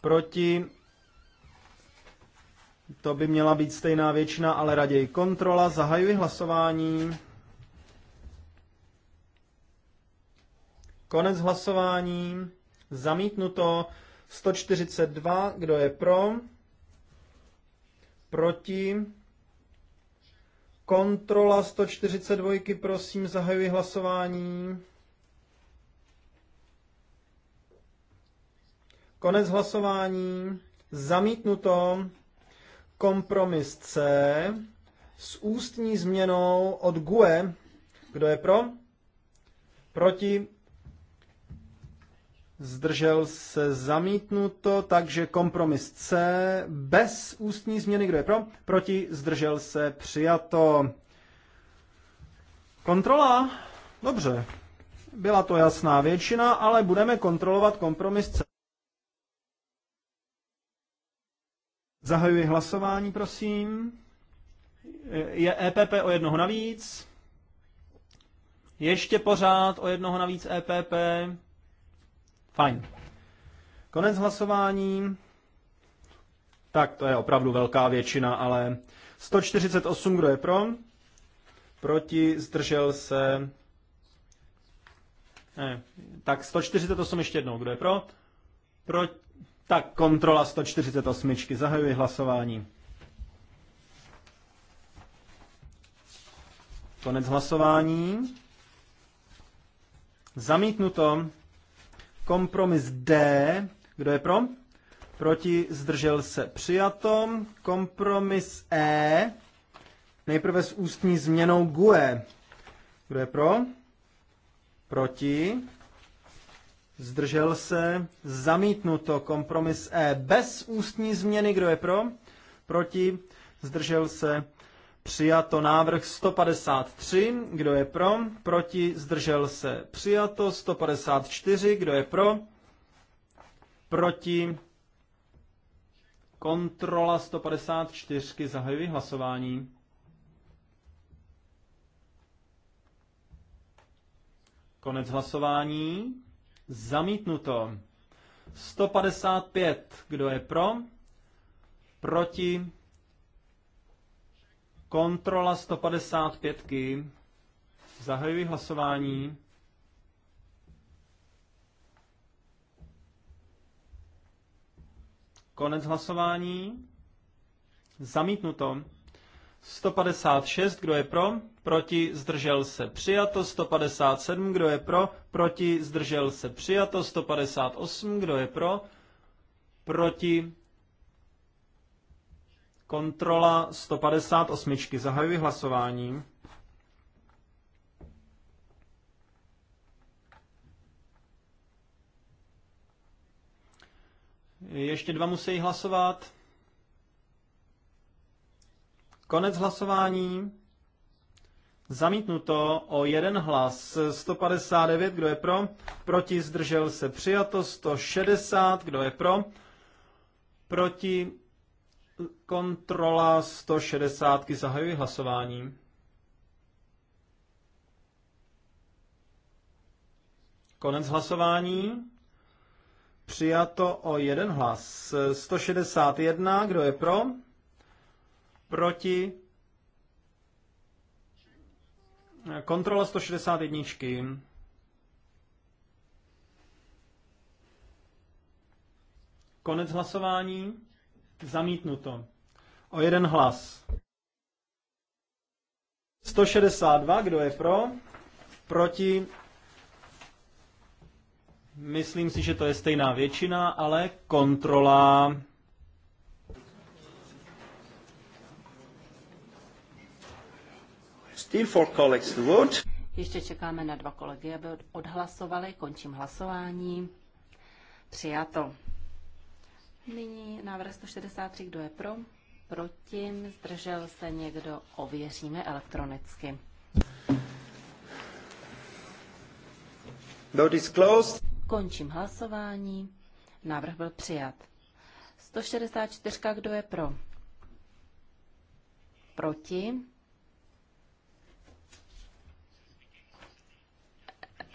Speaker 1: proti. To by měla být stejná většina, ale raději kontrola. Zahajuji hlasování. Konec hlasování. Zamítnuto 142, kdo je pro, proti. Kontrola 142, prosím, zahajuji hlasování. Konec hlasování. Zamítnuto. Kompromis C s ústní změnou od GUE. Kdo je pro? Proti? zdržel se zamítnuto, takže kompromis C bez ústní změny, kdo je pro, proti, zdržel se přijato. Kontrola? Dobře. Byla to jasná většina, ale budeme kontrolovat kompromis C. Zahajuji hlasování, prosím. Je EPP o jednoho navíc. Ještě pořád o jednoho navíc EPP. Fajn. Konec hlasování. Tak to je opravdu velká většina, ale 148, kdo je pro? Proti, zdržel se. Ne, tak 148 ještě jednou, kdo je pro? pro... Tak kontrola 148, zahajuji hlasování. Konec hlasování. Zamítnuto Kompromis D. Kdo je pro? Proti zdržel se přijato. Kompromis E. Nejprve s ústní změnou GUE. Kdo je pro? Proti. Zdržel se. Zamítnuto. Kompromis E. Bez ústní změny. Kdo je pro? Proti. Zdržel se. Přijato návrh 153, kdo je pro? Proti, zdržel se. Přijato 154, kdo je pro? Proti, kontrola 154, zahajuji hlasování. Konec hlasování. Zamítnuto. 155, kdo je pro? Proti, Kontrola 155. Zahajuji hlasování. Konec hlasování. Zamítnuto. 156, kdo je pro? Proti, zdržel se, přijato. 157, kdo je pro? Proti, zdržel se, přijato. 158, kdo je pro? Proti, Kontrola 158. Zahajuji hlasování. Ještě dva musí hlasovat. Konec hlasování. Zamítnuto o jeden hlas. 159, kdo je pro? Proti zdržel se přijato. 160, kdo je pro? Proti kontrola 160. Zahajuji hlasování. Konec hlasování. Přijato o jeden hlas. 161, kdo je pro? Proti? Kontrola 161. Konec hlasování. Zamítnuto. O jeden hlas. 162, kdo je pro? Proti? Myslím si, že to je stejná většina, ale kontrola. Still for colleagues to vote.
Speaker 2: Ještě čekáme na dva kolegy, aby odhlasovali. Končím hlasování. Přijato. Nyní návrh 163, kdo je pro? Proti, zdržel se někdo, ověříme elektronicky.
Speaker 1: Vote is closed.
Speaker 2: Končím hlasování. Návrh byl přijat. 164, kdo je pro? Proti?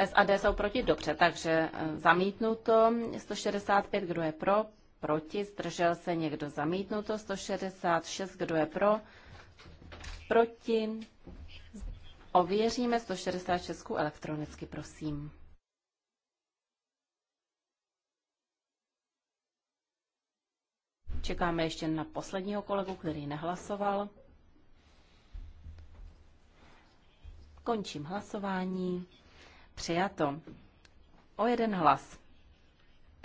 Speaker 2: SAD jsou proti, dobře, takže eh, zamítnuto. 165, kdo je pro? proti, zdržel se někdo zamítnuto, 166, kdo je pro, proti, ověříme 166 elektronicky, prosím. Čekáme ještě na posledního kolegu, který nehlasoval. Končím hlasování. Přijato. O jeden hlas.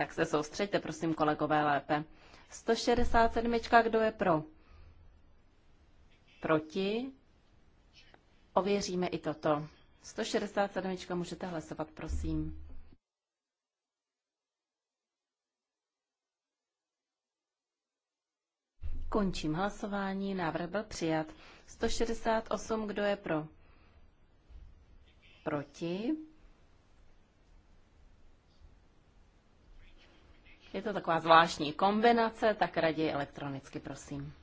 Speaker 2: Tak se soustřeďte, prosím, kolegové, lépe. 167. Kdo je pro? Proti? Ověříme i toto. 167. Můžete hlasovat, prosím. Končím hlasování. Návrh byl přijat. 168. Kdo je pro? Proti? Je to taková zvláštní kombinace, tak raději elektronicky, prosím.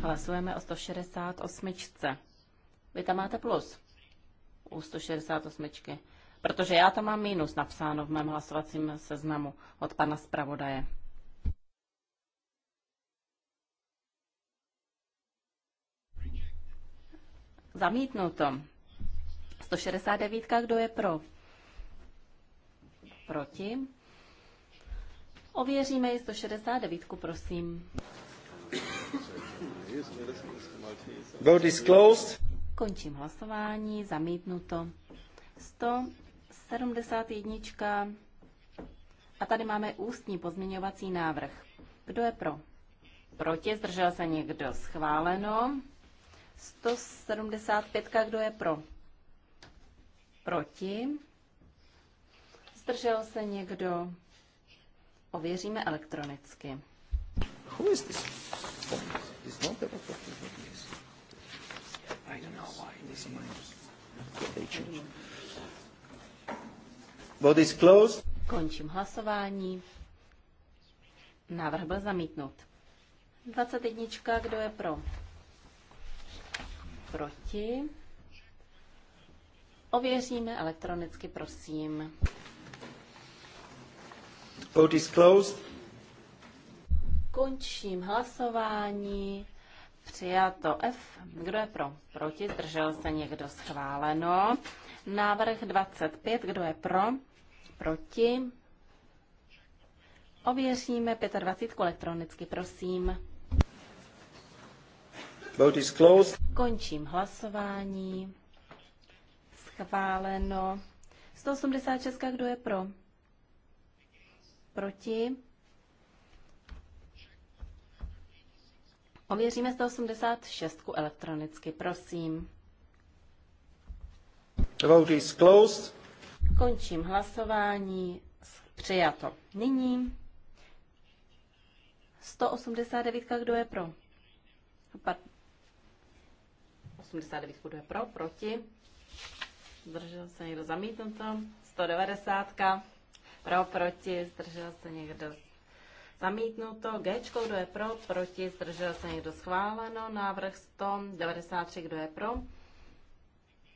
Speaker 2: Hlasujeme o 168. Vy tam máte plus u 168. Protože já tam mám minus napsáno v mém hlasovacím seznamu od pana zpravodaje. Zamítnuto. 169. Kdo je pro? Proti? Ověříme je 169, prosím.
Speaker 1: Vote is closed.
Speaker 2: Končím hlasování, zamítnuto. 171. A tady máme ústní pozměňovací návrh. Kdo je pro? Proti, zdržel se někdo, schváleno. 175, kdo je pro? Proti. Zdržel se někdo, ověříme elektronicky. Who is this?
Speaker 1: It's not the I don't know why this is closed.
Speaker 2: Končím hlasování. Návrh byl zamítnut. 21. Kdo je pro? Proti. Ověříme elektronicky, prosím.
Speaker 1: Vote is closed.
Speaker 2: Končím hlasování. Přijato F. Kdo je pro? Proti? Zdržel se někdo? Schváleno. Návrh 25. Kdo je pro? Proti? Ověříme 25 elektronicky, prosím.
Speaker 1: Vote is closed.
Speaker 2: Končím hlasování. Schváleno. 186. Kdo je pro? proti. Ověříme 186 elektronicky, prosím.
Speaker 1: The vote is closed.
Speaker 2: Končím hlasování. Přijato. Nyní 189, kdo je pro? 89, kdo je pro? Proti? Zdržel se někdo zamítnuto. 190 pro, proti, zdržel se někdo zamítnuto. G, kdo je pro, proti, zdržel se někdo schváleno. Návrh 193, kdo je pro,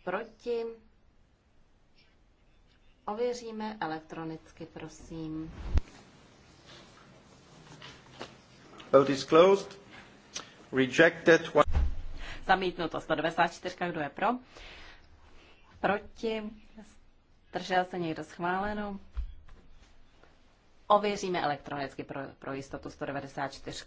Speaker 2: proti. Ověříme elektronicky, prosím.
Speaker 1: Vote is closed. Rejected. One...
Speaker 2: Zamítnuto 194, kdo je pro? Proti? Držel se někdo schváleno? Ověříme elektronicky pro, pro jistotu 194.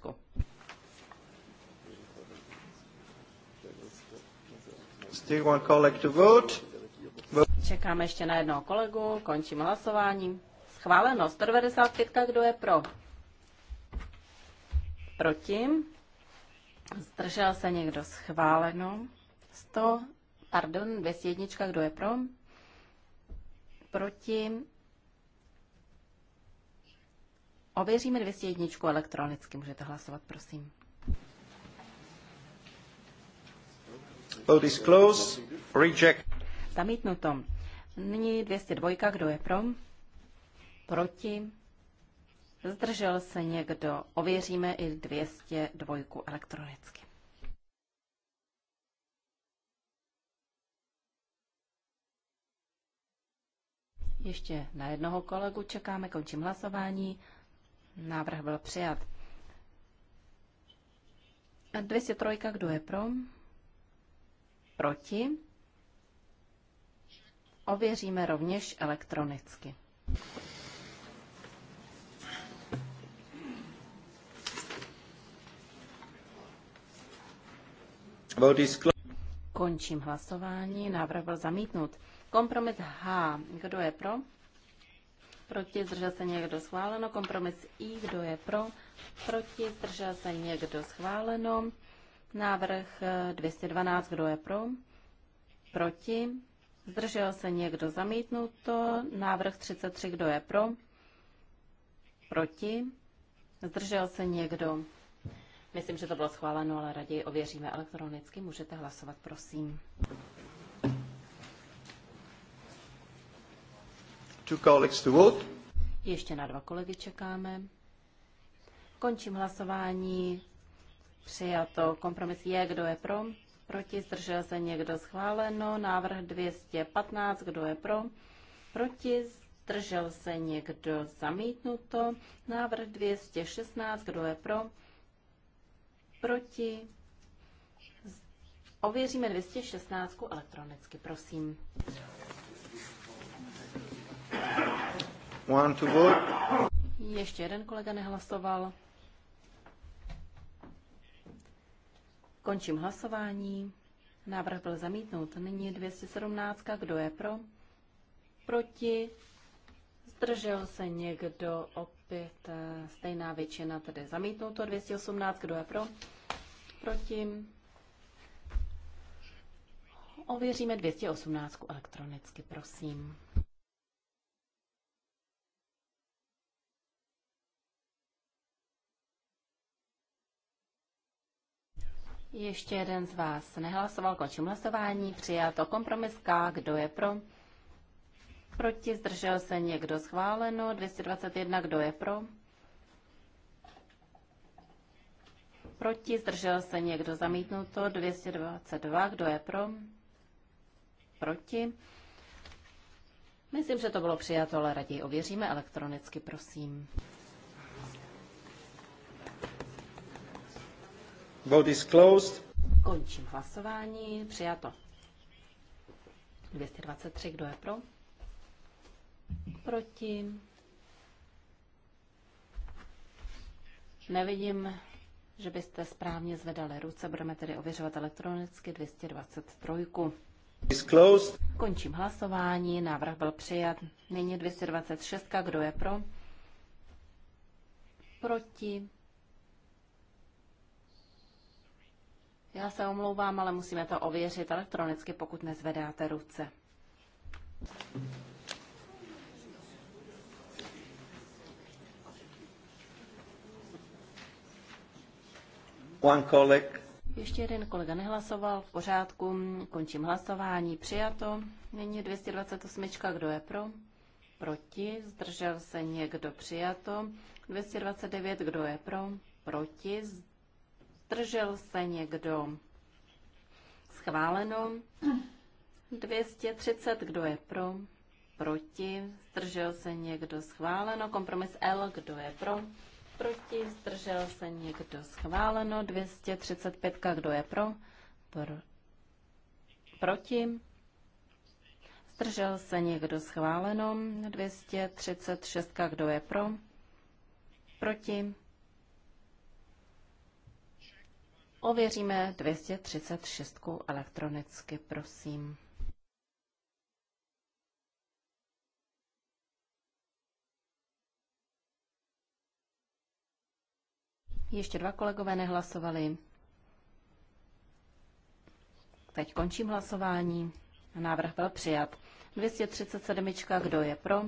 Speaker 1: Still one colleague to vote.
Speaker 2: Čekáme ještě na jednoho kolegu, končím hlasování. Schváleno 195, kdo je pro? Proti? Zdržel se někdo schváleno? 100, pardon, 201, kdo je pro? Proti? Ověříme 201 elektronicky. Můžete hlasovat, prosím.
Speaker 1: Vote is closed. Reject.
Speaker 2: Zamítnuto. Nyní 202. Kdo je pro? Proti? Zdržel se někdo? Ověříme i 202 elektronicky. Ještě na jednoho kolegu čekáme, končím hlasování. Návrh byl přijat. 203. Kdo je pro? Proti? Ověříme rovněž elektronicky. Končím hlasování. Návrh byl zamítnut. Kompromis H. Kdo je pro? proti, zdržel se někdo schváleno. Kompromis I, kdo je pro, proti, zdržel se někdo schváleno. Návrh 212, eh, kdo je pro, proti, zdržel se někdo zamítnuto. Návrh 33, kdo je pro, proti, zdržel se někdo. Myslím, že to bylo schváleno, ale raději ověříme elektronicky. Můžete hlasovat, prosím.
Speaker 1: two colleagues to vote.
Speaker 2: Ještě na dva kolegy čekáme. Končím hlasování. Přijato. Kompromis je, kdo je pro. Proti zdržel se někdo schváleno. Návrh 215, kdo je pro. Proti zdržel se někdo zamítnuto. Návrh 216, kdo je pro. Proti. Ověříme 216 elektronicky, prosím.
Speaker 1: One to vote.
Speaker 2: Ještě jeden kolega nehlasoval. Končím hlasování. Návrh byl zamítnut. Nyní 217. Kdo je pro? Proti? Zdržel se někdo? Opět eh, stejná většina, tedy zamítnuto. 218. Kdo je pro? Proti? Ověříme 218 elektronicky, prosím. Ještě jeden z vás nehlasoval, končím hlasování. Přijato kompromis K, kdo je pro? Proti zdržel se někdo schváleno. 221, kdo je pro? Proti zdržel se někdo zamítnuto. 222, kdo je pro? Proti. Myslím, že to bylo přijato, ale raději ověříme elektronicky, prosím.
Speaker 1: Vote is closed.
Speaker 2: Končím hlasování. Přijato. 223, kdo je pro? Proti? Nevidím, že byste správně zvedali ruce. Budeme tedy ověřovat elektronicky 223.
Speaker 1: Disclosed.
Speaker 2: Končím hlasování, návrh byl přijat. Nyní 226, kdo je pro? Proti? Já se omlouvám, ale musíme to ověřit elektronicky, pokud nezvedáte ruce.
Speaker 1: One colleague.
Speaker 2: Ještě jeden kolega nehlasoval, v pořádku, končím hlasování, přijato. Nyní 228, kdo je pro? Proti, zdržel se někdo, přijato. 229, kdo je pro? Proti, Zdržel se někdo? Schváleno. 230, kdo je pro? Proti. Zdržel se někdo? Schváleno. Kompromis L, kdo je pro? Proti. Zdržel se někdo? Schváleno. 235, kdo je pro? Pro. Proti. Zdržel se někdo schváleno? 236. Kdo je pro? Proti? Ověříme 236 elektronicky, prosím. Ještě dva kolegové nehlasovali. Teď končím hlasování. Návrh byl přijat. 237. Kdo je pro?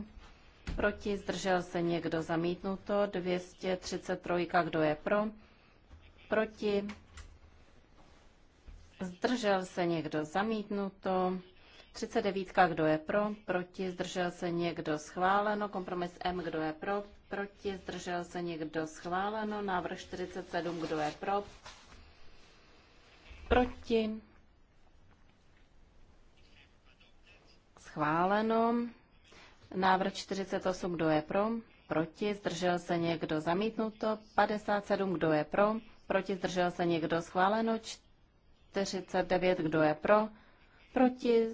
Speaker 2: Proti? Zdržel se někdo? Zamítnuto. 233. Kdo je pro? Proti? zdržel se někdo zamítnuto, 39, kdo je pro, proti, zdržel se někdo schváleno, kompromis M, kdo je pro, proti, zdržel se někdo schváleno, návrh 47, kdo je pro, proti, schváleno, návrh 48, kdo je pro, proti, zdržel se někdo zamítnuto, 57, kdo je pro, proti, zdržel se někdo schváleno, 49, kdo je pro, proti,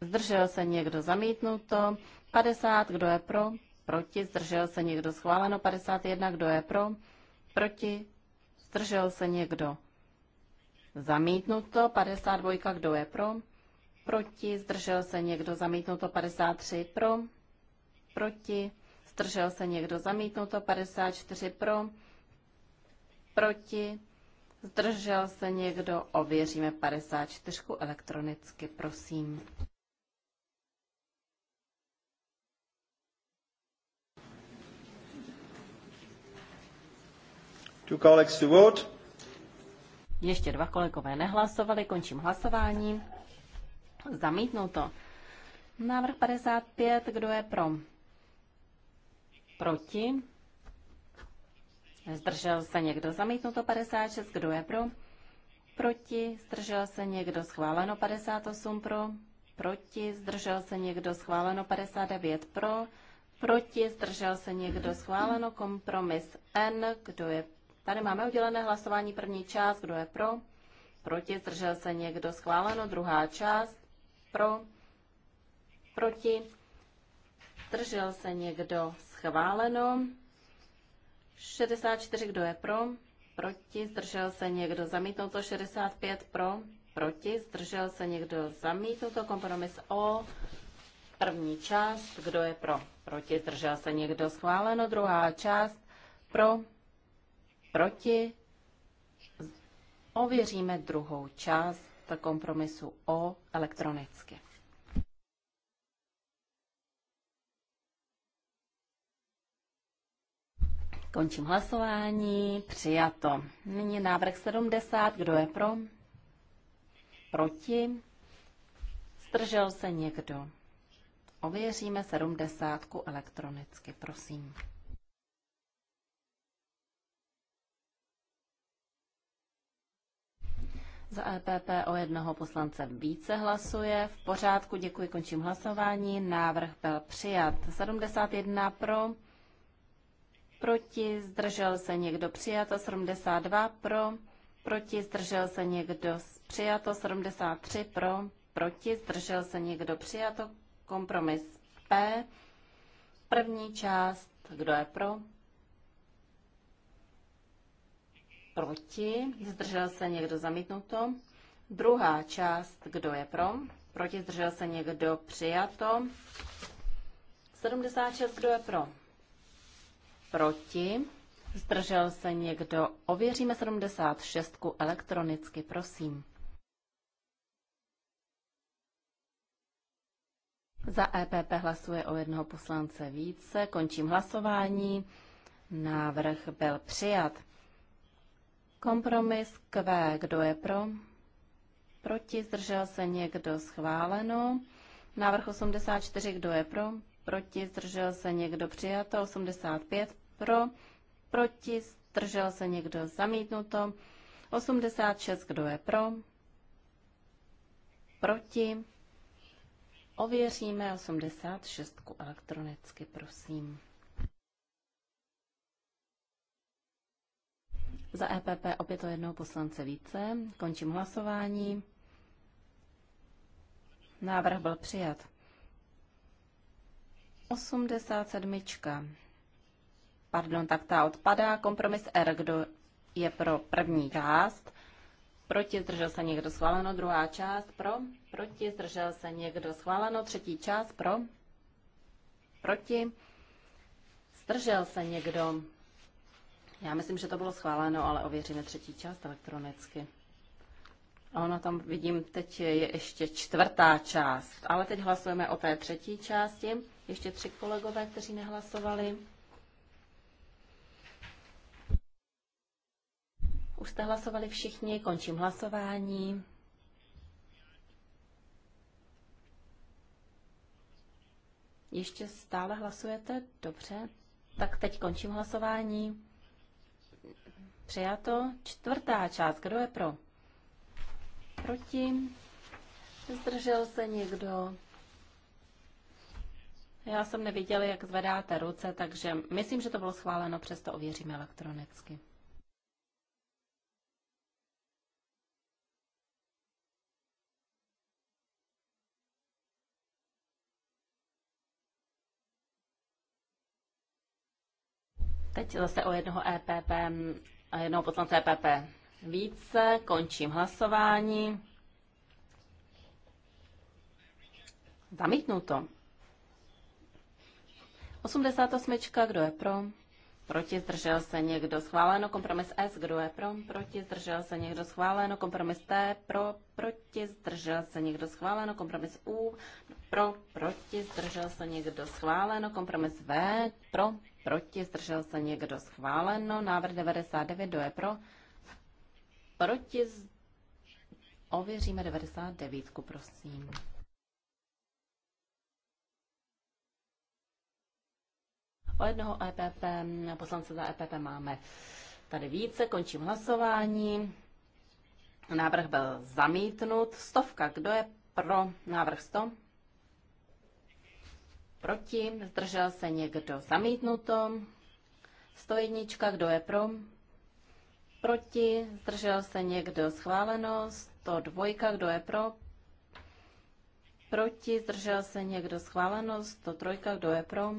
Speaker 2: zdržel se někdo zamítnuto, 50, kdo je pro, proti, zdržel se někdo schváleno, 51, kdo je pro, proti, zdržel se někdo zamítnuto, 52, kdo je pro, proti, zdržel se někdo zamítnuto, 53 pro, proti, zdržel se někdo zamítnuto, 54 pro, proti, Zdržel se někdo? Ověříme 54 elektronicky, prosím.
Speaker 1: Two colleagues to vote.
Speaker 2: Ještě dva kolegové nehlasovali, končím hlasování. to. Návrh 55, kdo je pro? Proti? Zdržel se někdo? Zamítnuto 56. Kdo je pro? Proti? Zdržel se někdo? Schváleno 58 pro? Proti? Zdržel se někdo? Schváleno 59 pro? Proti? Zdržel se někdo? Schváleno kompromis N. Kdo je? Tady máme udělené hlasování první část. Kdo je pro? Proti? Zdržel se někdo? Schváleno druhá část. Pro? Proti? Zdržel se někdo? Schváleno. 64, kdo je pro? Proti, zdržel se někdo zamítnuto. 65 pro, proti, zdržel se někdo zamítnuto. Kompromis O, první část, kdo je pro? Proti, zdržel se někdo schváleno. Druhá část, pro, proti. Ověříme druhou část kompromisu O elektronicky. Končím hlasování. Přijato. Nyní návrh 70. Kdo je pro? Proti? Zdržel se někdo? Ověříme 70 elektronicky, prosím. Za EPP o jednoho poslance více hlasuje. V pořádku, děkuji, končím hlasování. Návrh byl přijat. 71 pro, proti, zdržel se někdo přijato, 72 pro, proti, zdržel se někdo přijato, 73 pro, proti, zdržel se někdo přijato, kompromis P, první část, kdo je pro, proti, zdržel se někdo zamítnuto, druhá část, kdo je pro, proti, zdržel se někdo přijato, 76, kdo je pro proti, zdržel se někdo, ověříme 76 elektronicky, prosím. Za EPP hlasuje o jednoho poslance více. Končím hlasování. Návrh byl přijat. Kompromis Q. Kdo je pro? Proti? Zdržel se někdo? Schváleno. Návrh 84. Kdo je pro? proti, zdržel se někdo přijato, 85 pro, proti, zdržel se někdo zamítnuto, 86 kdo je pro, proti, ověříme 86 elektronicky, prosím. Za EPP opět o jednoho poslance více. Končím hlasování. Návrh byl přijat. 87. Pardon, tak ta odpadá. Kompromis R, kdo je pro první část. Proti zdržel se někdo schváleno, druhá část pro. Proti zdržel se někdo schváleno, třetí část pro. Proti zdržel se někdo. Já myslím, že to bylo schváleno, ale ověříme třetí část elektronicky. A ono tam vidím, teď je ještě čtvrtá část, ale teď hlasujeme o té třetí části. Ještě tři kolegové, kteří nehlasovali. Už jste hlasovali všichni, končím hlasování. Ještě stále hlasujete? Dobře. Tak teď končím hlasování. Přijato. Čtvrtá část. Kdo je pro? Proti? Zdržel se někdo? Já jsem neviděl, jak zvedáte ruce, takže myslím, že to bylo schváleno, přesto ověříme elektronicky. Teď zase o jednoho EPP, a jednoho poslance EPP více, končím hlasování. Zamítnuto. 88. Kdo je pro? Proti zdržel se někdo schváleno. Kompromis S. Kdo je pro? Proti zdržel se někdo schváleno. Kompromis T. Pro. Proti zdržel se někdo schváleno. Kompromis U. Pro. Proti zdržel se někdo schváleno. Kompromis V. Pro. Proti zdržel se někdo schváleno. Návrh 99. Kdo je pro? Proti z... Ověříme 99, prosím. O jednoho EPP, poslance za EPP máme tady více, končím hlasování. Návrh byl zamítnut. Stovka, kdo je pro návrh 100? Proti, zdržel se někdo zamítnuto. 101, kdo je pro? Proti, zdržel se někdo schváleno. 102, kdo je pro? Proti, zdržel se někdo schváleno. 103, kdo je pro?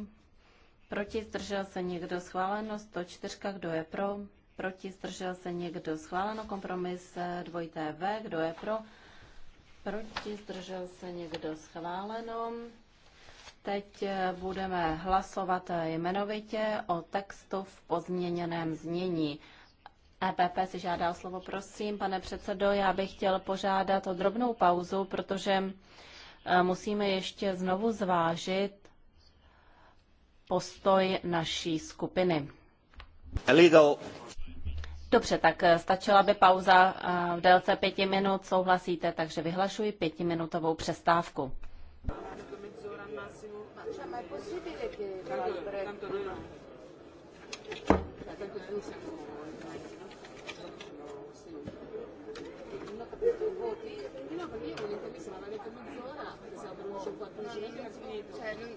Speaker 2: Proti zdržel se někdo schváleno 104, kdo je pro? Proti zdržel se někdo schváleno kompromis eh, dvojité V, kdo je pro? Proti zdržel se někdo schváleno. Teď eh, budeme hlasovat eh, jmenovitě o textu v pozměněném znění. EPP si žádá o slovo, prosím. Pane předsedo, já bych chtěl požádat o drobnou pauzu, protože musíme ještě znovu zvážit, postoj naší skupiny. Illegal. Dobře, tak stačila by pauza v délce pěti minut, souhlasíte, takže vyhlašuji pětiminutovou přestávku. No, perché Cioè, non...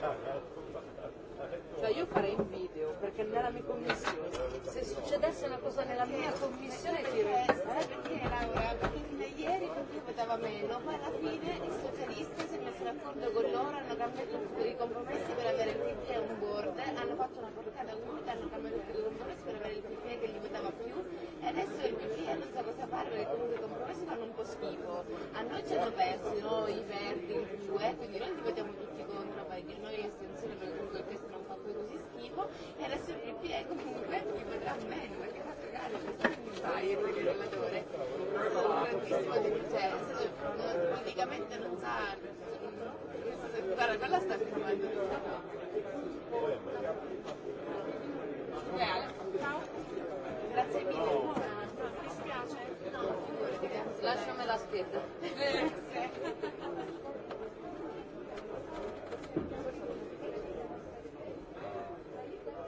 Speaker 3: Cioè
Speaker 1: io farei un video, perché nella mia commissione, se succedesse una cosa nella mia commissione ti registra. Eh, perché Laura,
Speaker 3: fino a
Speaker 2: ieri tutti votava meno, ma alla fine i socialisti si è messo d'accordo con loro, hanno cambiato tutti i compromessi per avere il PP a e un board, hanno fatto una portata unica, hanno cambiato tutti i compromessi per avere il PP e che gli votava più, e adesso il PP e non sa cosa fare, perché comunque i compromessi fanno un po' schifo. A noi ci hanno perso no? I verdi, i due, quindi noi li votiamo tutti che noi siamo solo per tutto questo era un fattore positivo, era sempre più e comunque chi e vedrà meno, perché fa
Speaker 1: cagare questo Bayer del relatore, grandissimo di no,
Speaker 2: praticamente non sa, guarda quella sta filmando, Ciao. Grazie mille, no. Mi spiace. No, lasciamela scritta. Grazie.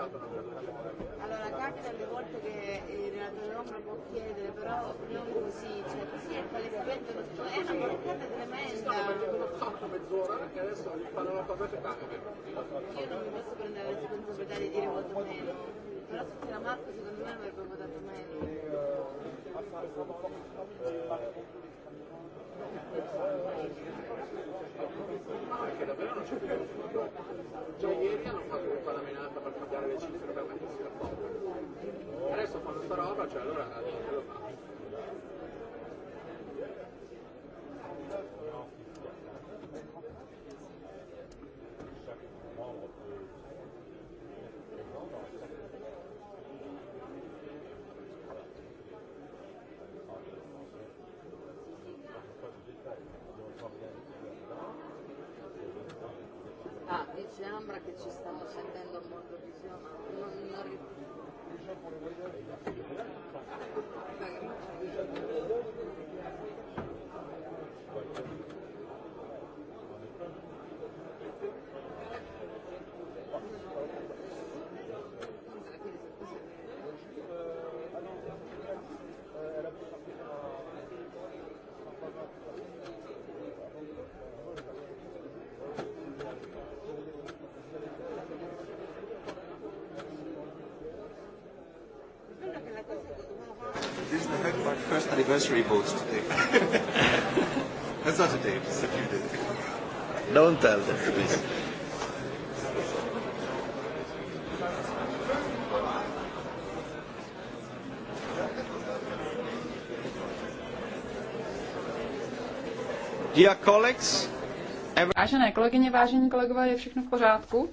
Speaker 3: Allora,
Speaker 2: capita alle volte che il relatore Roma può chiedere, però non così, cioè così è palesemente tutto, è una portata tremenda.
Speaker 1: mezz'ora perché adesso fanno la cosa che Io non mi posso
Speaker 2: prendere la responsabilità di dire molto meno, però se c'era Marco secondo me avrebbe votato meno.
Speaker 1: Eh, ma perché davvero non c'è più futuro già ieri hanno fatto tutta la menata per cambiare le cifre per mettersi d'accordo adesso fanno sta roba cioè allora lo fa anniversary boat today. That's not today, it's a few days. Don't tell them, please.
Speaker 3: Dear colleagues, Vážené kolegyně, vážení kolegové, je všechno v pořádku?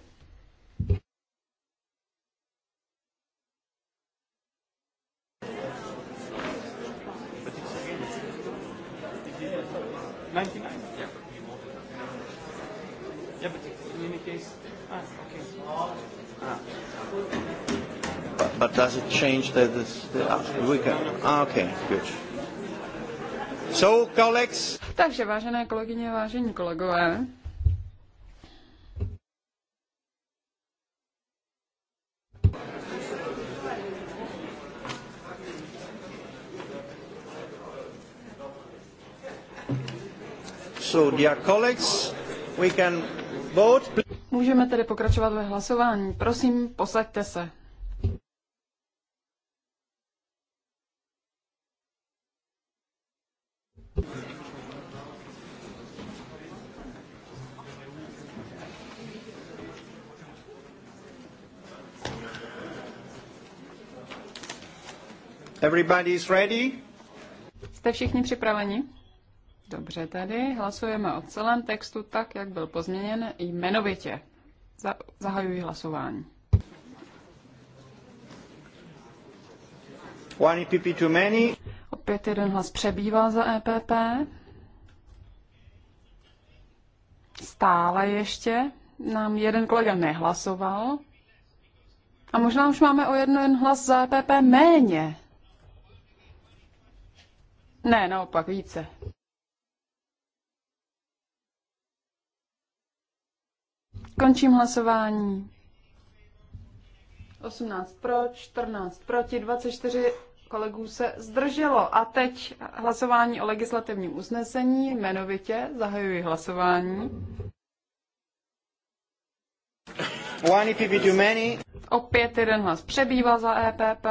Speaker 1: change the, the, the uh, we can, ah, okay, good.
Speaker 3: So, colleagues. Takže vážené kolegyně, vážení kolegové,
Speaker 1: So, dear colleagues, we can vote.
Speaker 3: Můžeme tedy pokračovat ve hlasování. Prosím, posaďte se.
Speaker 1: Everybody ready?
Speaker 3: Jste všichni připraveni? Dobře, tady hlasujeme o celém textu tak, jak byl pozměněn jmenovitě. Zahajuji hlasování.
Speaker 1: One EPP too many.
Speaker 3: Opět jeden hlas přebývá za EPP. Stále ještě nám jeden kolega nehlasoval. A možná už máme o jedno hlas za EPP méně. Ne, naopak, více. Končím hlasování. 18 pro, 14 proti, 24 kolegů se zdrželo. A teď hlasování o legislativním usnesení. Jmenovitě zahajuji hlasování.
Speaker 1: One EPP too
Speaker 3: many. Opět jeden hlas přebývá za EPP.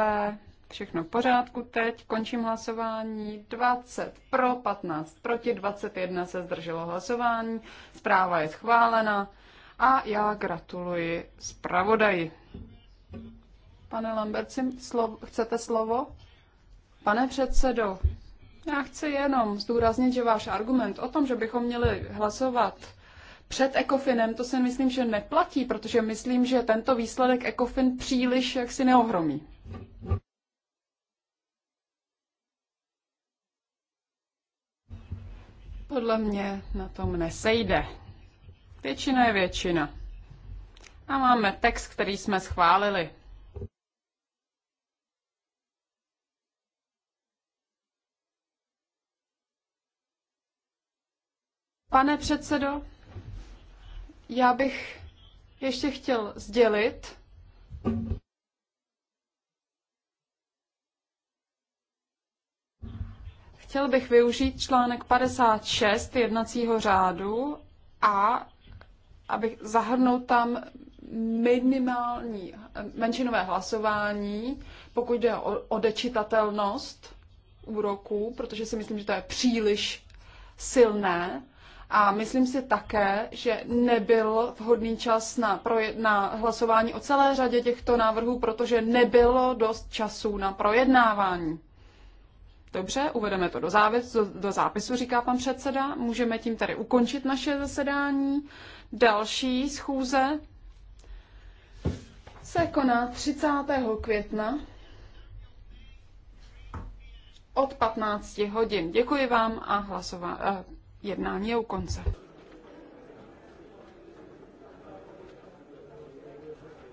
Speaker 3: Všechno v pořádku teď. Končím hlasování. 20 pro, 15 proti, 21 se zdrželo hlasování. Zpráva je schválena a já gratuluji zpravodaji. Pane Lamberci, slovo, chcete slovo? Pane předsedo, já chci jenom zdůraznit, že váš argument o tom, že bychom měli hlasovat před ECOFINem, to si myslím, že neplatí, protože myslím, že tento výsledek ECOFIN příliš jaksi neohromí. Podle mě na tom nesejde. Většina je většina. A máme text, který jsme schválili. Pane předsedo, já bych ještě chtěl sdělit, Chtěl bych využít článek 56 jednacího řádu a abych zahrnul tam minimální menšinové hlasování, pokud jde o odečitatelnost úroků, protože si myslím, že to je příliš silné. A myslím si také, že nebyl vhodný čas na, proje- na hlasování o celé řadě těchto návrhů, protože nebylo dost času na projednávání. Dobře, uvedeme to do, závěc, do, do zápisu, říká pan předseda. Můžeme tím tady ukončit naše zasedání. Další schůze se koná 30. května od 15 hodin. Děkuji vám a hlasová, eh, jednání je u konce.